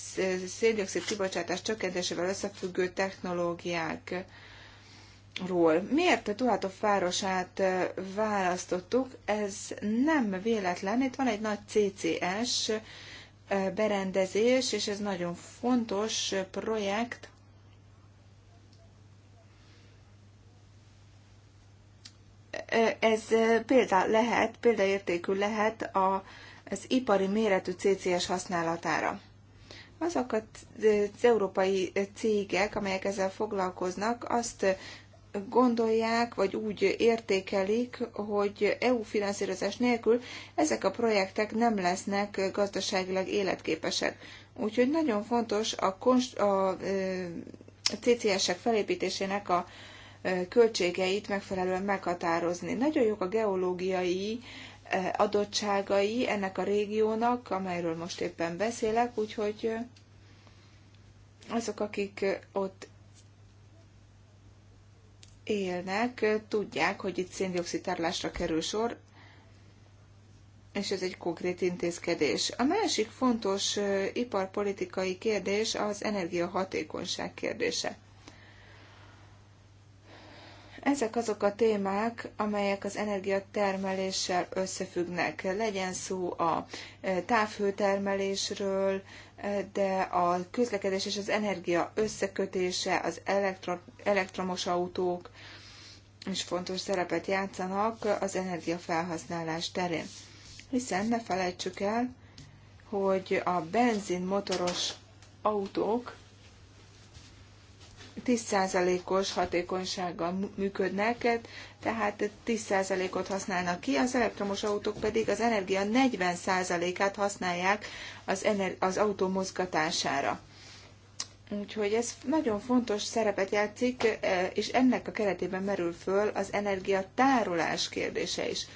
széndiokszid kibocsátás csökkentésével összefüggő technológiák ról. Miért Tuhátov városát választottuk? Ez nem véletlen. Itt van egy nagy CCS berendezés, és ez nagyon fontos projekt. Ez példa lehet, példaértékű lehet a, az ipari méretű CCS használatára azok az európai cégek, amelyek ezzel foglalkoznak, azt gondolják, vagy úgy értékelik, hogy EU finanszírozás nélkül ezek a projektek nem lesznek gazdaságilag életképesek. Úgyhogy nagyon fontos a, konst- a CCS-ek felépítésének a költségeit megfelelően meghatározni. Nagyon jók a geológiai adottságai ennek a régiónak, amelyről most éppen beszélek, úgyhogy azok, akik ott élnek, tudják, hogy itt széndiokszid tárolásra kerül sor, és ez egy konkrét intézkedés. A másik fontos iparpolitikai kérdés az energiahatékonyság kérdése. Ezek azok a témák, amelyek az energiatermeléssel összefüggnek. Legyen szó a e, távhőtermelésről, e, de a közlekedés és az energia összekötése, az elektro, elektromos autók is fontos szerepet játszanak az energiafelhasználás terén. Hiszen ne felejtsük el, hogy a benzinmotoros autók 10%-os hatékonysággal működnek, tehát 10%-ot használnak ki, az elektromos autók pedig az energia 40%-át használják az, ener- az autó mozgatására. Úgyhogy ez nagyon fontos szerepet játszik, eh, és ennek a keretében merül föl az energia tárolás kérdése is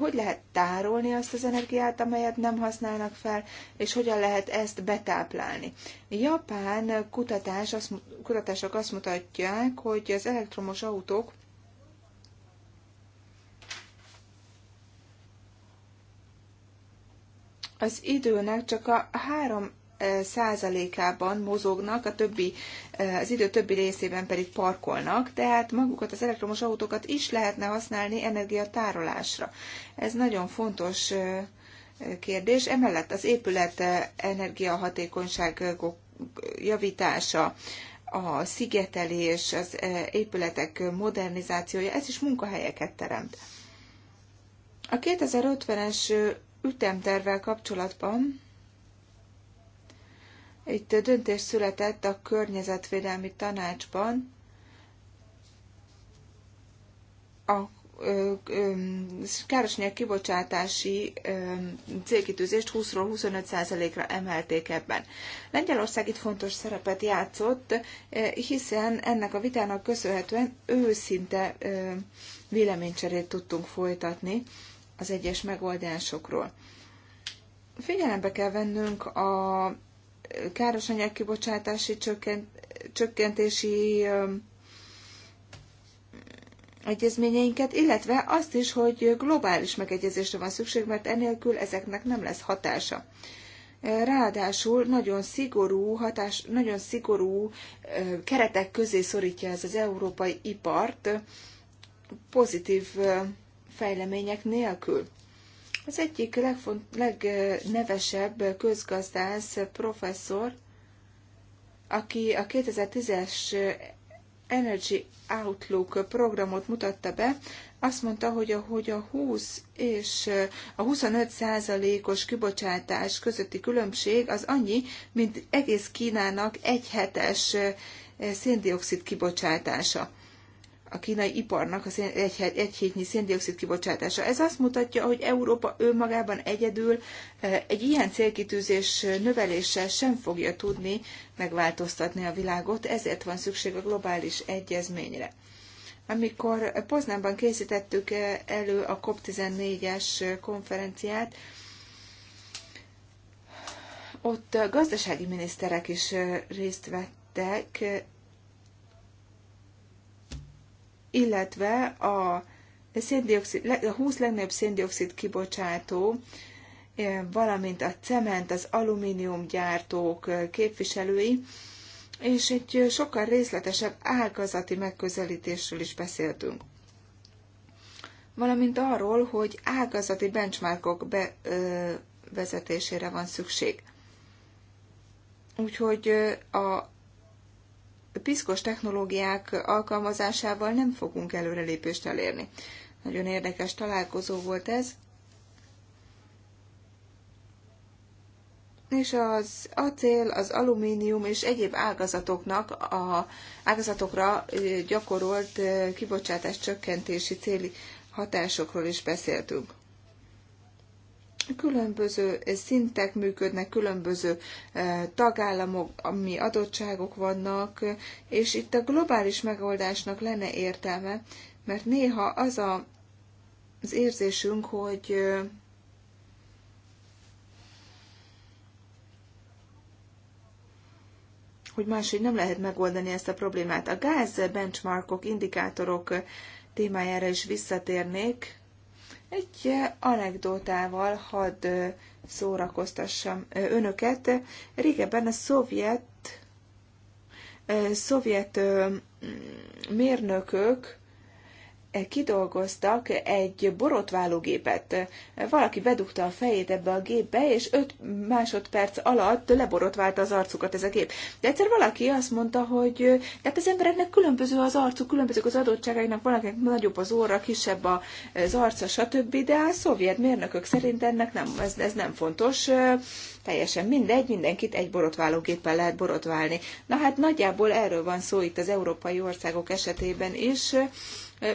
hogy lehet tárolni azt az energiát, amelyet nem használnak fel, és hogyan lehet ezt betáplálni. Japán kutatás, azt, kutatások azt mutatják, hogy az elektromos autók az időnek csak a három százalékában mozognak, a többi, az idő többi részében pedig parkolnak, tehát magukat az elektromos autókat is lehetne használni energiatárolásra. Ez nagyon fontos kérdés. Emellett az épület energiahatékonyság javítása, a szigetelés, az épületek modernizációja, ez is munkahelyeket teremt. A 2050-es ütemtervel kapcsolatban itt döntés született a környezetvédelmi tanácsban a károsanyag kibocsátási célkitűzést 20-ról 25%-ra emelték ebben. Lengyelország itt fontos szerepet játszott, hiszen ennek a vitának köszönhetően őszinte véleménycserét tudtunk folytatni az egyes megoldásokról. Figyelembe kell vennünk a káros anyag kibocsátási csökkent, csökkentési egyezményeinket, illetve azt is, hogy globális megegyezésre van szükség, mert enélkül ezeknek nem lesz hatása. Ráadásul nagyon szigorú, hatás, nagyon szigorú keretek közé szorítja ez az európai ipart pozitív fejlemények nélkül. Az egyik legfont, legnevesebb közgazdász professzor, aki a 2010-es Energy Outlook programot mutatta be, azt mondta, hogy a, hogy a 20 és a 25 százalékos kibocsátás közötti különbség az annyi, mint egész Kínának egy hetes széndiokszid kibocsátása a kínai iparnak az egy, egy hétnyi széndiokszid kibocsátása. Ez azt mutatja, hogy Európa önmagában egyedül eh, egy ilyen célkitűzés növeléssel sem fogja tudni megváltoztatni a világot, ezért van szükség a globális egyezményre. Amikor Poznánban készítettük eh, elő a COP14-es konferenciát, ott gazdasági miniszterek is eh, részt vettek, illetve a, széndiokszid, a 20 legnagyobb széndiokszid kibocsátó, eh, valamint a cement, az alumíniumgyártók eh, képviselői, és egy eh, sokkal részletesebb ágazati megközelítésről is beszéltünk. Valamint arról, hogy ágazati benchmarkok bevezetésére van szükség. Úgyhogy a piszkos technológiák alkalmazásával nem fogunk előrelépést elérni. Nagyon érdekes találkozó volt ez. És az acél, az alumínium és egyéb ágazatoknak a ágazatokra gyakorolt kibocsátás csökkentési céli hatásokról is beszéltünk. Különböző szintek működnek, különböző eh, tagállamok, ami adottságok vannak, és itt a globális megoldásnak lenne értelme, mert néha az a, az érzésünk, hogy eh, hogy máshogy nem lehet megoldani ezt a problémát. A gáz benchmarkok, indikátorok eh, témájára is visszatérnék. Egy anekdótával hadd szórakoztassam önöket. Régebben a szovjet, szovjet mérnökök kidolgoztak egy borotválógépet. Valaki bedugta a fejét ebbe a gépbe, és 5 másodperc alatt leborotválta az arcukat ez a gép. De egyszer valaki azt mondta, hogy de hát az embereknek különböző az arcuk, különbözők az adottságainak, valakinek nagyobb az óra, kisebb az arca, stb. De a szovjet mérnökök szerint ennek nem, ez, ez nem fontos, teljesen mindegy, mindenkit egy borotválógéppel lehet borotválni. Na hát nagyjából erről van szó itt az európai országok esetében is,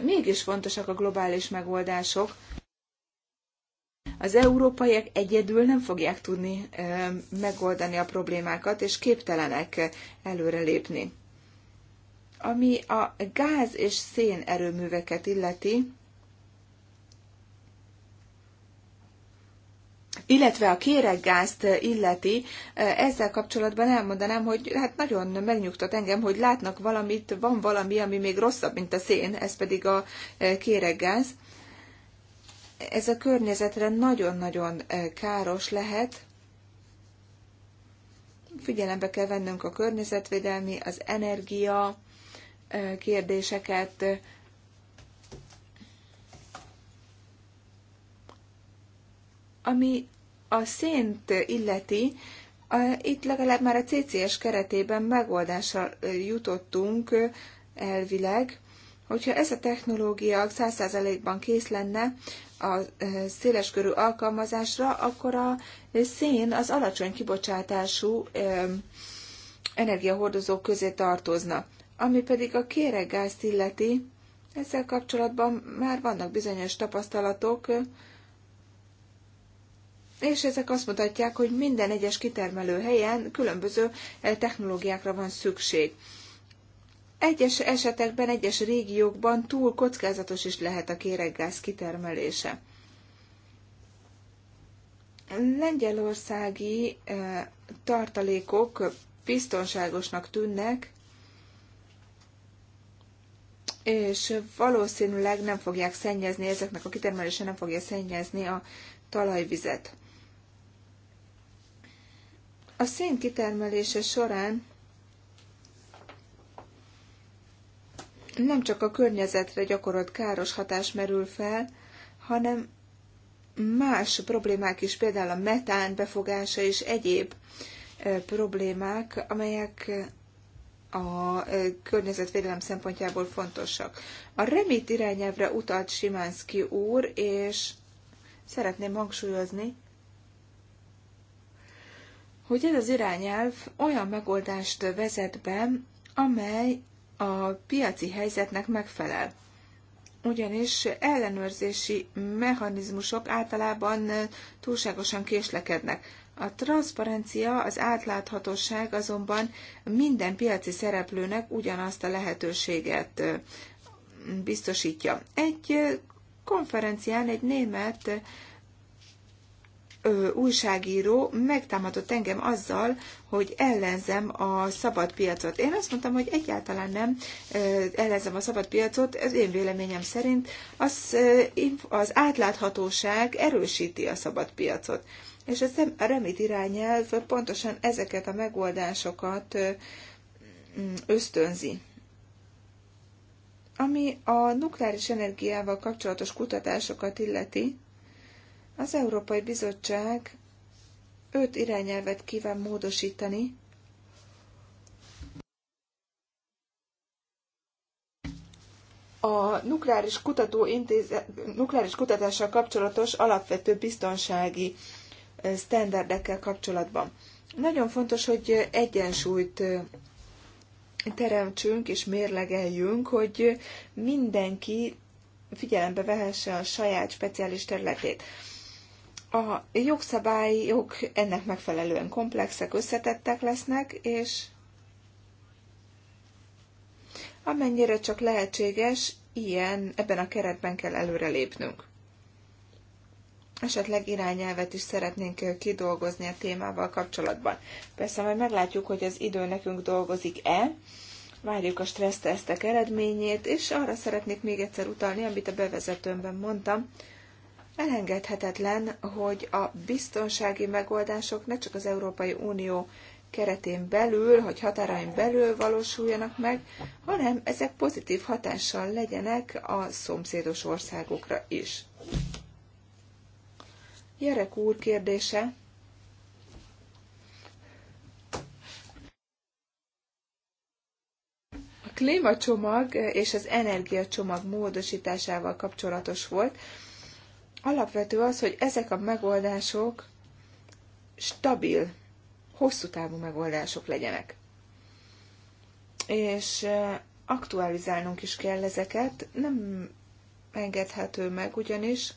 mégis fontosak a globális megoldások. Az európaiak egyedül nem fogják tudni megoldani a problémákat, és képtelenek előrelépni. Ami a gáz és szén erőműveket illeti, illetve a kéreggázt illeti, e, ezzel kapcsolatban elmondanám, hogy hát nagyon megnyugtat engem, hogy látnak valamit, van valami, ami még rosszabb, mint a szén, ez pedig a e, kéreggáz. Ez a környezetre nagyon-nagyon e, káros lehet. Figyelembe kell vennünk a környezetvédelmi, az energia kérdéseket, Ami a szént illeti, itt legalább már a CCS keretében megoldásra jutottunk elvileg, hogyha ez a technológia 100%-ban kész lenne a széleskörű alkalmazásra, akkor a szén az alacsony kibocsátású energiahordozók közé tartozna. Ami pedig a kéreggázt illeti, ezzel kapcsolatban már vannak bizonyos tapasztalatok, és ezek azt mutatják, hogy minden egyes kitermelő helyen különböző eh, technológiákra van szükség. Egyes esetekben, egyes régiókban túl kockázatos is lehet a kéreggáz kitermelése. Lengyelországi eh, tartalékok biztonságosnak tűnnek, és valószínűleg nem fogják szennyezni, ezeknek a kitermelése nem fogja szennyezni a talajvizet. A szén kitermelése során nem csak a környezetre gyakorolt káros hatás merül fel, hanem más problémák is, például a metán befogása és egyéb problémák, amelyek a környezetvédelem szempontjából fontosak. A remit irányelvre utalt Simánszki úr, és szeretném hangsúlyozni, hogy ez az irányelv olyan megoldást vezet be, amely a piaci helyzetnek megfelel. Ugyanis ellenőrzési mechanizmusok általában túlságosan késlekednek. A transzparencia, az átláthatóság azonban minden piaci szereplőnek ugyanazt a lehetőséget biztosítja. Egy konferencián egy német ö, újságíró megtámadott engem azzal, hogy ellenzem a szabad piacot. Én azt mondtam, hogy egyáltalán nem ö, ellenzem a szabad piacot, Ez én véleményem szerint az, ö, az átláthatóság erősíti a szabad piacot. És ez a remit irányelv pontosan ezeket a megoldásokat ö, mm, ösztönzi. Ami a nukleáris energiával kapcsolatos kutatásokat illeti, az Európai Bizottság öt irányelvet kíván módosítani, a nukleáris, kutató intéze, nukleáris kutatással kapcsolatos alapvető biztonsági sztenderdekkel kapcsolatban. Nagyon fontos, hogy egyensúlyt teremtsünk és mérlegeljünk, hogy mindenki figyelembe vehesse a saját speciális területét. A jogszabályok ennek megfelelően komplexek, összetettek lesznek, és amennyire csak lehetséges, ilyen, ebben a keretben kell előrelépnünk. Esetleg irányelvet is szeretnénk kidolgozni a témával kapcsolatban. Persze majd meglátjuk, hogy az idő nekünk dolgozik-e, várjuk a stressztesztek eredményét, és arra szeretnék még egyszer utalni, amit a bevezetőmben mondtam, Elengedhetetlen, hogy a biztonsági megoldások ne csak az Európai Unió keretén belül, hogy határain belül valósuljanak meg, hanem ezek pozitív hatással legyenek a szomszédos országokra is. Jerek úr kérdése. A klímacsomag és az energiacsomag módosításával kapcsolatos volt. Alapvető az, hogy ezek a megoldások stabil, hosszú távú megoldások legyenek. És aktualizálnunk is kell ezeket, nem engedhető meg ugyanis,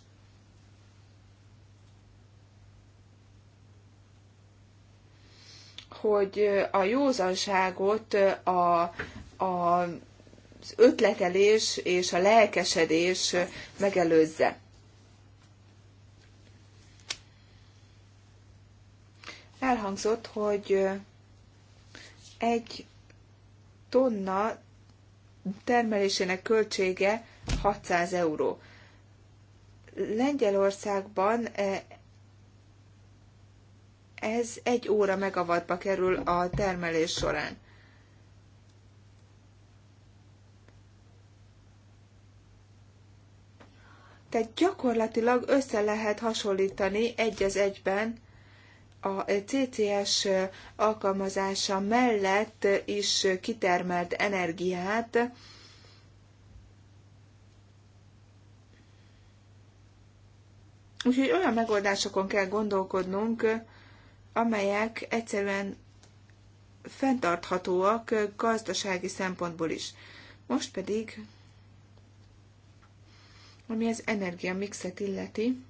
hogy a józanságot a, a, az ötletelés és a lelkesedés megelőzze. elhangzott, hogy egy tonna termelésének költsége 600 euró. Lengyelországban ez egy óra megavatba kerül a termelés során. Tehát gyakorlatilag össze lehet hasonlítani egy az egyben a CCS alkalmazása mellett is kitermelt energiát, Úgyhogy olyan megoldásokon kell gondolkodnunk, amelyek egyszerűen fenntarthatóak gazdasági szempontból is. Most pedig, ami az energiamixet illeti,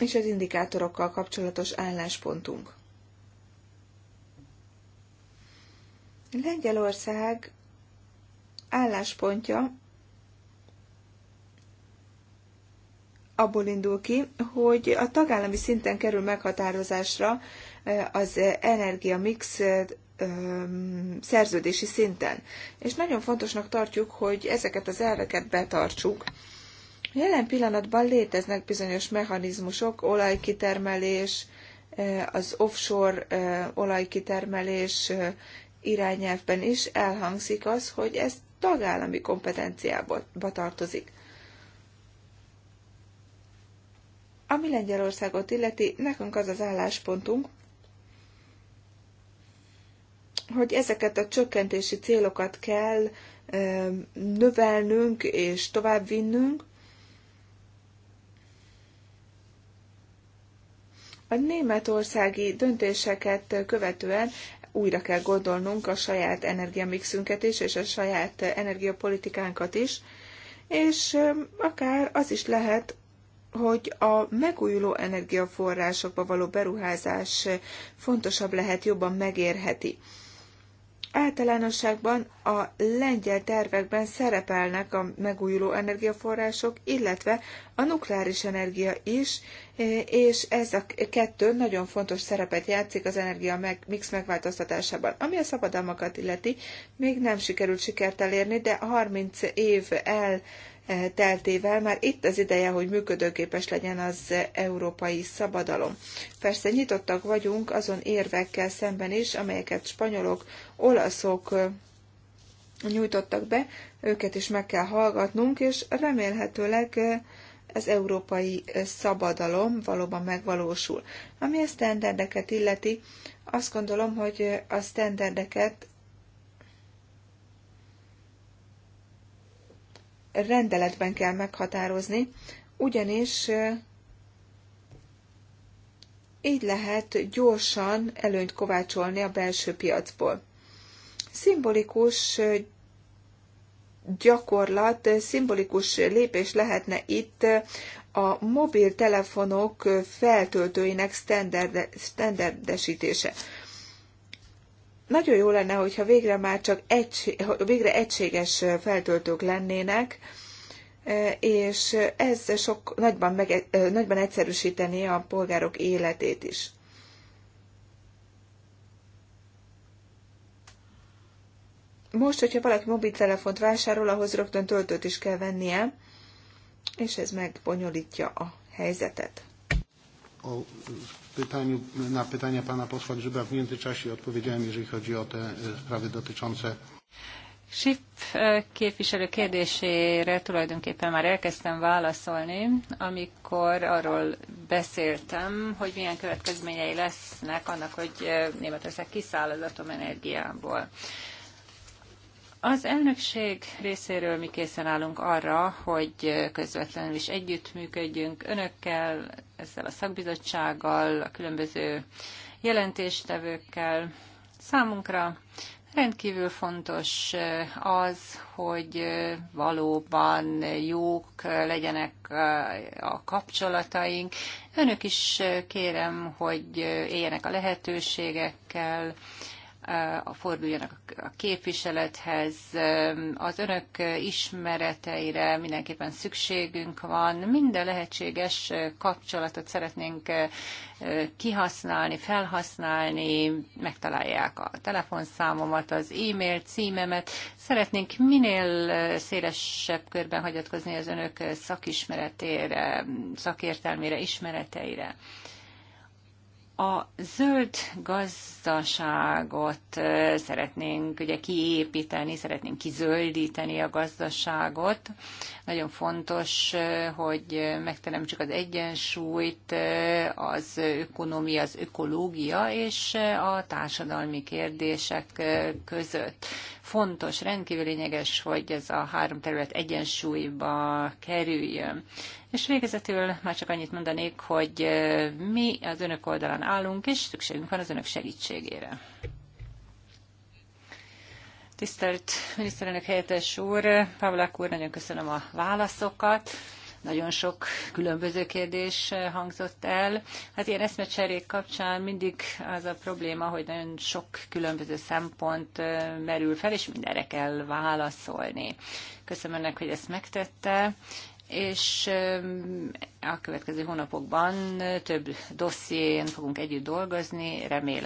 és az indikátorokkal kapcsolatos álláspontunk. Lengyelország álláspontja abból indul ki, hogy a tagállami szinten kerül meghatározásra az energiamix szerződési szinten. És nagyon fontosnak tartjuk, hogy ezeket az elveket betartsuk Jelen pillanatban léteznek bizonyos mechanizmusok, olajkitermelés, az offshore olajkitermelés irányelvben is elhangzik az, hogy ez tagállami kompetenciába tartozik. Ami Lengyelországot illeti, nekünk az az álláspontunk, hogy ezeket a csökkentési célokat kell növelnünk és továbbvinnünk, A németországi döntéseket követően újra kell gondolnunk a saját energiamixünket is, és a saját energiapolitikánkat is, és akár az is lehet, hogy a megújuló energiaforrásokba való beruházás fontosabb lehet, jobban megérheti Általánosságban a lengyel tervekben szerepelnek a megújuló energiaforrások, illetve a nukleáris energia is, e, és ez a kettő nagyon fontos szerepet játszik az energia meg, mix megváltoztatásában. Ami a szabadalmakat illeti, még nem sikerült sikert elérni, de 30 év el teltével már itt az ideje, hogy működőképes legyen az európai szabadalom. Persze nyitottak vagyunk azon érvekkel szemben is, amelyeket spanyolok, olaszok nyújtottak be, őket is meg kell hallgatnunk, és remélhetőleg az európai szabadalom valóban megvalósul. Ami a sztenderdeket illeti, azt gondolom, hogy a sztenderdeket rendeletben kell meghatározni, ugyanis így lehet gyorsan előnyt kovácsolni a belső piacból. Szimbolikus gyakorlat, szimbolikus lépés lehetne itt a mobiltelefonok feltöltőinek standard, standardesítése. Nagyon jó lenne, hogyha végre már csak egy, végre egységes feltöltők lennének, és ez sok nagyban, meg, nagyban egyszerűsíteni a polgárok életét is. Most, hogyha valaki mobiltelefont vásárol, ahhoz rögtön töltőt is kell vennie, és ez megbonyolítja a helyzetet. O, pytaniu, na pytania pana posła Grzyba w międzyczasie odpowiedziałem, jeżeli chodzi o te e, sprawy dotyczące Sip e, képviselő kérdésére tulajdonképpen már elkezdtem válaszolni, amikor arról beszéltem, hogy milyen következményei lesznek annak, hogy e, Németország kiszáll az atomenergiából. Az elnökség részéről mi készen állunk arra, hogy közvetlenül is együttműködjünk önökkel, ezzel a szakbizottsággal, a különböző jelentéstevőkkel. Számunkra rendkívül fontos az, hogy valóban jók legyenek a kapcsolataink. Önök is kérem, hogy éljenek a lehetőségekkel, forduljanak a képviselethez, az önök ismereteire mindenképpen szükségünk van, minden lehetséges kapcsolatot szeretnénk eh, kihasználni, felhasználni, megtalálják a telefonszámomat, az e-mail címemet. Szeretnénk minél eh, szélesebb körben hagyatkozni az önök szakismeretére, szakértelmére, ismereteire. A zöld gazdaságot szeretnénk ugye kiépíteni, szeretnénk kizöldíteni a gazdaságot. Nagyon fontos, hogy megteremtsük az egyensúlyt az ökonomia, az ökológia és a társadalmi kérdések között. Fontos, rendkívül lényeges, hogy ez a három terület egyensúlyba kerüljön. És végezetül már csak annyit mondanék, hogy mi az önök oldalán állunk, és szükségünk van az önök segítségére. Tisztelt miniszterelnök helyettes úr, Pavlák úr, nagyon köszönöm a válaszokat. Nagyon sok különböző kérdés hangzott el. Hát ilyen eszmecserék kapcsán mindig az a probléma, hogy nagyon sok különböző szempont merül fel, és mindenre kell válaszolni. Köszönöm önnek, hogy ezt megtette, és a következő hónapokban több dosszién fogunk együtt dolgozni, remélem